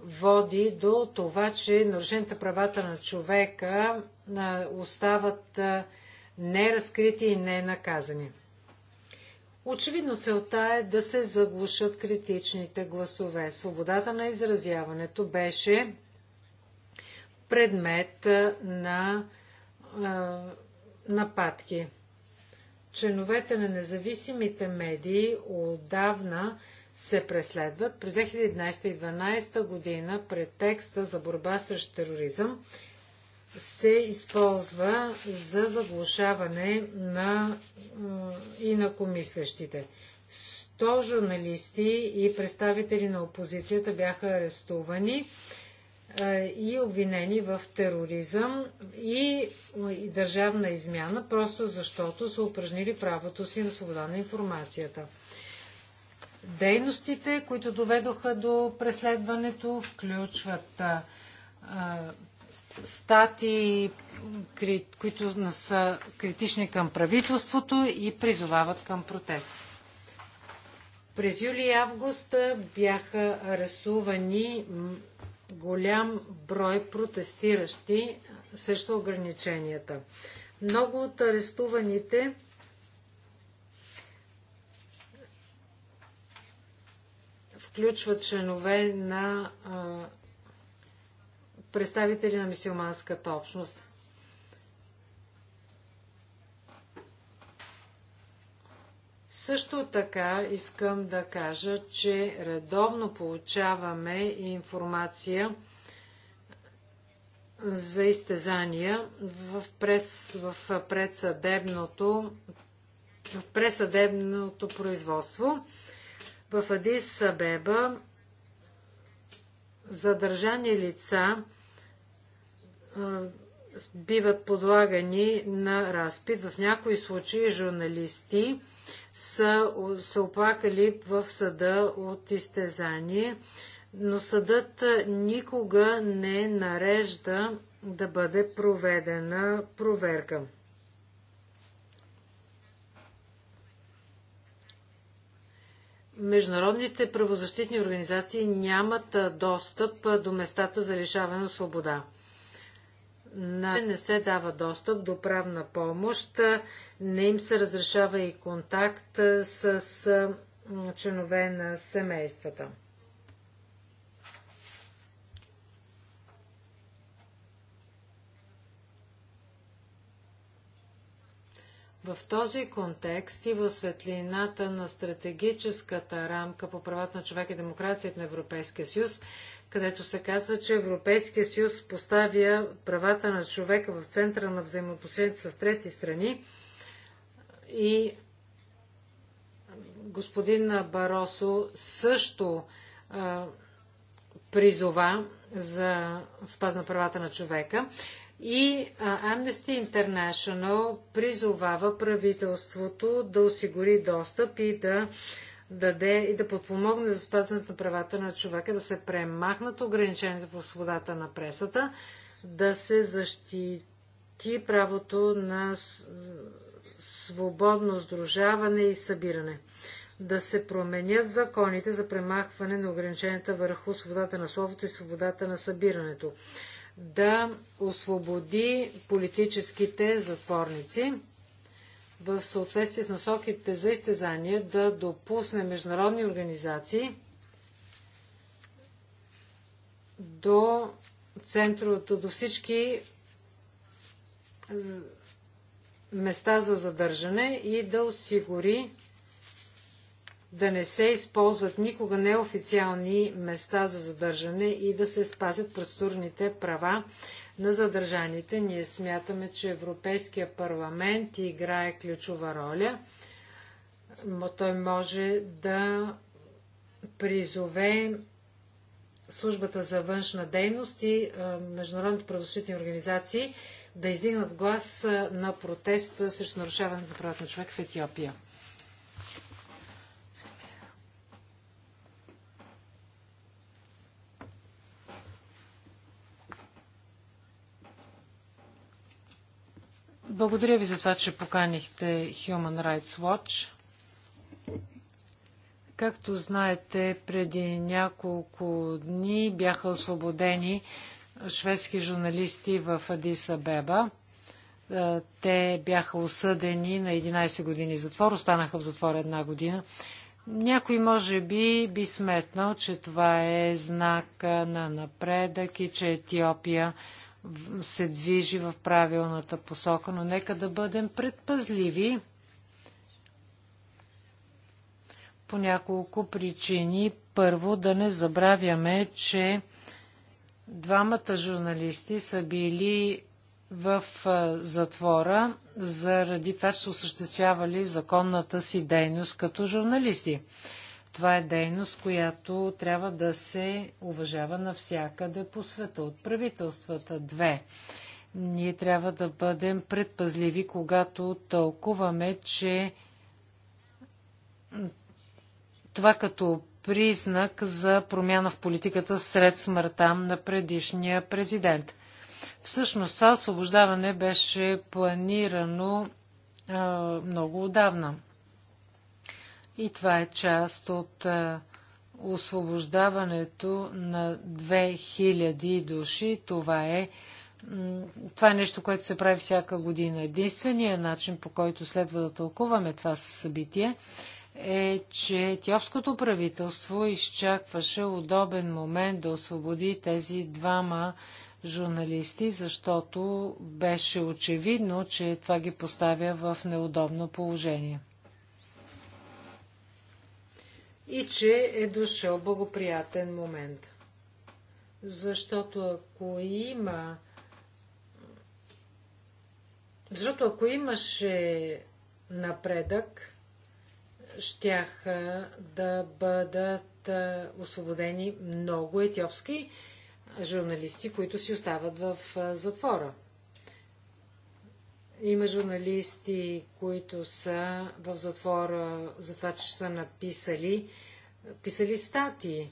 води до това, че нарушените правата на човека остават неразкрити и ненаказани. Очевидно целта е да се заглушат критичните гласове. Свободата на изразяването беше предмет на е, нападки. Членовете на независимите медии отдавна се преследват. През 2011 и 2012 година претекста за борба срещу тероризъм се използва за заглушаване на и на комислящите. 100 журналисти и представители на опозицията бяха арестувани е, и обвинени в тероризъм и държавна измяна, просто защото са упражнили правото си на свобода на информацията. Дейностите, които доведоха до преследването, включват а, стати, които са критични към правителството и призовават към протест. През юли и август бяха арестувани голям брой протестиращи срещу ограниченията. Много от арестуваните включва членове на а, представители на мисиоманската общност. Също така искам да кажа, че редовно получаваме информация за изтезания в, прес, в, предсъдебното, в пресъдебното производство. В Адис Абеба задържани лица биват подлагани на разпит. В някои случаи журналисти са се оплакали в съда от изтезание, но съдът никога не нарежда да бъде проведена проверка. международните правозащитни организации нямат достъп до местата за лишаване на свобода. На не се дава достъп до правна помощ, не им се разрешава и контакт с членове на семействата. В този контекст и в светлината на стратегическата рамка по правата на човека и демокрацията на Европейския съюз, където се казва, че Европейския съюз поставя правата на човека в центъра на взаимоотношенията с трети страни и господин Баросо също а, призова за спазна правата на човека. И Amnesty International призовава правителството да осигури достъп и да даде и да подпомогне за спазването на правата на човека, да се премахнат ограниченията по свободата на пресата, да се защити правото на свободно сдружаване и събиране, да се променят законите за премахване на ограниченията върху свободата на словото и свободата на събирането, да освободи политическите затворници в съответствие с насоките за изтезание да допусне международни организации до центровете, до всички места за задържане и да осигури да не се използват никога неофициални места за задържане и да се спазят процедурните права на задържаните. Ние смятаме, че Европейския парламент играе ключова роля. Той може да призове службата за външна дейност и международните правозащитни организации да издигнат глас на протест срещу нарушаването на правата на човека в Етиопия. Благодаря ви за това, че поканихте Human Rights Watch. Както знаете, преди няколко дни бяха освободени шведски журналисти в Адиса Беба. Е, те бяха осъдени на 11 години затвор, останаха в затвора една година. Някой може би би сметнал, че това е знак на напредък и че Етиопия се движи в правилната посока, но нека да бъдем предпазливи. По няколко причини. Първо, да не забравяме, че двамата журналисти са били в затвора заради това, че са осъществявали законната си дейност като журналисти. Това е дейност, която трябва да се уважава навсякъде по света от правителствата. Две. Ние трябва да бъдем предпазливи, когато тълкуваме, че това като признак за промяна в политиката сред смъртта на предишния президент. Всъщност това освобождаване беше планирано а, много отдавна. И това е част от е, освобождаването на 2000 души. Това е, това е нещо, което се прави всяка година. Единственият начин, по който следва да тълкуваме това събитие, е, че етиопското правителство изчакваше удобен момент да освободи тези двама журналисти, защото беше очевидно, че това ги поставя в неудобно положение и че е дошъл благоприятен момент. Защото ако има защото ако имаше напредък, щяха да бъдат освободени много етиопски журналисти, които си остават в затвора. Има журналисти, които са в затвора за това, че са написали писали статии.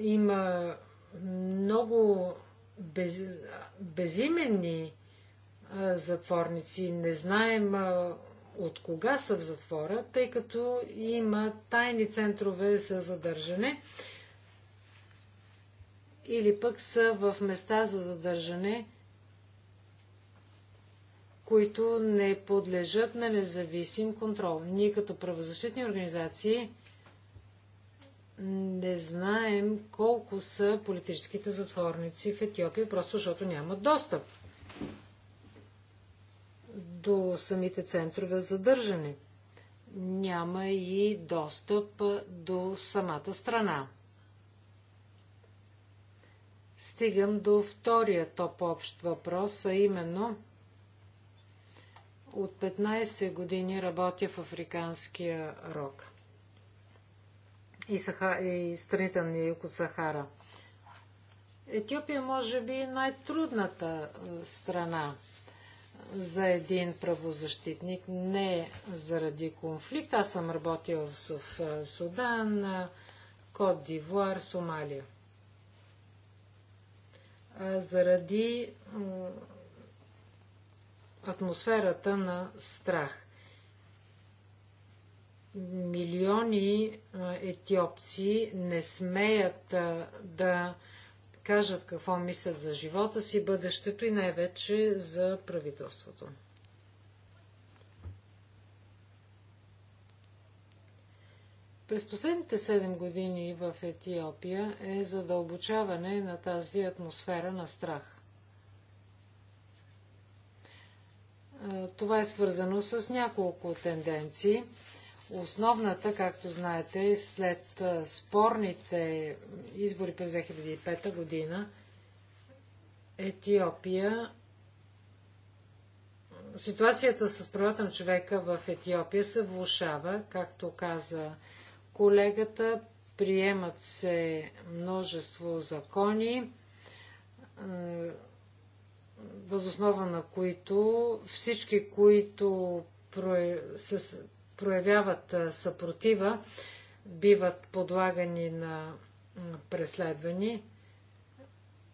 Има много без, безименни а, затворници. Не знаем а, от кога са в затвора, тъй като има тайни центрове за задържане или пък са в места за задържане, които не подлежат на независим контрол. Ние като правозащитни организации не знаем колко са политическите затворници в Етиопия, просто защото нямат достъп до самите центрове за държане. Няма и достъп до самата страна. Стигам до втория топ общ въпрос, а именно – от 15 години работя в Африканския рок и, Саха... и страните на юг от Сахара. Етиопия може би е най-трудната страна за един правозащитник. Не заради конфликт. Аз съм работил в Судан, Кот Дивуар, Сомалия. А заради атмосферата на страх. Милиони етиопци не смеят да кажат какво мислят за живота си, бъдещето и най-вече за правителството. През последните 7 години в Етиопия е задълбочаване на тази атмосфера на страх. Това е свързано с няколко тенденции. Основната, както знаете, е след спорните избори през 2005 година, Етиопия ситуацията с правата на човека в Етиопия се влушава, както каза колегата, приемат се множество закони, възоснова на които всички, които проявяват съпротива, биват подлагани на преследвани.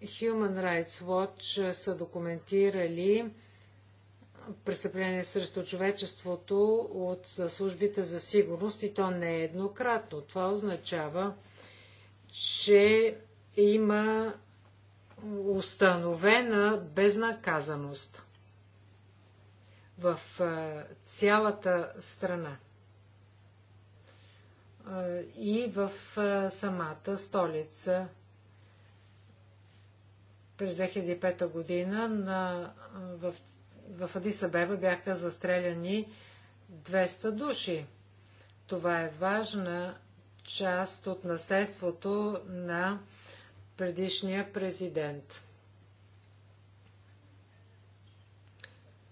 Human Rights Watch са документирали престъпление срещу човечеството от службите за сигурност и то не е еднократно. Това означава, че има установена безнаказаност в е, цялата страна е, и в е, самата столица. През 2005 година на, в, в Адисабеба бяха застреляни 200 души. Това е важна част от наследството на предишния президент.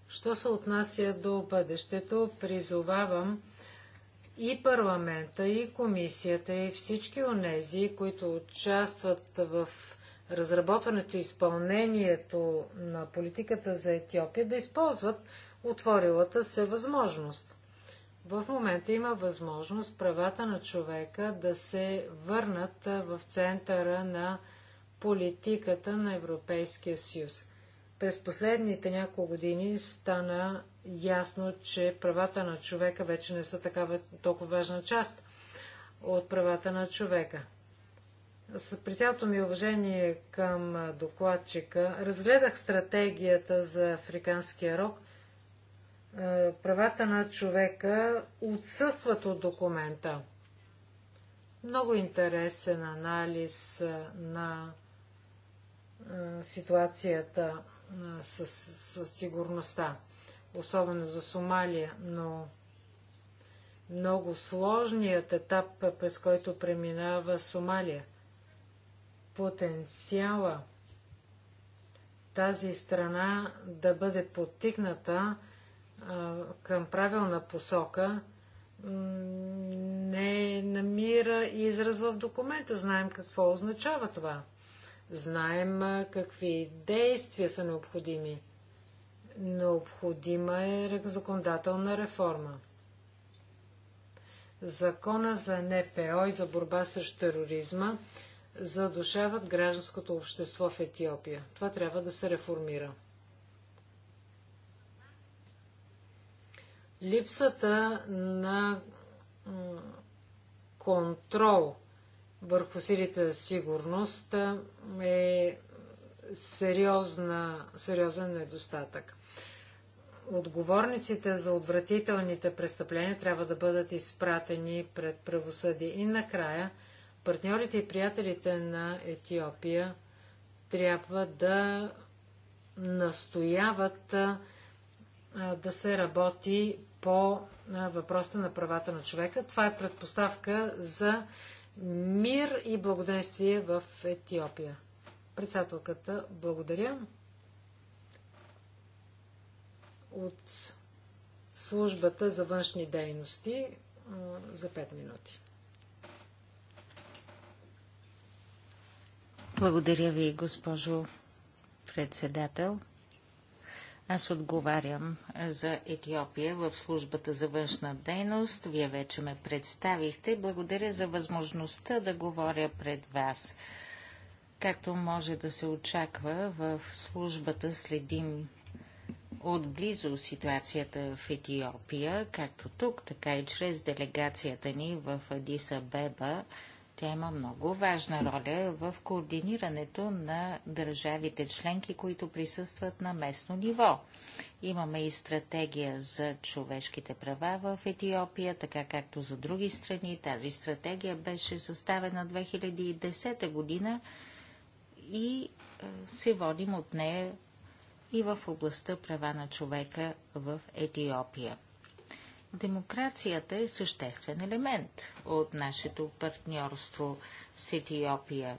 Що се отнася до бъдещето, призовавам и парламента, и комисията, и всички онези, които участват в разработването и изпълнението на политиката за Етиопия, да използват отворилата се възможност. В момента има възможност правата на човека да се върнат в центъра на политиката на Европейския съюз. През последните няколко години стана ясно, че правата на човека вече не са такава толкова важна част от правата на човека. С при цялото ми уважение към докладчика, разгледах стратегията за африканския рок. Е, правата на човека отсъстват от документа. Много интересен анализ е, на ситуацията с, с сигурността, особено за Сомалия, но много сложният етап, през който преминава Сомалия. Потенциала тази страна да бъде подтигната към правилна посока не намира израз в документа. Знаем какво означава това. Знаем какви действия са необходими. Необходима е законодателна реформа. Закона за НПО и за борба срещу тероризма задушават гражданското общество в Етиопия. Това трябва да се реформира. Липсата на контрол върху силите за сигурност е сериозна, сериозен недостатък. Отговорниците за отвратителните престъпления трябва да бъдат изпратени пред правосъдие. И накрая, партньорите и приятелите на Етиопия трябва да настояват да се работи по въпроса на правата на човека. Това е предпоставка за мир и благоденствие в Етиопия. Председателката, благодаря. От службата за външни дейности за 5 минути. Благодаря ви, госпожо председател. Аз отговарям е, за Етиопия в службата за външна дейност. Вие вече ме представихте. Благодаря за възможността да говоря пред вас. Както може да се очаква, в службата следим отблизо ситуацията в Етиопия, както тук, така и чрез делегацията ни в Адиса Беба. Тя има много важна роля в координирането на държавите членки, които присъстват на местно ниво. Имаме и стратегия за човешките права в Етиопия, така както за други страни. Тази стратегия беше съставена 2010 година и е, се водим от нея и в областта права на човека в Етиопия. Демокрацията е съществен елемент от нашето партньорство с Етиопия.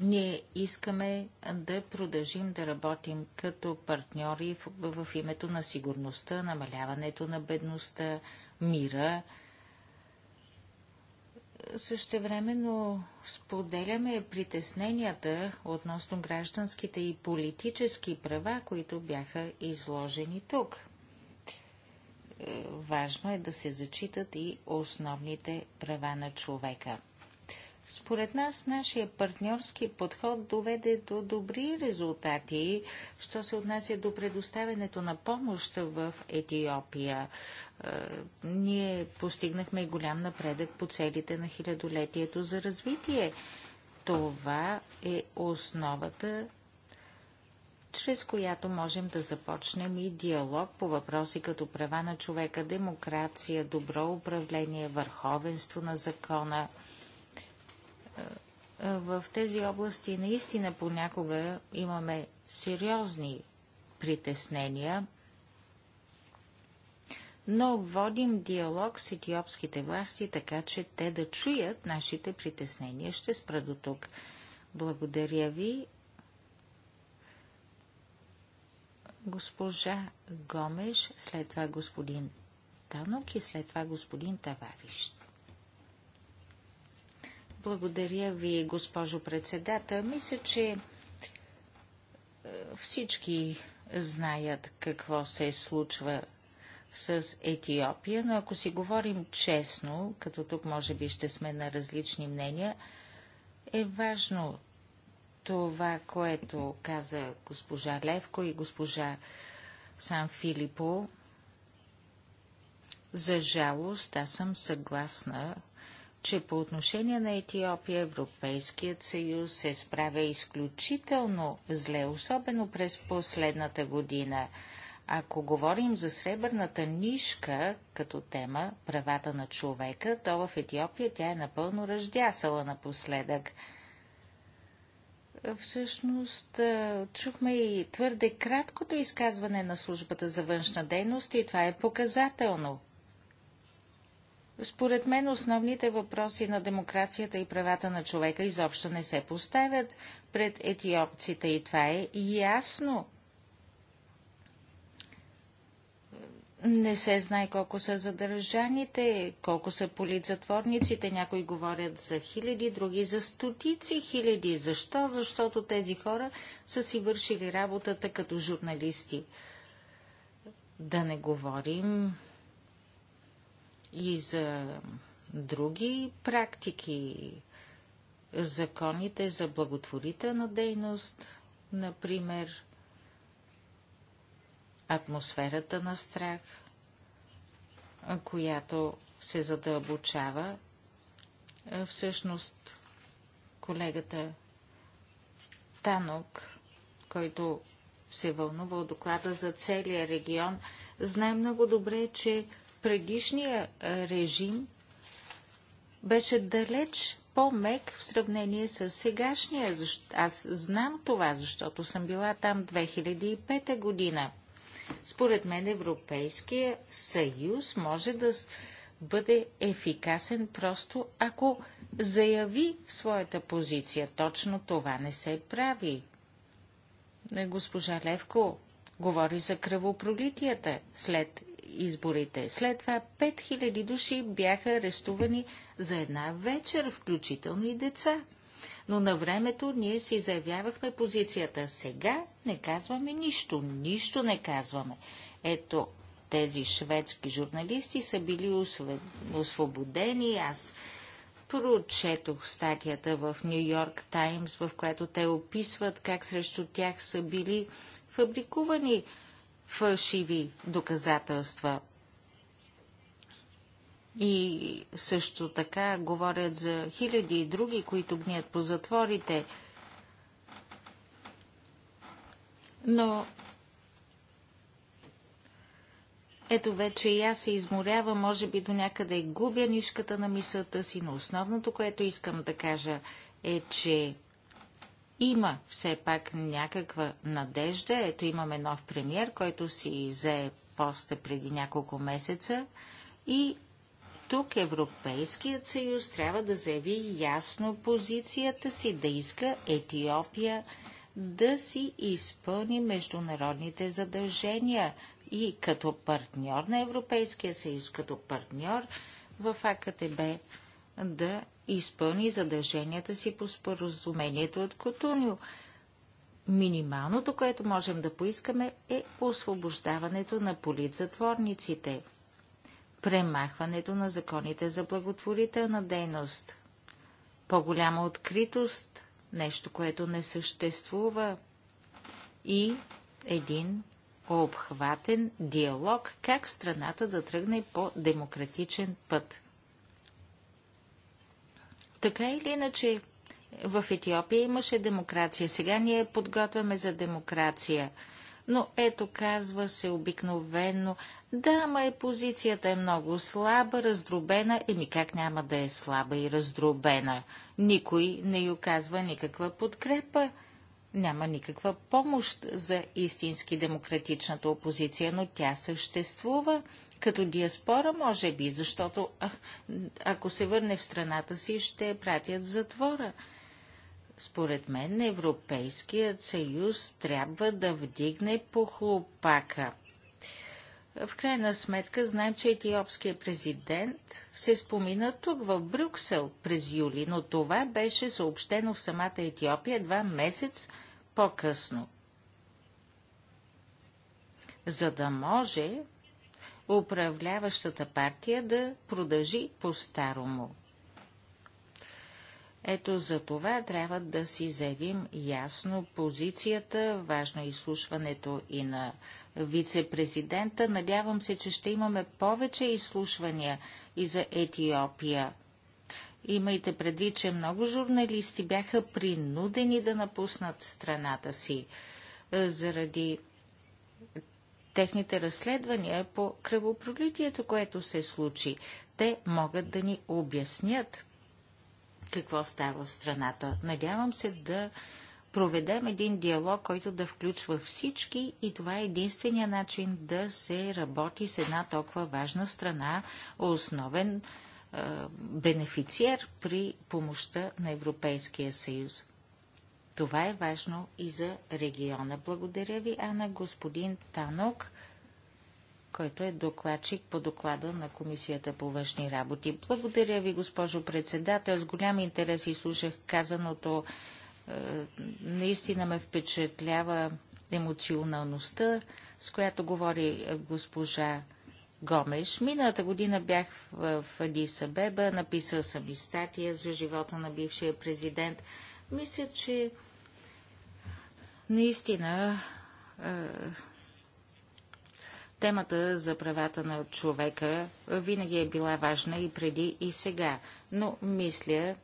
Ние искаме да продължим да работим като партньори в, името на сигурността, намаляването на бедността, мира Същевременно споделяме притесненията относно гражданските и политически права, които бяха изложени тук. Е, важно е да се зачитат и основните права на човека – според нас, нашия партньорски подход доведе до добри резултати, що се отнася до предоставянето на помощ в Етиопия. Е, ние постигнахме голям напредък по целите на хилядолетието за развитие. Това е основата чрез която можем да започнем и диалог по въпроси като права на човека, демокрация, добро управление, върховенство на закона – в тези области наистина понякога имаме сериозни притеснения, но водим диалог с етиопските власти, така че те да чуят нашите притеснения. Ще спра до тук. Благодаря ви. Госпожа Гомеш, след това господин Танок и след това господин Таварищ. Благодаря ви, госпожо председател. Мисля, че е, всички знаят какво се случва с Етиопия, но ако си говорим честно, като тук може би ще сме на различни мнения, е важно това, което каза госпожа Левко и госпожа Сан Филипо. За жалост, аз съм съгласна че по отношение на Етиопия Европейският съюз се справя изключително зле, особено през последната година. Ако говорим за сребърната нишка като тема правата на човека, то в Етиопия тя е напълно ръждясала напоследък. Всъщност, чухме и твърде краткото изказване на службата за външна дейност и това е показателно. Според мен основните въпроси на демокрацията и правата на човека изобщо не се поставят пред етиопците и това е ясно. Не се знае колко са задържаните, колко са политзатворниците. Някои говорят за хиляди, други за стотици хиляди. Защо? Защото тези хора са си вършили работата като журналисти. Да не говорим и за други практики. Законите за благотворителна дейност, например, атмосферата на страх, която се задълбочава. Всъщност, колегата Танок, който се вълнува от доклада за целия регион, знае много добре, че предишния режим беше далеч по-мек в сравнение с сегашния. Аз знам това, защото съм била там 2005 година. Според мен Европейския съюз може да бъде ефикасен просто ако заяви своята позиция. Точно това не се прави. Госпожа Левко говори за кръвопролитията след изборите. След това 5000 души бяха арестувани за една вечер, включително и деца. Но на времето ние си заявявахме позицията. Сега не казваме нищо, нищо не казваме. Ето, тези шведски журналисти са били освободени. Аз прочетох статията в Нью Йорк Таймс, в която те описват как срещу тях са били фабрикувани фалшиви доказателства. И също така говорят за хиляди и други, които гният по затворите. Но ето вече и аз се изморявам, може би до някъде губя нишката на мисълта си, но основното, което искам да кажа е, че има все пак някаква надежда. Ето имаме нов премьер, който си взе поста преди няколко месеца и тук Европейският съюз трябва да заяви ясно позицията си, да иска Етиопия да си изпълни международните задължения и като партньор на Европейския съюз, като партньор в АКТБ да изпълни задълженията си по споразумението от Котунио. Минималното, което можем да поискаме е освобождаването на политзатворниците, премахването на законите за благотворителна дейност, по-голяма откритост, нещо, което не съществува и един обхватен диалог, как страната да тръгне по демократичен път. Така или иначе, в Етиопия имаше демокрация. Сега ние подготвяме за демокрация. Но ето казва се обикновенно, да, ма е позицията е много слаба, раздробена, еми как няма да е слаба и раздробена? Никой не й оказва никаква подкрепа, няма никаква помощ за истински демократичната опозиция, но тя съществува като диаспора, може би, защото а, ако се върне в страната си, ще пратят в затвора. Според мен Европейският съюз трябва да вдигне похлопака. В крайна сметка знаем, че етиопският президент се спомина тук в Брюксел през юли, но това беше съобщено в самата Етиопия два месец по-късно. За да може управляващата партия да продължи по-старому. Ето за това трябва да си заявим ясно позицията. Важно е изслушването и на вице-президента. Надявам се, че ще имаме повече изслушвания и за Етиопия. Имайте предвид, че много журналисти бяха принудени да напуснат страната си заради техните разследвания по кръвопролитието, което се случи. Те могат да ни обяснят какво става в страната. Надявам се да проведем един диалог, който да включва всички и това е единствения начин да се работи с една толкова важна страна, основен е, бенефициер при помощта на Европейския съюз. Това е важно и за региона. Благодаря ви, Ана, господин Танок, който е докладчик по доклада на Комисията по външни работи. Благодаря ви, госпожо председател. С голям интерес изслушах казаното. Е, наистина ме впечатлява емоционалността, с която говори е, госпожа Гомеш. Миналата година бях в, Адиса Беба, написал съм и статия за живота на бившия президент. Мисля, че наистина е, темата за правата на човека винаги е била важна и преди и сега. Но мисля,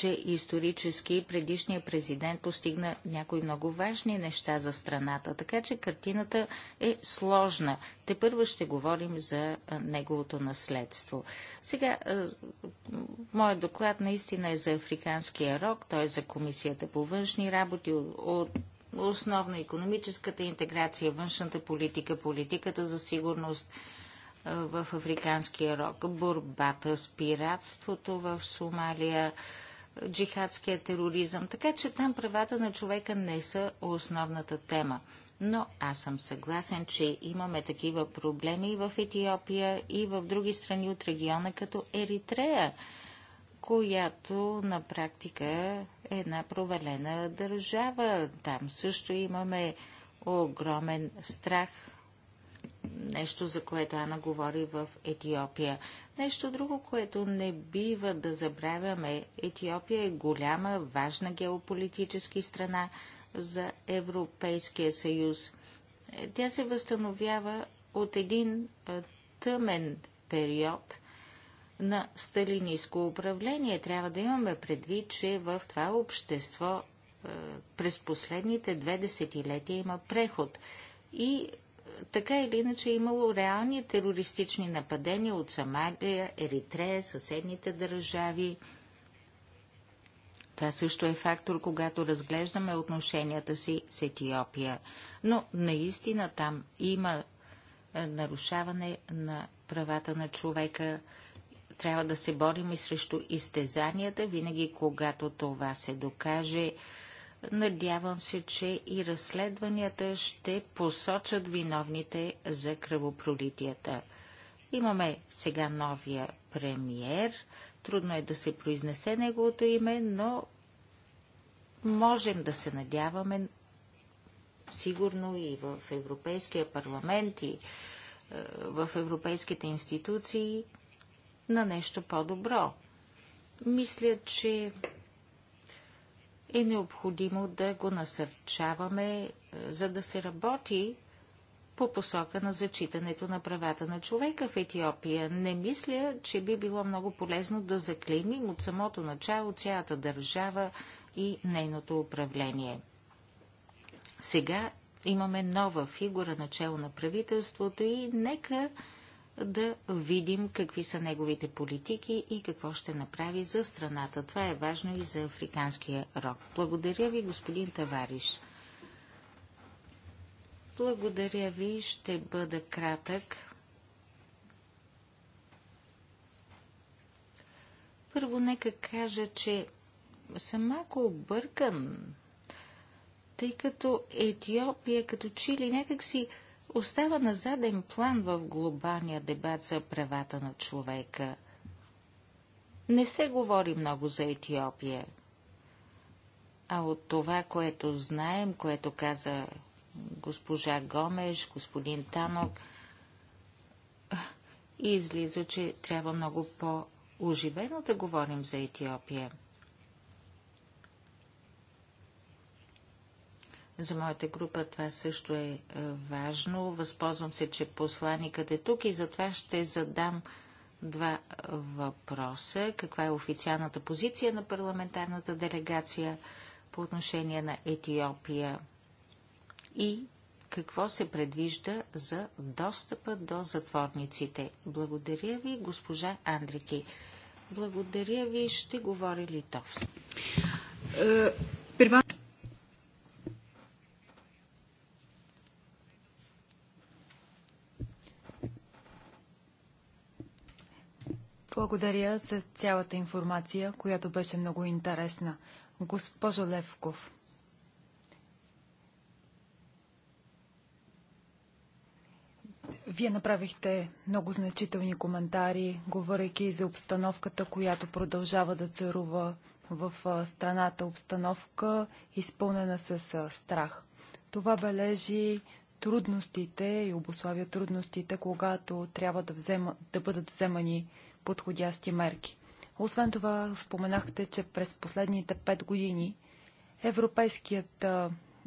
че исторически предишният президент постигна някои много важни неща за страната, така че картината е сложна. Те първо ще говорим за неговото наследство. Сега, моят доклад наистина е за африканския рок, той е за Комисията по външни работи от основно економическата интеграция, външната политика, политиката за сигурност, в Африканския рок, борбата с пиратството в Сомалия, джихадския тероризъм. Така че там правата на човека не са основната тема. Но аз съм съгласен, че имаме такива проблеми и в Етиопия, и в други страни от региона, като Еритрея, която на практика е една провалена държава. Там също имаме огромен страх нещо, за което Ана говори в Етиопия. Нещо друго, което не бива да забравяме. Етиопия е голяма, важна геополитически страна за Европейския съюз. Е, тя се възстановява от един е, тъмен период на сталиниско управление. Трябва да имаме предвид, че в това общество е, през последните две десетилетия има преход. И така или иначе е имало реални терористични нападения от Самария, Еритрея, съседните държави. Това също е фактор, когато разглеждаме отношенията си с Етиопия. Но наистина там има е, нарушаване на правата на човека. Трябва да се борим и срещу изтезанията, винаги когато това се докаже. Надявам се, че и разследванията ще посочат виновните за кръвопролитията. Имаме сега новия премиер. Трудно е да се произнесе неговото име, но можем да се надяваме сигурно и в Европейския парламент и е, в европейските институции на нещо по-добро. Мисля, че е необходимо да го насърчаваме, е, за да се работи по посока на зачитането на правата на човека в Етиопия. Не мисля, че би било много полезно да заклеймим от самото начало цялата държава и нейното управление. Сега имаме нова фигура начало на правителството и нека да видим какви са неговите политики и какво ще направи за страната. Това е важно и за африканския рок. Благодаря ви, господин Тавариш. Благодаря ви, ще бъда кратък. Първо нека кажа, че съм малко объркан, тъй като Етиопия, като Чили, някакси. си остава на заден план в глобалния дебат за правата на човека. Не се говори много за Етиопия, а от това, което знаем, което каза госпожа Гомеш, господин Танок, излиза, че трябва много по-оживено да говорим за Етиопия – За моята група това също е, е важно. Възползвам се, че посланикът е тук и затова ще задам два е, въпроса. Каква е официалната позиция на парламентарната делегация по отношение на Етиопия и какво се предвижда за достъпа до затворниците? Благодаря ви, госпожа Андрики. Благодаря ви, ще говори литовски. Е, Първа Благодаря за цялата информация, която беше много интересна. Госпожо Левков, Вие направихте много значителни коментари, говорейки за обстановката, която продължава да царува в страната. Обстановка, изпълнена с страх. Това бележи трудностите и обославя трудностите, когато трябва да, взема, да бъдат вземани подходящи мерки. Освен това, споменахте, че през последните пет години Европейският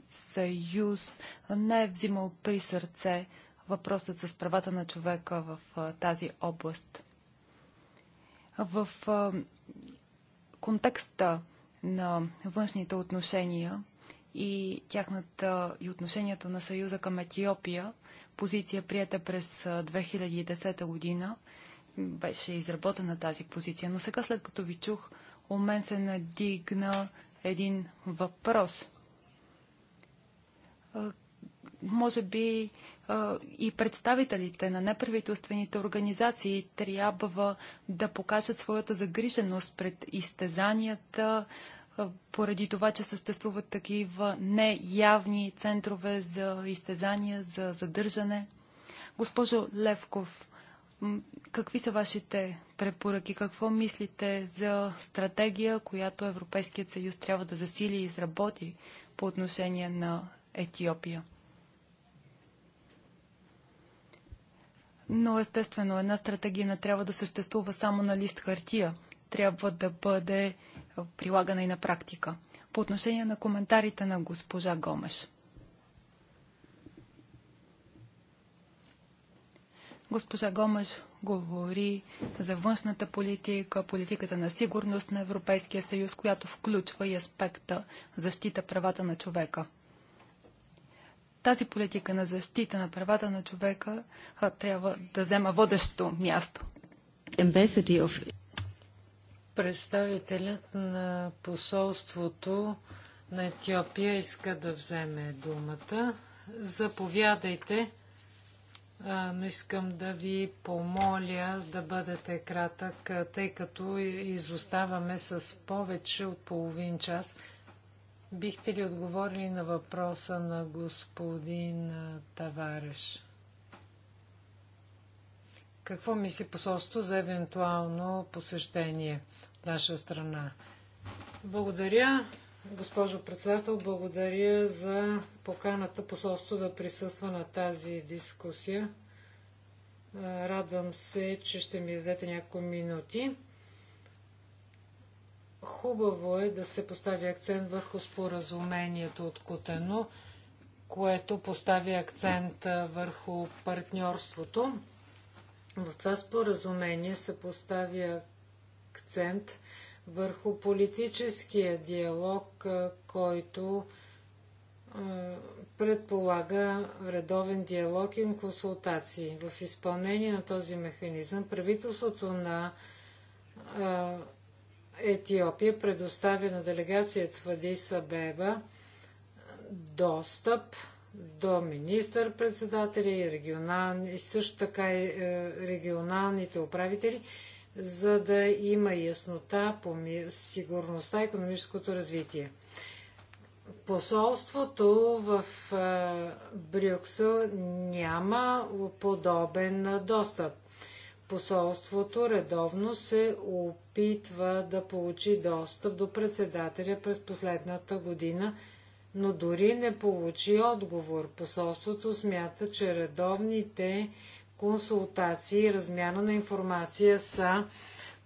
съюз не е взимал при сърце въпросът с правата на човека в тази област. В контекста на външните отношения и тяхната и отношението на Съюза към Етиопия, позиция прията през 2010 година, беше изработена тази позиция. Но сега, след като ви чух, у мен се надигна един въпрос. Може би и представителите на неправителствените организации трябва да покажат своята загриженост пред изтезанията, поради това, че съществуват такива неявни центрове за изтезания, за задържане. Госпожо Левков, Какви са вашите препоръки? Какво мислите за стратегия, която Европейският съюз трябва да засили и изработи по отношение на Етиопия? Но естествено, една стратегия не трябва да съществува само на лист хартия. Трябва да бъде прилагана и на практика. По отношение на коментарите на госпожа Гомеш. Госпожа Гомаш, говори за външната политика, политиката на сигурност на Европейския съюз, която включва и аспекта защита правата на човека. Тази политика на защита на правата на човека трябва да взема водещо място. Представителят на посолството на Етиопия иска да вземе думата. Заповядайте но искам да ви помоля да бъдете кратък, тъй като изоставаме с повече от половин час. Бихте ли отговорили на въпроса на господин Тавареш? Какво мисли посолство за евентуално посещение в наша страна? Благодаря. Госпожо председател, благодаря за поканата посолство да присъства на тази дискусия. Радвам се, че ще ми дадете няколко минути. Хубаво е да се постави акцент върху споразумението от Кутено, което постави акцент върху партньорството. В това споразумение се поставя акцент върху политическия диалог, който предполага редовен диалог и консултации. В изпълнение на този механизъм правителството на Етиопия предоставя на делегацията в Адис Абеба достъп до министър-председателя и, регионални, и също така и е, регионалните управители за да има яснота по сигурността и економическото развитие. Посолството в Брюксел няма подобен достъп. Посолството редовно се опитва да получи достъп до председателя през последната година, но дори не получи отговор. Посолството смята, че редовните консултации и размяна на информация са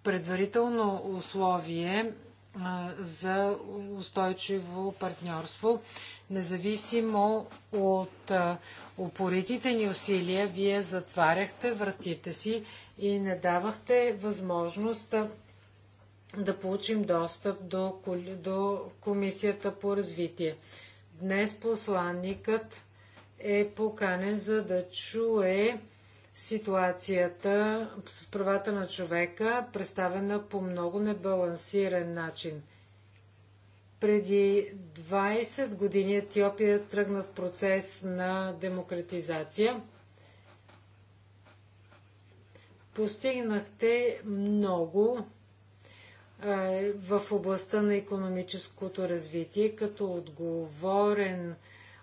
предварително условие за устойчиво партньорство. Независимо от упоритите ни усилия, вие затваряхте вратите си и не давахте възможност да получим достъп до, до Комисията по развитие. Днес посланникът е поканен за да чуе ситуацията с правата на човека, представена по много небалансиран начин. Преди 20 години Етиопия тръгна в процес на демократизация. Постигнахте много е, в областта на економическото развитие, като отговорен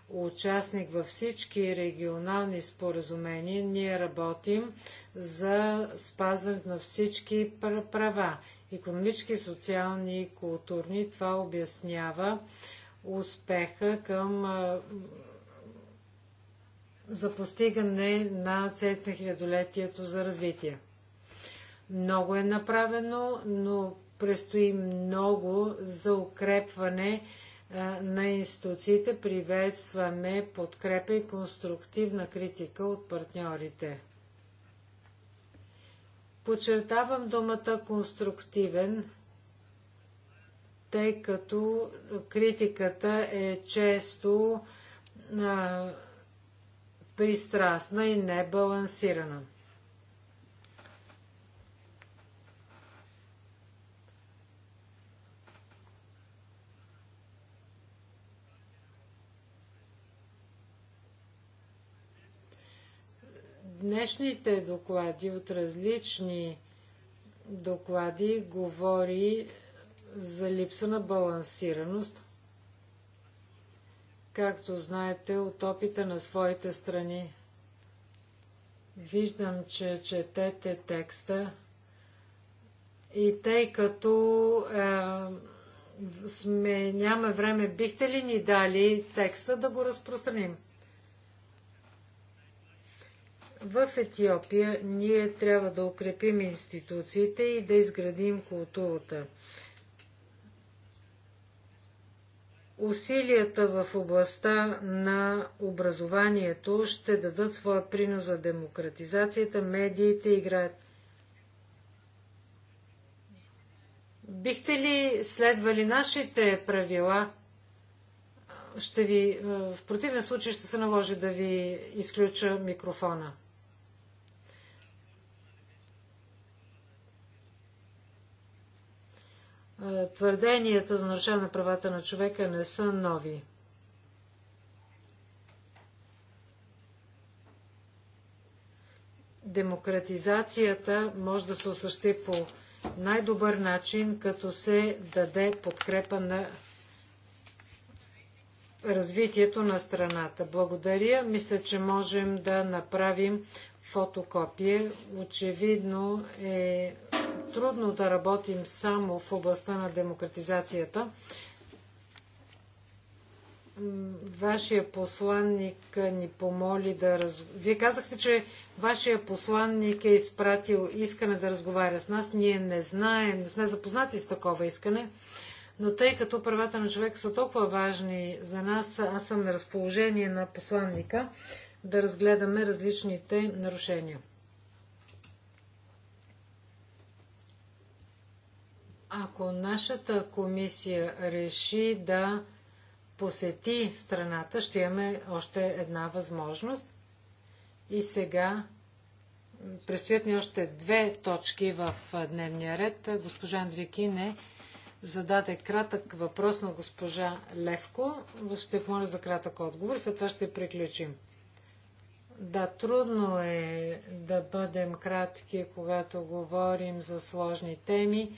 участник във всички регионални споразумения. Ние работим за спазването на всички права економически, социални и културни. Това обяснява успеха към за постигане на целите на хилядолетието за развитие. Много е направено, но предстои много за укрепване на институциите. Приветстваме подкрепа и конструктивна критика от партньорите. Подчертавам думата конструктивен, тъй като критиката е често а, пристрастна и небалансирана. Днешните доклади от различни доклади говори за липса на балансираност, както знаете от опита на своите страни. Виждам, че четете текста и тъй като е, сме, няма време, бихте ли ни дали текста да го разпространим? В Етиопия ние трябва да укрепим институциите и да изградим културата. Усилията в областта на образованието ще дадат своя принос за демократизацията, медиите играят. Бихте ли следвали нашите правила? Ще ви, в противен случай ще се наложи да ви изключа микрофона. твърденията за нарушаване на правата на човека не са нови. Демократизацията може да се осъществи по най-добър начин, като се даде подкрепа на развитието на страната. Благодаря. Мисля, че можем да направим фотокопие. Очевидно е трудно да работим само в областта на демократизацията. Вашия посланник ни помоли да раз... Вие казахте, че вашия посланник е изпратил искане да разговаря с нас. Ние не знаем, не сме запознати с такова искане. Но тъй като правата на човека са толкова важни за нас, аз съм на разположение на посланника да разгледаме различните нарушения. Ако нашата комисия реши да посети страната, ще имаме още една възможност. И сега предстоят ни още две точки в дневния ред. Госпожа Андрикине зададе кратък въпрос на госпожа Левко. Ще помоля за кратък отговор, след това ще приключим. Да, трудно е да бъдем кратки, когато говорим за сложни теми.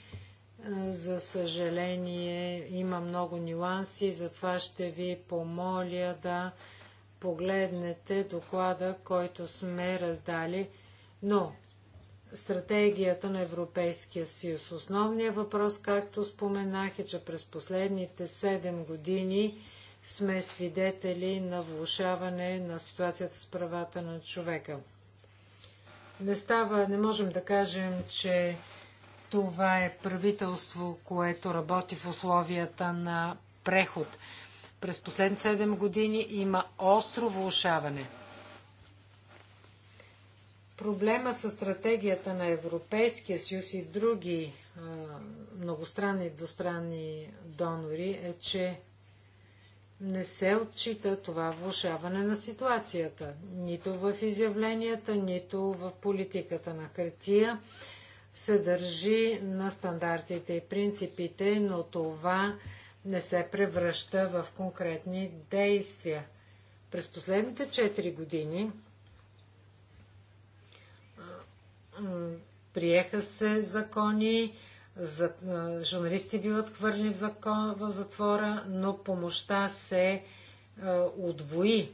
За съжаление има много нюанси, затова ще ви помоля да погледнете доклада, който сме раздали. Но стратегията на Европейския съюз. Основният въпрос, както споменах, е, че през последните 7 години сме свидетели на влушаване на ситуацията с правата на човека. Не става, не можем да кажем, че това е правителство, което работи в условията на преход. През последните 7 години има остро влушаване. Проблема с стратегията на Европейския съюз и други а, многостранни и двустранни донори е, че не се отчита това влушаване на ситуацията, нито в изявленията, нито в политиката на хартия се държи на стандартите и принципите, но това не се превръща в конкретни действия. През последните 4 години приеха се закони, за, журналисти биват хвърлени в, в затвора, но помощта се е, удвои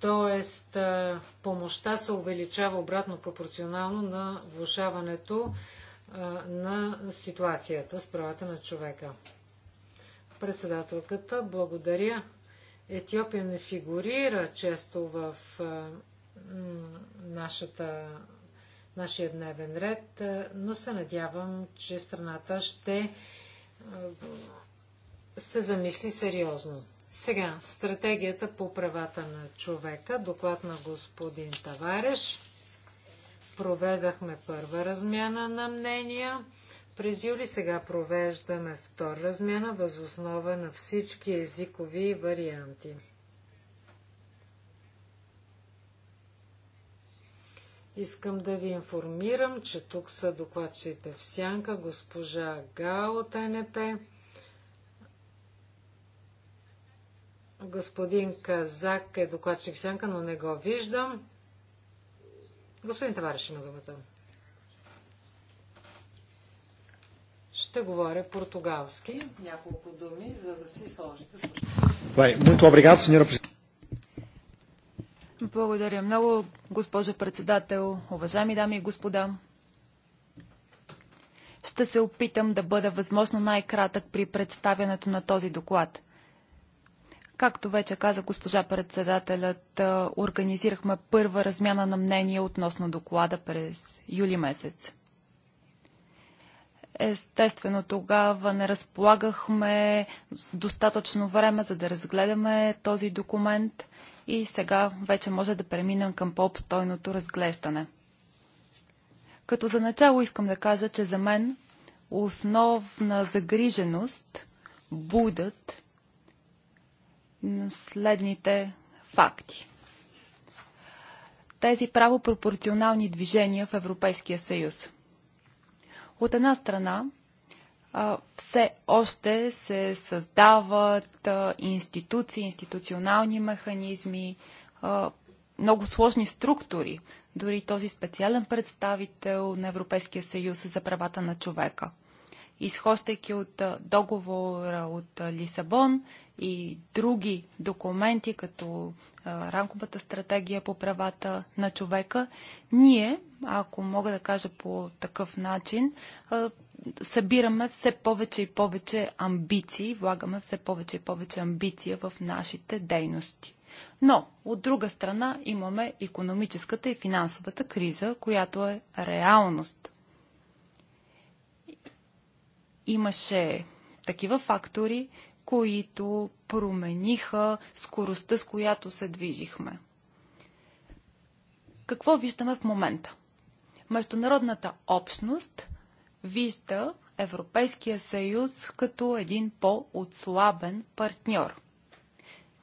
Тоест, помощта се увеличава обратно пропорционално на влушаването на ситуацията с правата на човека. Председателката, благодаря. Етиопия не фигурира често в нашата, нашия дневен ред, но се надявам, че страната ще се замисли сериозно. Сега, стратегията по правата на човека, доклад на господин Тавареш. Проведахме първа размяна на мнения. През юли сега провеждаме втора размяна възоснова на всички езикови варианти. Искам да ви информирам, че тук са докладчите в сянка госпожа Гао от НП Господин Казак е докладчик сянка, но не го виждам. Господин Товариш има думата. Ще говоря португалски. Няколко думи, за да си сложите слушателите. Благодаря много, госпожа председател, уважаеми дами и господа. Ще се опитам да бъда възможно най-кратък при представянето на този доклад. Както вече каза госпожа председателят, организирахме първа размяна на мнение относно доклада през юли месец. Естествено, тогава не разполагахме с достатъчно време, за да разгледаме този документ и сега вече може да преминем към по-обстойното разглеждане. Като за начало искам да кажа, че за мен основна загриженост будат следните факти. Тези правопропорционални движения в Европейския съюз. От една страна, все още се създават институции, институционални механизми, много сложни структури, дори този специален представител на Европейския съюз за правата на човека. Изхождайки от договора от Лисабон и други документи, като рамковата стратегия по правата на човека, ние, ако мога да кажа по такъв начин, събираме все повече и повече амбиции, влагаме все повече и повече амбиция в нашите дейности. Но, от друга страна, имаме економическата и финансовата криза, която е реалност. Имаше такива фактори, които промениха скоростта, с която се движихме. Какво виждаме в момента? Международната общност вижда Европейския съюз като един по-отслабен партньор.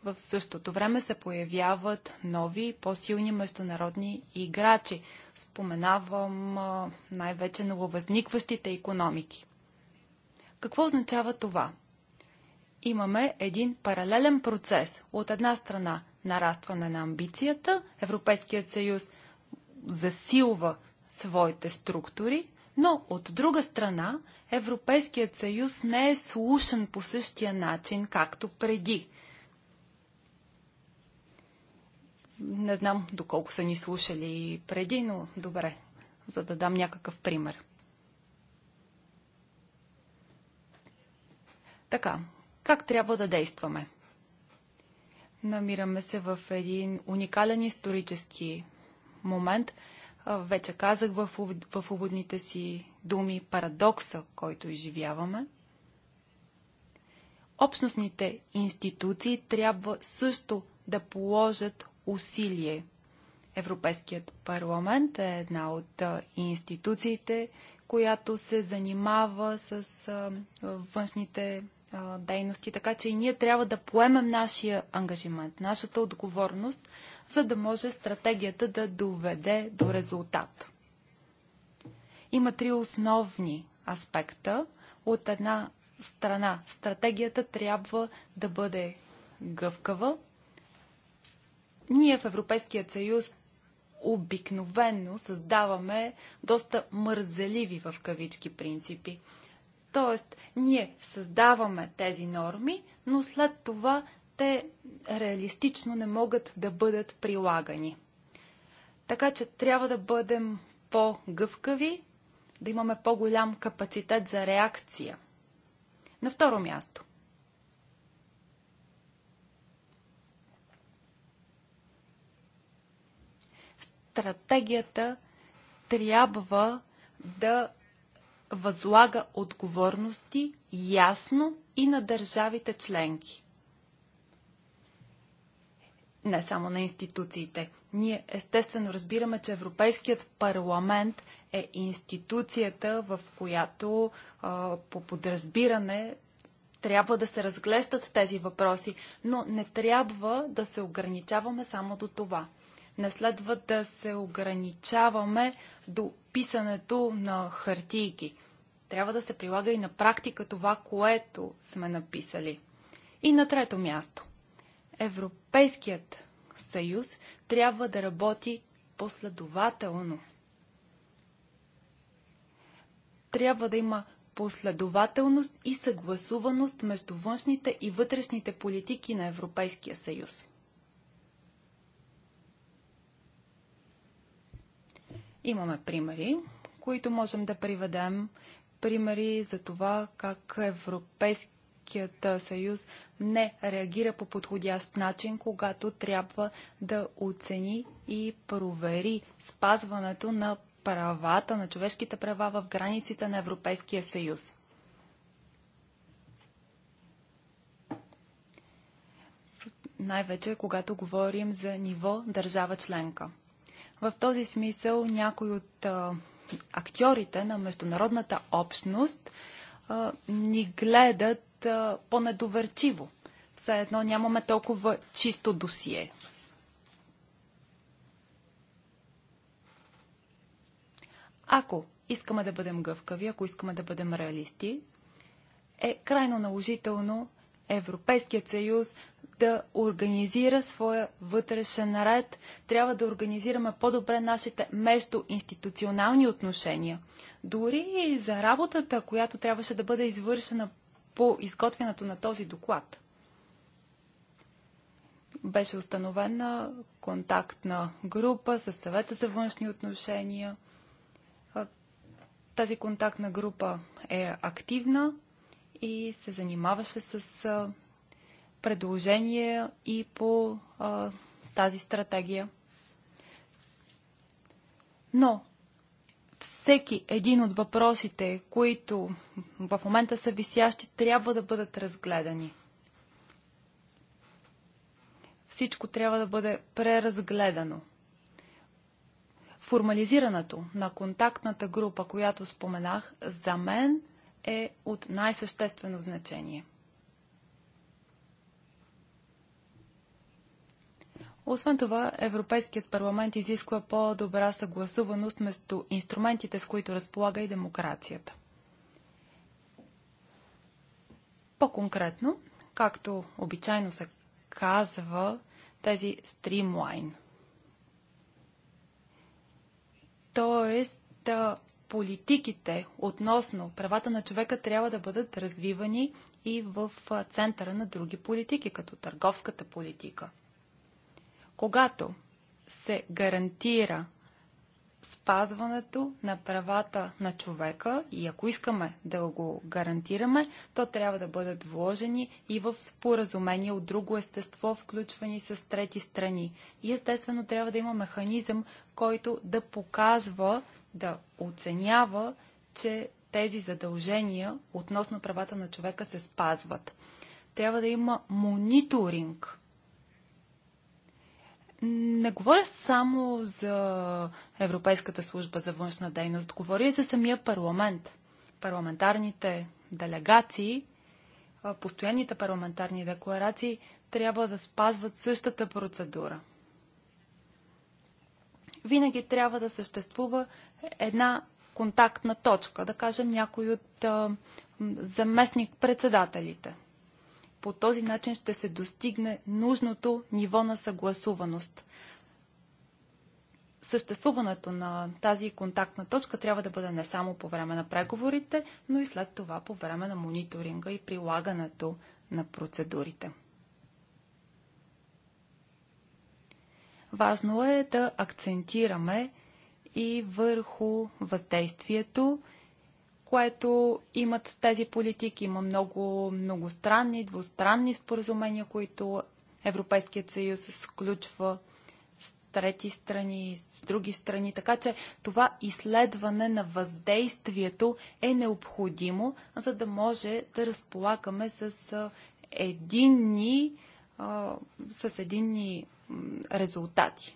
В същото време се появяват нови, по-силни международни играчи. Споменавам най-вече нововъзникващите економики. Какво означава това? имаме един паралелен процес. От една страна нарастване на амбицията, Европейският съюз засилва своите структури, но от друга страна Европейският съюз не е слушан по същия начин, както преди. Не знам доколко са ни слушали преди, но добре, за да дам някакъв пример. Така, как трябва да действаме? Намираме се в един уникален исторически момент. Вече казах в, уводните си думи парадокса, който изживяваме. Общностните институции трябва също да положат усилие. Европейският парламент е една от институциите, която се занимава с външните дейности, така че и ние трябва да поемем нашия ангажимент, нашата отговорност, за да може стратегията да доведе до резултат. Има три основни аспекта. От една страна, стратегията трябва да бъде гъвкава. Ние в Европейския съюз обикновенно създаваме доста мързеливи в кавички принципи. Тоест, ние създаваме тези норми, но след това те реалистично не могат да бъдат прилагани. Така че трябва да бъдем по-гъвкави, да имаме по-голям капацитет за реакция. На второ място. Стратегията трябва да възлага отговорности ясно и на държавите членки. Не само на институциите. Ние естествено разбираме, че Европейският парламент е институцията, в която по подразбиране трябва да се разглеждат тези въпроси, но не трябва да се ограничаваме само до това. Не следва да се ограничаваме до писането на хартийки. Трябва да се прилага и на практика това, което сме написали. И на трето място. Европейският съюз трябва да работи последователно. Трябва да има последователност и съгласуваност между външните и вътрешните политики на Европейския съюз. Имаме примери, които можем да приведем. Примери за това как Европейският съюз не реагира по подходящ начин, когато трябва да оцени и провери спазването на правата, на човешките права в границите на Европейския съюз. Най-вече, когато говорим за ниво държава членка. В този смисъл някои от а, актьорите на международната общност а, ни гледат по-недоверчиво. Все едно нямаме толкова чисто досие. Ако искаме да бъдем гъвкави, ако искаме да бъдем реалисти, е крайно наложително Европейският съюз да организира своя вътрешен ред. Трябва да организираме по-добре нашите междуинституционални отношения. Дори и за работата, която трябваше да бъде извършена по изготвянето на този доклад. Беше установена контактна група с съвета за външни отношения. Тази контактна група е активна и се занимаваше с предложения и по а, тази стратегия. Но всеки един от въпросите, които в момента са висящи, трябва да бъдат разгледани. Всичко трябва да бъде преразгледано. Формализирането на контактната група, която споменах, за мен – е от най-съществено значение. Освен това, Европейският парламент изисква по-добра съгласуваност между инструментите, с които разполага и демокрацията. По-конкретно, както обичайно се казва, тези стримлайн. Тоест, политиките относно правата на човека трябва да бъдат развивани и в центъра на други политики, като търговската политика. Когато се гарантира спазването на правата на човека и ако искаме да го гарантираме, то трябва да бъдат вложени и в споразумение от друго естество, включвани с трети страни. И естествено трябва да има механизъм, който да показва да оценява, че тези задължения относно правата на човека се спазват. Трябва да има мониторинг. Не говоря само за Европейската служба за външна дейност, говоря и за самия парламент. Парламентарните делегации, постоянните парламентарни декларации трябва да спазват същата процедура. Винаги трябва да съществува една контактна точка, да кажем някой от а, заместник-председателите. По този начин ще се достигне нужното ниво на съгласуваност. Съществуването на тази контактна точка трябва да бъде не само по време на преговорите, но и след това по време на мониторинга и прилагането на процедурите. Важно е да акцентираме и върху въздействието, което имат тези политики. Има много многостранни, двустранни споразумения, които Европейският съюз сключва с трети страни, с други страни. Така че това изследване на въздействието е необходимо, за да може да разполагаме с единни, с единни резултати.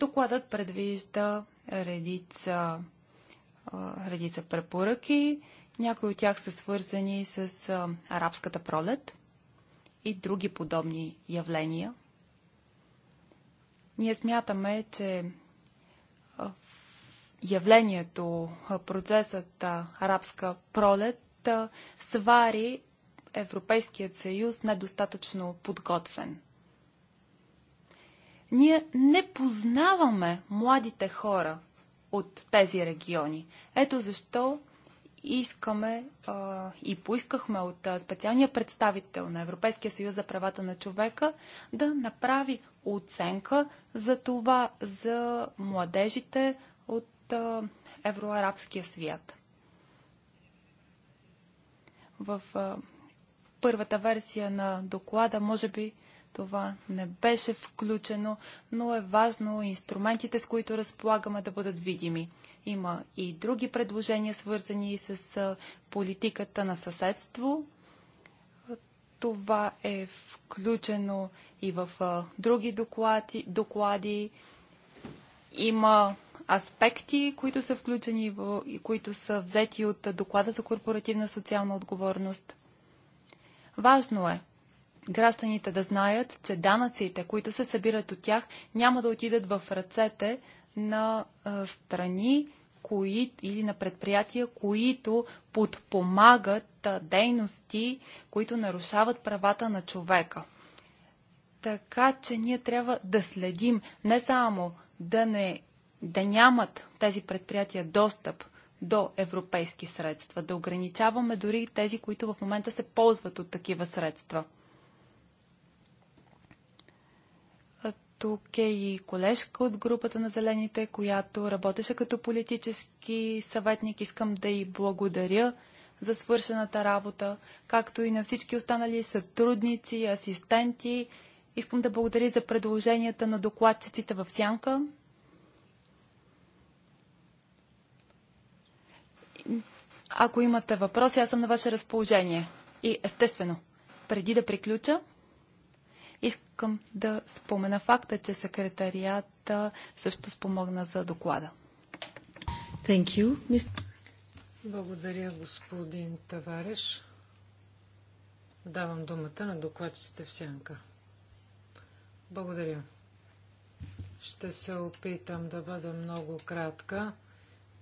Докладът предвижда редица, редица препоръки. Някои от тях са свързани с арабската пролет и други подобни явления. Ние смятаме, че явлението, процесът арабска пролет свари Европейският съюз недостатъчно подготвен – ние не познаваме младите хора от тези региони. Ето защо искаме а, и поискахме от а, специалния представител на Европейския съюз за правата на човека да направи оценка за това за младежите от а, евроарабския свят. В а, първата версия на доклада, може би, това не беше включено, но е важно инструментите, с които разполагаме, да бъдат видими. Има и други предложения, свързани с политиката на съседство. Това е включено и в други доклади. доклади. Има аспекти, които са включени в, и които са взети от доклада за корпоративна социална отговорност. Важно е гражданите да знаят, че данъците, които се събират от тях, няма да отидат в ръцете на а, страни кои, или на предприятия, които подпомагат а, дейности, които нарушават правата на човека. Така че ние трябва да следим не само да, не, да нямат тези предприятия достъп до европейски средства, да ограничаваме дори тези, които в момента се ползват от такива средства – Тук е и колежка от групата на Зелените, която работеше като политически съветник. Искам да й благодаря за свършената работа, както и на всички останали сътрудници, асистенти. Искам да благодаря за предложенията на докладчиците в Сянка. Ако имате въпроси, аз съм на ваше разположение. И естествено, преди да приключа, Искам да спомена факта, че секретарията също спомогна за доклада. Thank you. Благодаря, господин Тавареш. Давам думата на докладчиците в сянка. Благодаря. Ще се опитам да бъда много кратка.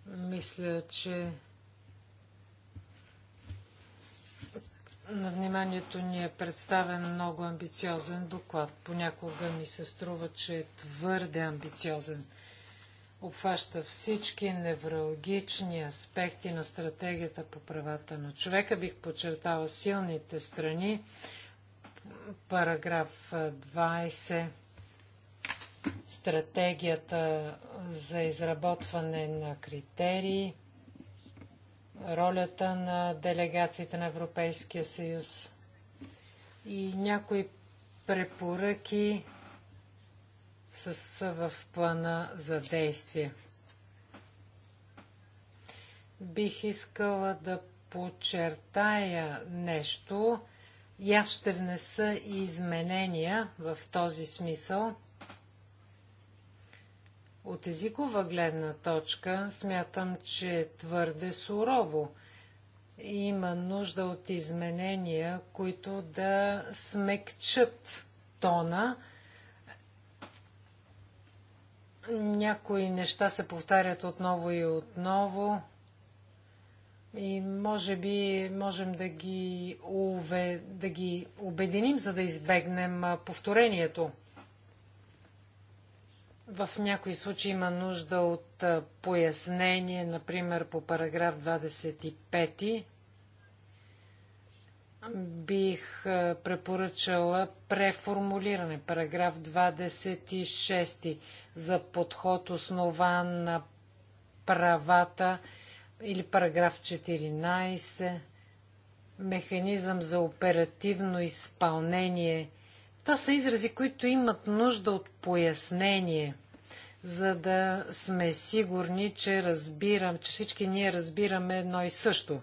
Мисля, че На вниманието ни е представен много амбициозен доклад. Понякога ми се струва, че е твърде амбициозен. Обхваща всички неврологични аспекти на стратегията по правата на човека. Бих подчертала силните страни. Параграф 20 стратегията за изработване на критерии, ролята на делегациите на Европейския съюз и някои препоръки с, в плана за действие. Бих искала да подчертая нещо и аз ще внеса изменения в този смисъл – от езикова гледна точка смятам, че е твърде сурово. Има нужда от изменения, които да смекчат тона. Някои неща се повтарят отново и отново. И може би можем да ги, уве, да ги обединим, за да избегнем повторението. В някои случаи има нужда от пояснение, например по параграф 25. Бих препоръчала преформулиране, параграф 26 за подход основан на правата или параграф 14 механизъм за оперативно изпълнение това са изрази, които имат нужда от пояснение, за да сме сигурни, че разбирам, че всички ние разбираме едно и също.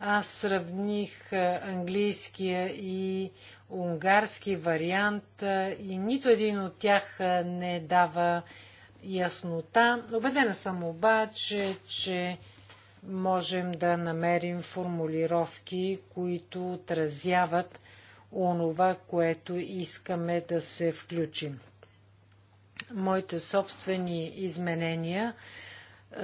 Аз сравних английския и унгарски вариант и нито един от тях не дава яснота. Обедена съм обаче, че можем да намерим формулировки, които отразяват онова, което искаме да се включим. Моите собствени изменения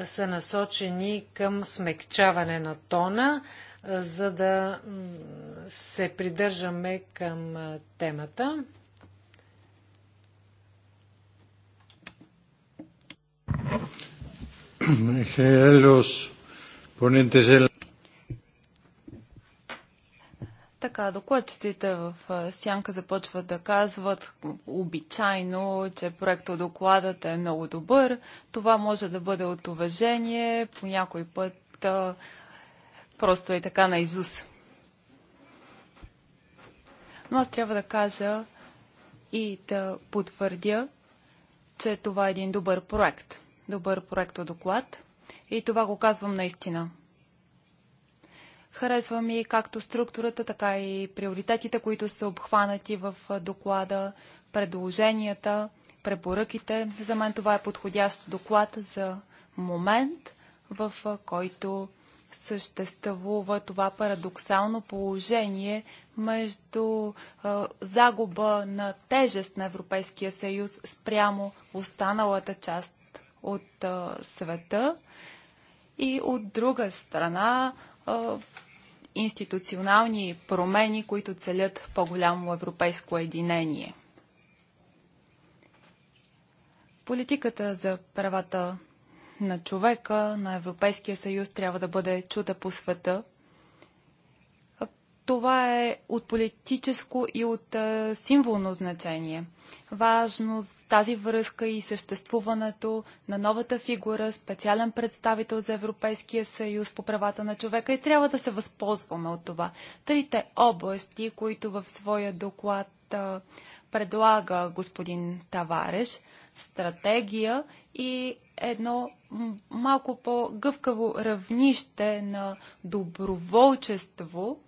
са насочени към смекчаване на тона, за да се придържаме към темата. Los ponentes Така, докладчиците в Сянка започват да казват обичайно, че докладът е много добър. Това може да бъде от уважение, по някой път а, просто е така на Изус. Но аз трябва да кажа и да потвърдя, че това е един добър проект. Добър проект от доклад. И това го казвам наистина. Харесва ми както структурата, така и приоритетите, които са обхванати в доклада, предложенията, препоръките. За мен това е подходящ доклад за момент, в който съществува това парадоксално положение между а, загуба на тежест на Европейския съюз спрямо останалата част от а, света и от друга страна а, институционални промени, които целят по-голямо европейско единение. Политиката за правата на човека на Европейския съюз трябва да бъде чута по света това е от политическо и от а, символно значение. Важно в тази връзка и съществуването на новата фигура, специален представител за Европейския съюз по правата на човека и трябва да се възползваме от това. Трите области, които в своя доклад а, предлага господин Тавареш, стратегия и едно малко по-гъвкаво равнище на доброволчество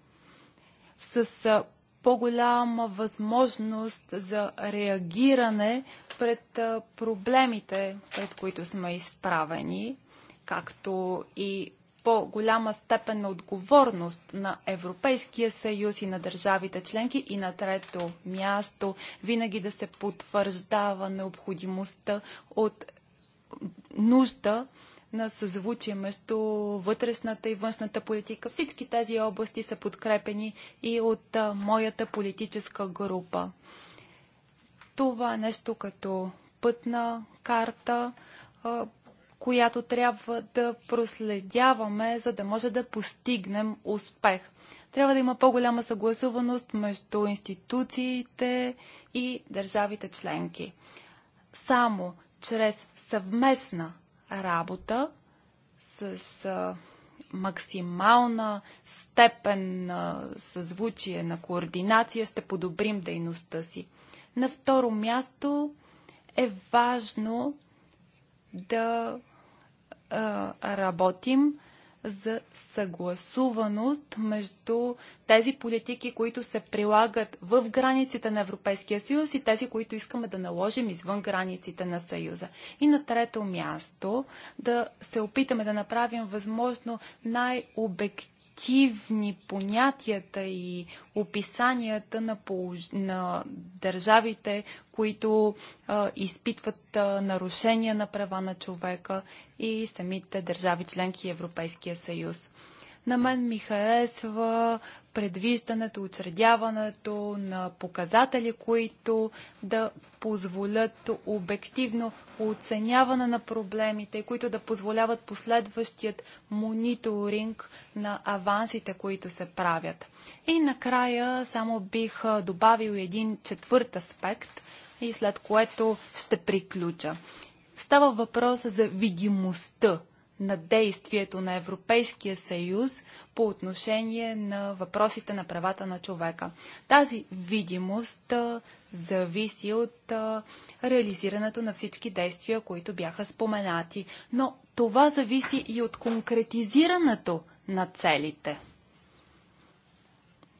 с по-голяма възможност за реагиране пред проблемите, пред които сме изправени, както и по-голяма степен на отговорност на Европейския съюз и на държавите членки и на трето място винаги да се потвърждава необходимостта от нужда на съзвучие между вътрешната и външната политика. Всички тези области са подкрепени и от моята политическа група. Това е нещо като пътна карта, която трябва да проследяваме, за да може да постигнем успех. Трябва да има по-голяма съгласуваност между институциите и държавите членки. Само чрез съвместна работа с максимална степен на съзвучие, на координация ще подобрим дейността си. На второ място е важно да а, работим за съгласуваност между тези политики, които се прилагат в границите на Европейския съюз и тези, които искаме да наложим извън границите на съюза. И на трето място да се опитаме да направим възможно най-обективно обективни понятията и описанията на, полож... на държавите, които а, изпитват а, нарушения на права на човека и самите държави членки Европейския съюз. На мен ми харесва предвиждането, учредяването на показатели, които да позволят обективно оценяване на проблемите, които да позволяват последващият мониторинг на авансите, които се правят. И накрая само бих добавил един четвърт аспект и след което ще приключа. Става въпрос за видимостта на действието на Европейския съюз по отношение на въпросите на правата на човека. Тази видимост зависи от реализирането на всички действия, които бяха споменати, но това зависи и от конкретизирането на целите.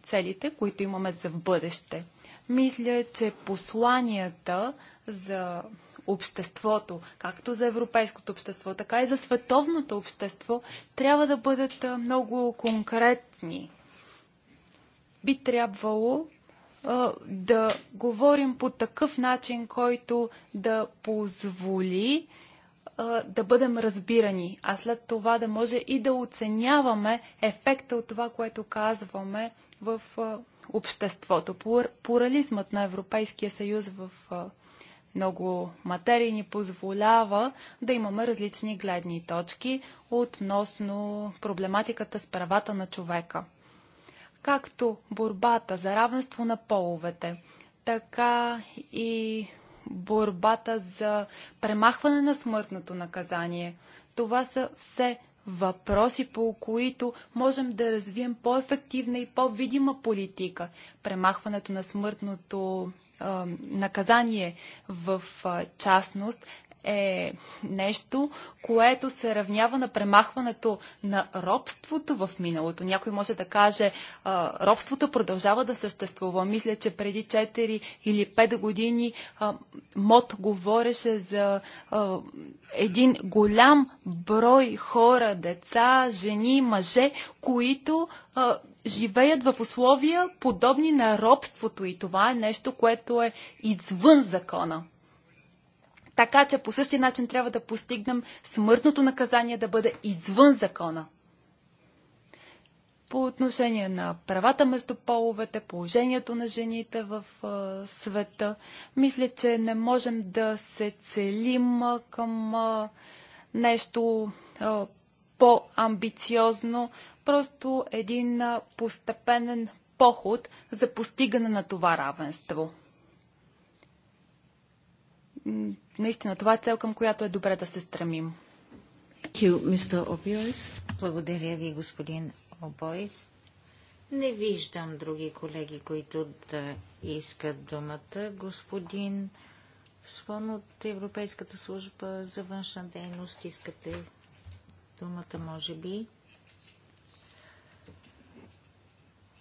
Целите, които имаме за в бъдеще. Мисля, че посланията за обществото, както за европейското общество, така и за световното общество, трябва да бъдат много конкретни. Би трябвало да говорим по такъв начин, който да позволи да бъдем разбирани, а след това да може и да оценяваме ефекта от това, което казваме в обществото. Плурализмът на Европейския съюз в много материи ни позволява да имаме различни гледни точки относно проблематиката с правата на човека. Както борбата за равенство на половете, така и борбата за премахване на смъртното наказание. Това са все въпроси, по които можем да развием по-ефективна и по-видима политика. Премахването на смъртното наказание в частност, е нещо, което се равнява на премахването на робството в миналото. Някой може да каже, робството продължава да съществува. Мисля, че преди 4 или 5 години МОД говореше за един голям брой хора, деца, жени, мъже, които живеят в условия подобни на робството и това е нещо, което е извън закона. Така че по същия начин трябва да постигнем смъртното наказание да бъде извън закона. По отношение на правата между половете, положението на жените в а, света, мисля, че не можем да се целим а, към а, нещо по-амбициозно, просто един постепенен поход за постигане на това равенство наистина това е цел, към която е добре да се стремим. Благодаря ви, господин Обойс. Не виждам други колеги, които да искат думата. Господин Свон от Европейската служба за външна дейност, искате думата, може би?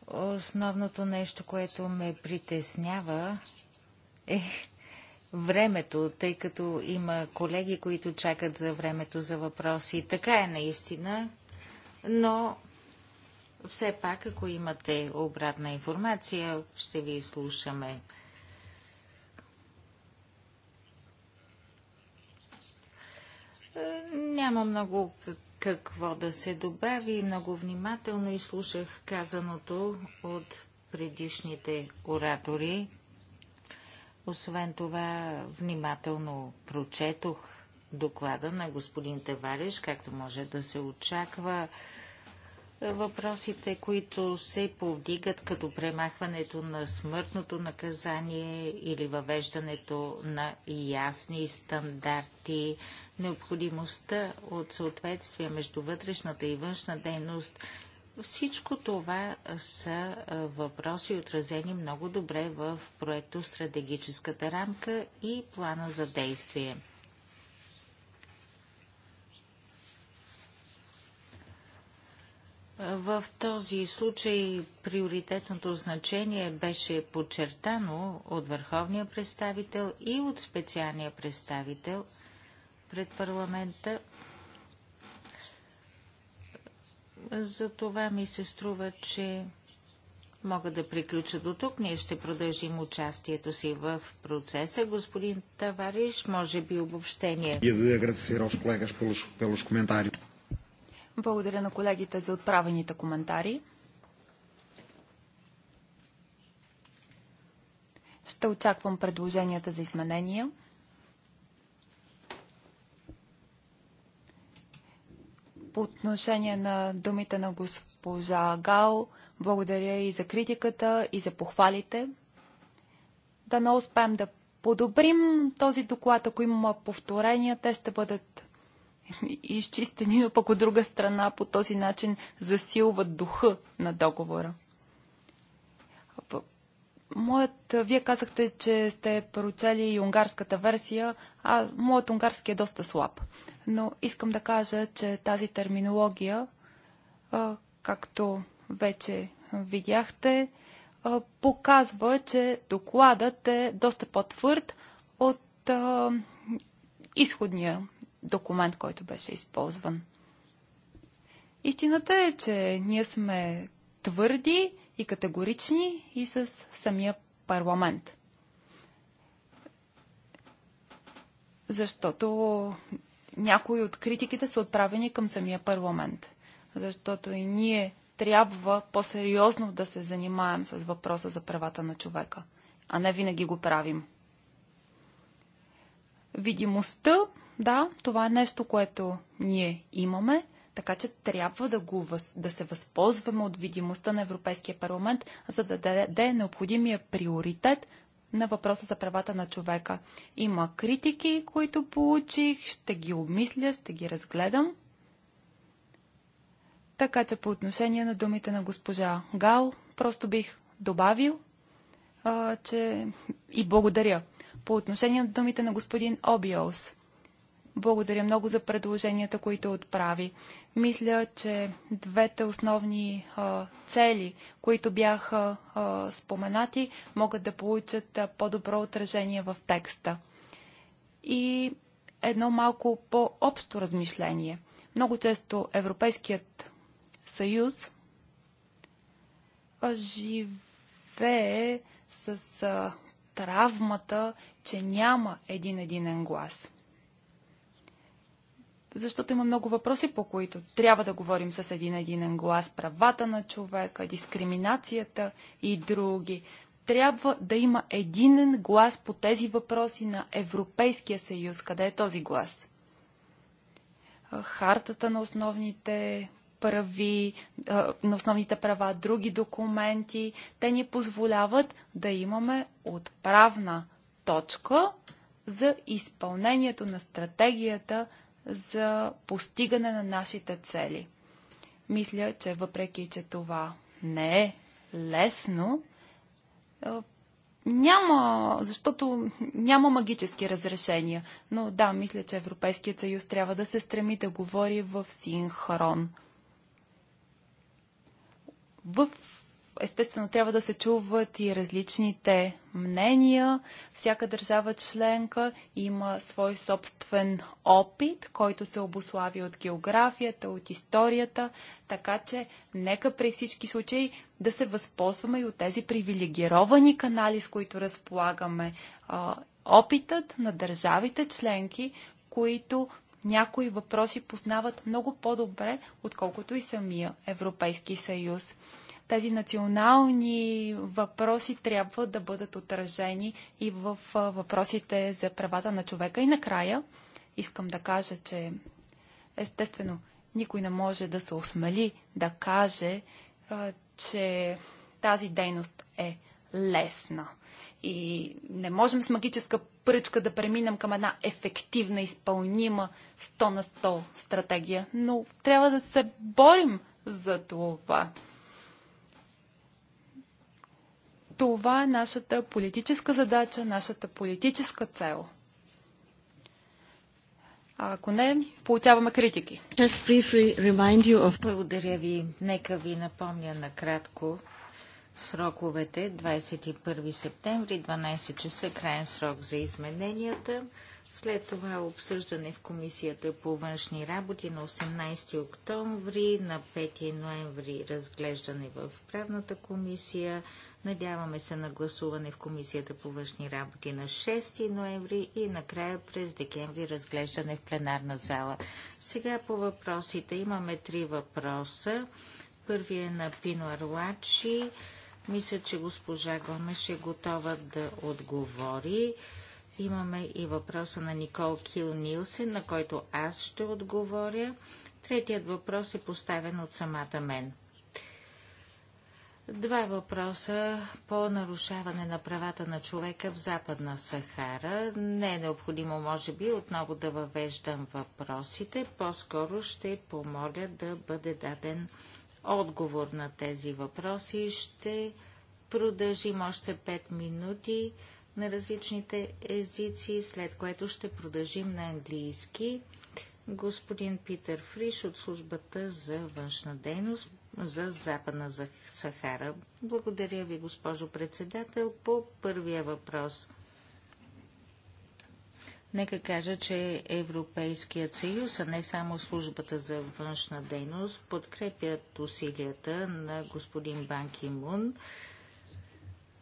Основното нещо, което ме притеснява е времето, тъй като има колеги, които чакат за времето за въпроси. Така е наистина, но все пак, ако имате обратна информация, ще ви слушаме. Няма много какво да се добави. Много внимателно изслушах казаното от предишните оратори. Освен това, внимателно прочетох доклада на господин Тевариш, както може да се очаква. Въпросите, които се повдигат като премахването на смъртното наказание или въвеждането на ясни стандарти, необходимостта от съответствие между вътрешната и външна дейност всичко това са въпроси отразени много добре в проекто Стратегическата рамка и плана за действие. В този случай приоритетното значение беше подчертано от върховния представител и от специалния представител пред парламента – За това ми се струва, че мога да приключа до тук. Ние ще продължим участието си в процеса. Господин Тавариш, може би обобщение. Благодаря на колегите за отправените коментари. Ще очаквам предложенията за изменения. По отношение на думите на госпожа Гал, благодаря и за критиката, и за похвалите. Да не успеем да подобрим този доклад, ако има повторения, те ще бъдат изчистени, но пък от друга страна по този начин засилват духа на договора. Моят, вие казахте, че сте поручали и унгарската версия, а моят унгарски е доста слаб. Но искам да кажа, че тази терминология, както вече видяхте, показва, че докладът е доста по-твърд от изходния документ, който беше използван. Истината е, че ние сме твърди, и категорични и с самия парламент. Защото някои от критиките са отправени към самия парламент. Защото и ние трябва по-сериозно да се занимаем с въпроса за правата на човека, а не винаги го правим. Видимостта, да, това е нещо, което ние имаме, така че трябва да, го, да се възползваме от видимостта на Европейския парламент, за да даде е необходимия приоритет на въпроса за правата на човека. Има критики, които получих, ще ги обмисля, ще ги разгледам. Така че по отношение на думите на госпожа Гал, просто бих добавил, а, че и благодаря. По отношение на думите на господин Обиос, благодаря много за предложенията, които отправи. Мисля, че двете основни а, цели, които бяха а, споменати, могат да получат по-добро отражение в текста. И едно малко по-общо размишление. Много често Европейският съюз живее с а, травмата, че няма един единен глас – защото има много въпроси, по които трябва да говорим с един единен глас. Правата на човека, дискриминацията и други. Трябва да има единен глас по тези въпроси на Европейския съюз. Къде е този глас? Хартата на основните прави, на основните права, други документи. Те ни позволяват да имаме отправна точка за изпълнението на стратегията за постигане на нашите цели. Мисля, че въпреки, че това не е лесно, няма, защото няма магически разрешения. Но да, мисля, че Европейският съюз трябва да се стреми да говори в синхрон. В естествено трябва да се чуват и различните мнения. Всяка държава членка има свой собствен опит, който се обослави от географията, от историята, така че нека при всички случаи да се възползваме и от тези привилегировани канали, с които разполагаме. Опитът на държавите членки, които някои въпроси познават много по-добре, отколкото и самия Европейски съюз. Тези национални въпроси трябва да бъдат отражени и в въпросите за правата на човека. И накрая искам да кажа, че естествено никой не може да се осмели да каже, че тази дейност е лесна. И не можем с магическа пръчка да преминем към една ефективна, изпълнима 100 на 100 стратегия, но трябва да се борим за това. Това е нашата политическа задача, нашата политическа цел. А ако не, получаваме критики. Of... Благодаря ви. Нека ви напомня накратко сроковете. 21 септември, 12 часа, крайен срок за измененията. След това обсъждане в Комисията по външни работи на 18 октомври, на 5 ноември разглеждане в правната комисия, Надяваме се на гласуване в Комисията по външни работи на 6 ноември и накрая през декември разглеждане в пленарна зала. Сега по въпросите имаме три въпроса. Първият е на Пино Арлачи. Мисля, че госпожа Гомеш е готова да отговори. Имаме и въпроса на Никол Кил Нилсен, на който аз ще отговоря. Третият въпрос е поставен от самата мен. Два въпроса по нарушаване на правата на човека в Западна Сахара. Не е необходимо, може би, отново да въвеждам въпросите. По-скоро ще помоля да бъде даден отговор на тези въпроси. Ще продължим още 5 минути на различните езици, след което ще продължим на английски. Господин Питър Фриш от службата за външна дейност за Западна Сахара. Благодаря ви, госпожо председател. По първия въпрос. Нека кажа, че Европейският съюз, а не само службата за външна дейност, подкрепят усилията на господин Банки Мун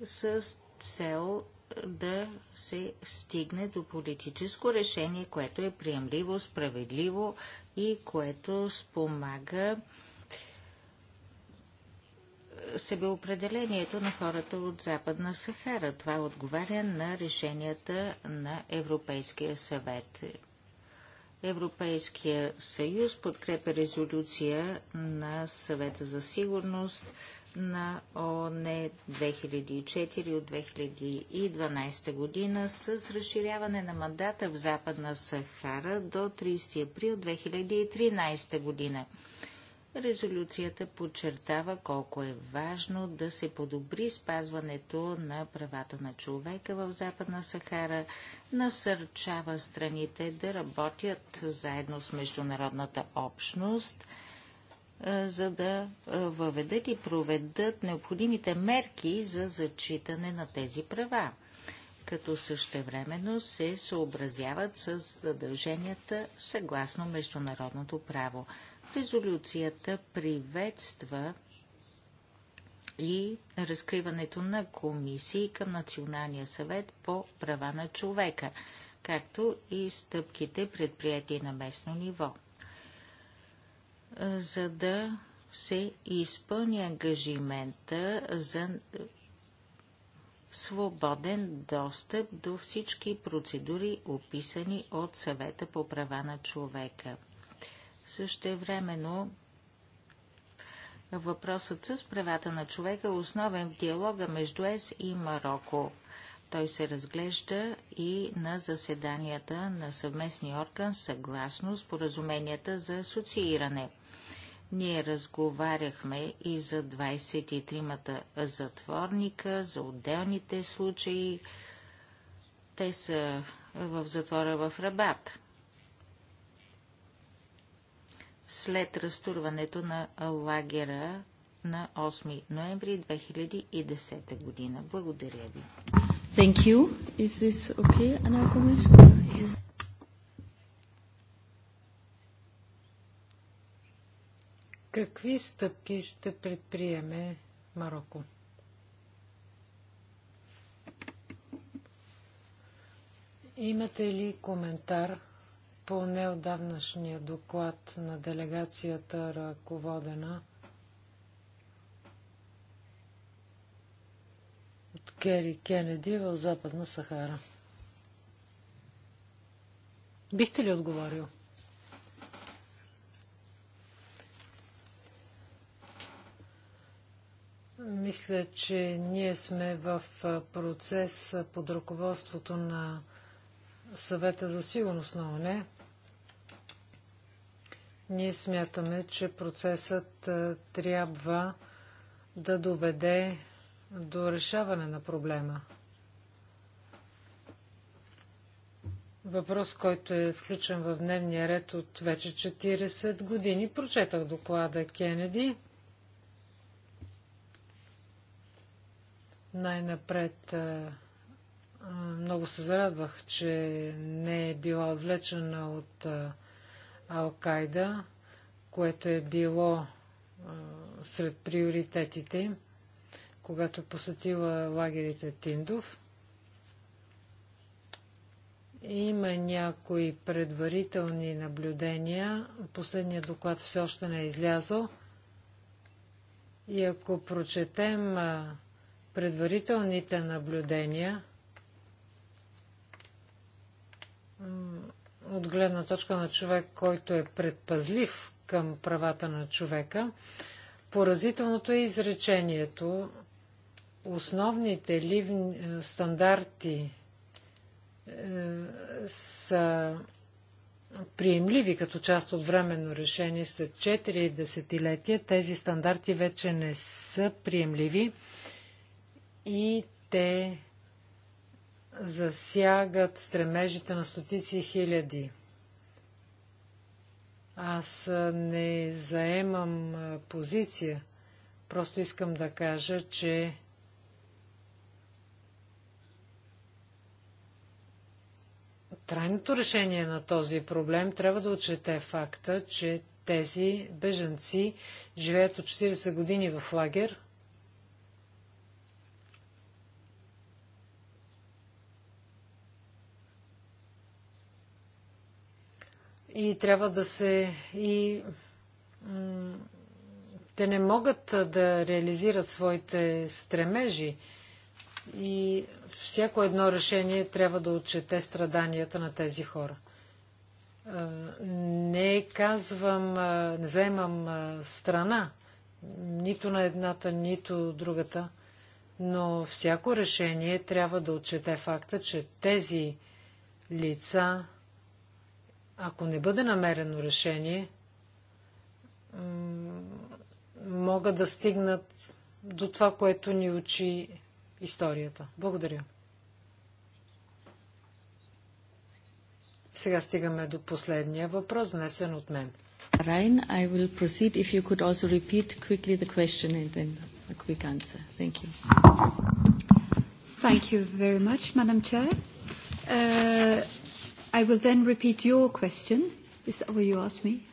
с цел да се стигне до политическо решение, което е приемливо, справедливо и което спомага себеопределението на хората от Западна Сахара. Това отговаря на решенията на Европейския съвет. Европейския съюз подкрепя резолюция на съвета за сигурност на ООН 2004 от 2012 година с разширяване на мандата в Западна Сахара до 30 април 2013 година. Резолюцията подчертава колко е важно да се подобри спазването на правата на човека в Западна Сахара, насърчава страните да работят заедно с международната общност, е, за да е, въведат и проведат необходимите мерки за зачитане на тези права като същевременно се съобразяват с задълженията съгласно международното право. Резолюцията приветства и разкриването на комисии към Националния съвет по права на човека, както и стъпките предприяти на местно ниво. За да се изпълни ангажимента за свободен достъп до всички процедури, описани от съвета по права на човека – също времено въпросът с правата на човека е основен в диалога между ЕС и Марокко. Той се разглежда и на заседанията на съвместния орган съгласно с споразуменията за асоцииране. Ние разговаряхме и за 23-мата затворника, за отделните случаи. Те са в затвора в Рабат след разтурването на лагера на 8 ноември 2010 година. Благодаря ви. Thank you. Is this okay, Anna Gomes? Yes. Какви стъпки ще предприеме Марокко? Имате ли коментар по неодавнашния доклад на делегацията, ръководена от Кери Кенеди в Западна Сахара. Бихте ли отговорил? Мисля, че ние сме в процес под ръководството на съвета за сигурност на ОНЕ, ние смятаме, че процесът е, трябва да доведе до решаване на проблема. Въпрос, който е включен в дневния ред от вече 40 години. Прочетах доклада Кенеди. Най-напред е, много се зарадвах, че не е била отвлечена от Ал-Кайда, което е било сред приоритетите им, когато посетила лагерите Тиндов. Има някои предварителни наблюдения. Последният доклад все още не е излязъл. И ако прочетем предварителните наблюдения, от гледна точка на човек, който е предпазлив към правата на човека, поразителното е изречението основните ливни е, стандарти е, са приемливи като част от временно решение след 4 десетилетия, тези стандарти вече не са приемливи и те засягат стремежите на стотици хиляди. Аз не заемам позиция, просто искам да кажа, че трайното решение на този проблем трябва да отчете факта, че тези бежанци живеят от 40 години в лагер и трябва да се и те не могат да реализират своите стремежи и всяко едно решение трябва да отчете страданията на тези хора. Не казвам, не заемам страна, нито на едната, нито другата, но всяко решение трябва да отчете факта, че тези лица ако не бъде намерено решение, могат да стигнат до това, което ни учи историята. Благодаря. Сега стигаме до последния въпрос, внесен от мен. Райн, I will proceed if you could also repeat quickly the question and then a quick answer. Thank you. Thank you very much, Madam Chair. Uh, I will then repeat your question. Is that what you asked me?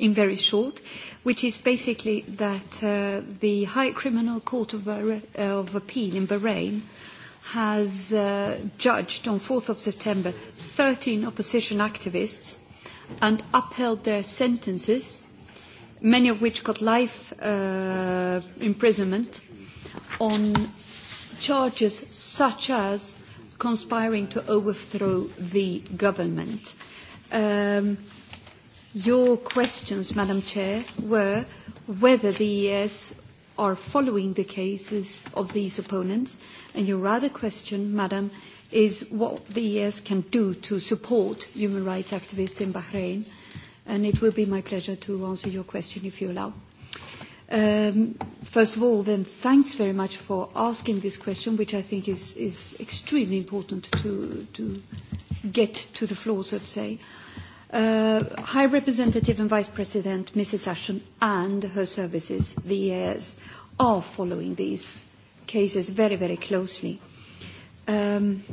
In very short, which is basically that uh, the High Criminal Court of, uh, of Appeal in Bahrain has uh, judged on 4th of September 13 opposition activists and upheld their sentences, many of which got life uh, imprisonment, on charges such as conspiring to overthrow the government. Um, your questions, Madam Chair, were whether the ES are following the cases of these opponents, and your other question, Madam, is what the ES can do to support human rights activists in Bahrain. And it will be my pleasure to answer your question if you allow. Um, first of all, then thanks very much for asking this question, which I think is, is extremely important to, to get to the floor, so to say. Uh, High Representative and Vice President Mrs. Ashton and her services, the EAS, are following these cases very, very closely. Um,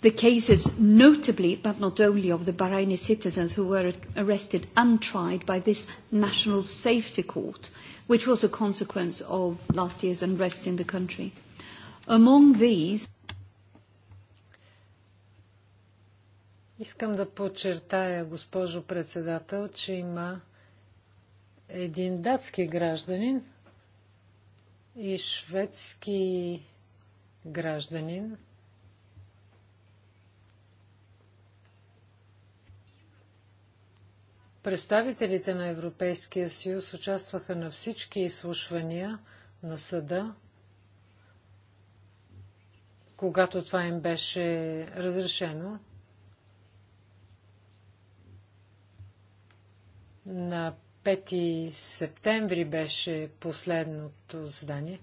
the cases, notably, but not only, of the Bahraini citizens who were arrested and tried by this National Safety Court, uh, which was a consequence of last year's unrest in the country. Among these, Искам да подчертая, госпожо председател, че има един датски гражданин и шведски гражданин, Представителите на Европейския съюз участваха на всички изслушвания на съда, когато това им беше разрешено. На 5 септември беше последното задание.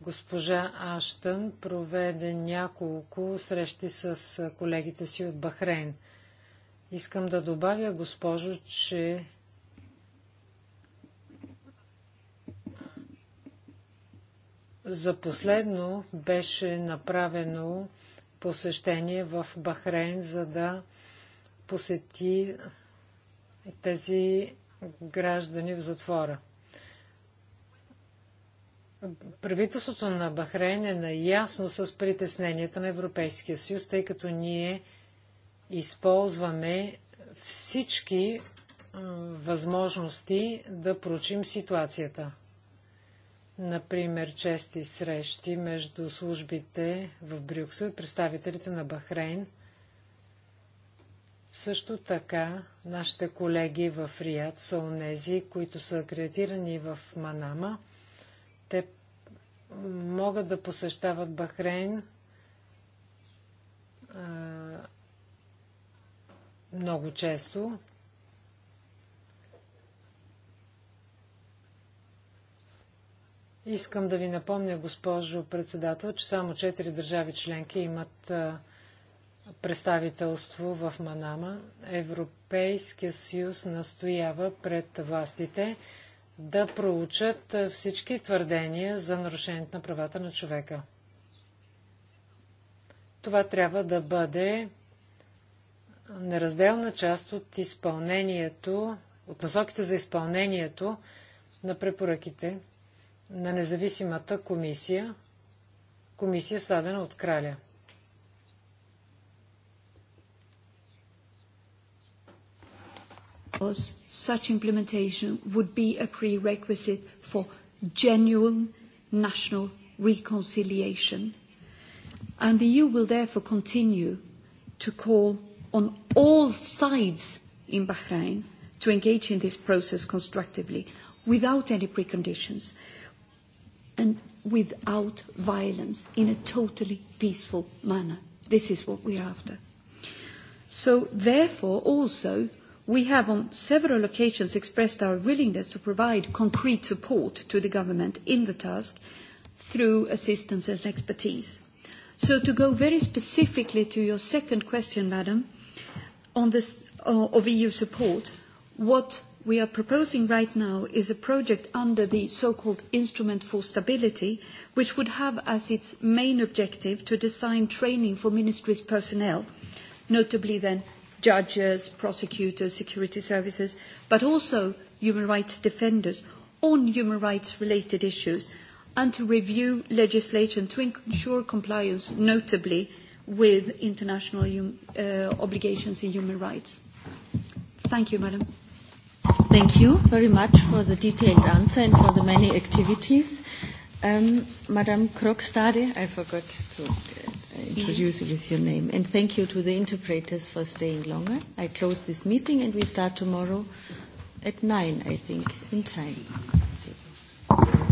Госпожа Аштън проведе няколко срещи с колегите си от Бахрейн – Искам да добавя, госпожо, че за последно беше направено посещение в Бахрейн, за да посети тези граждани в затвора. Правителството на Бахрейн е наясно с притесненията на Европейския съюз, тъй като ние използваме всички възможности да проучим ситуацията. Например, чести срещи между службите в Брюксел представителите на Бахрейн. Също така, нашите колеги в Рият са онези, които са акредитирани в Манама. Те могат да посещават Бахрейн много често. Искам да ви напомня, госпожо председател, че само четири държави членки имат представителство в Манама. Европейския съюз настоява пред властите да проучат всички твърдения за нарушението на правата на човека. Това трябва да бъде неразделна част от изпълнението, от насоките за изпълнението на препоръките на независимата комисия, комисия сладена от краля. Such implementation would be a prerequisite for genuine national reconciliation, and the EU will therefore continue to call on all sides in Bahrain to engage in this process constructively without any preconditions and without violence in a totally peaceful manner. This is what we are after. So therefore also we have on several occasions expressed our willingness to provide concrete support to the government in the task through assistance and expertise. So to go very specifically to your second question, madam, on this uh, of EU support, what we are proposing right now is a project under the so-called Instrument for Stability, which would have as its main objective to design training for ministries' personnel, notably then judges, prosecutors, security services, but also human rights defenders on human rights-related issues, and to review legislation to ensure compliance, notably – with international hum, uh, obligations in human rights. Thank you, Madam. Thank you very much for the detailed answer and for the many activities. Um, Madam Krokstade, I forgot to introduce you with your name. And thank you to the interpreters for staying longer. I close this meeting and we start tomorrow at 9, I think, in time.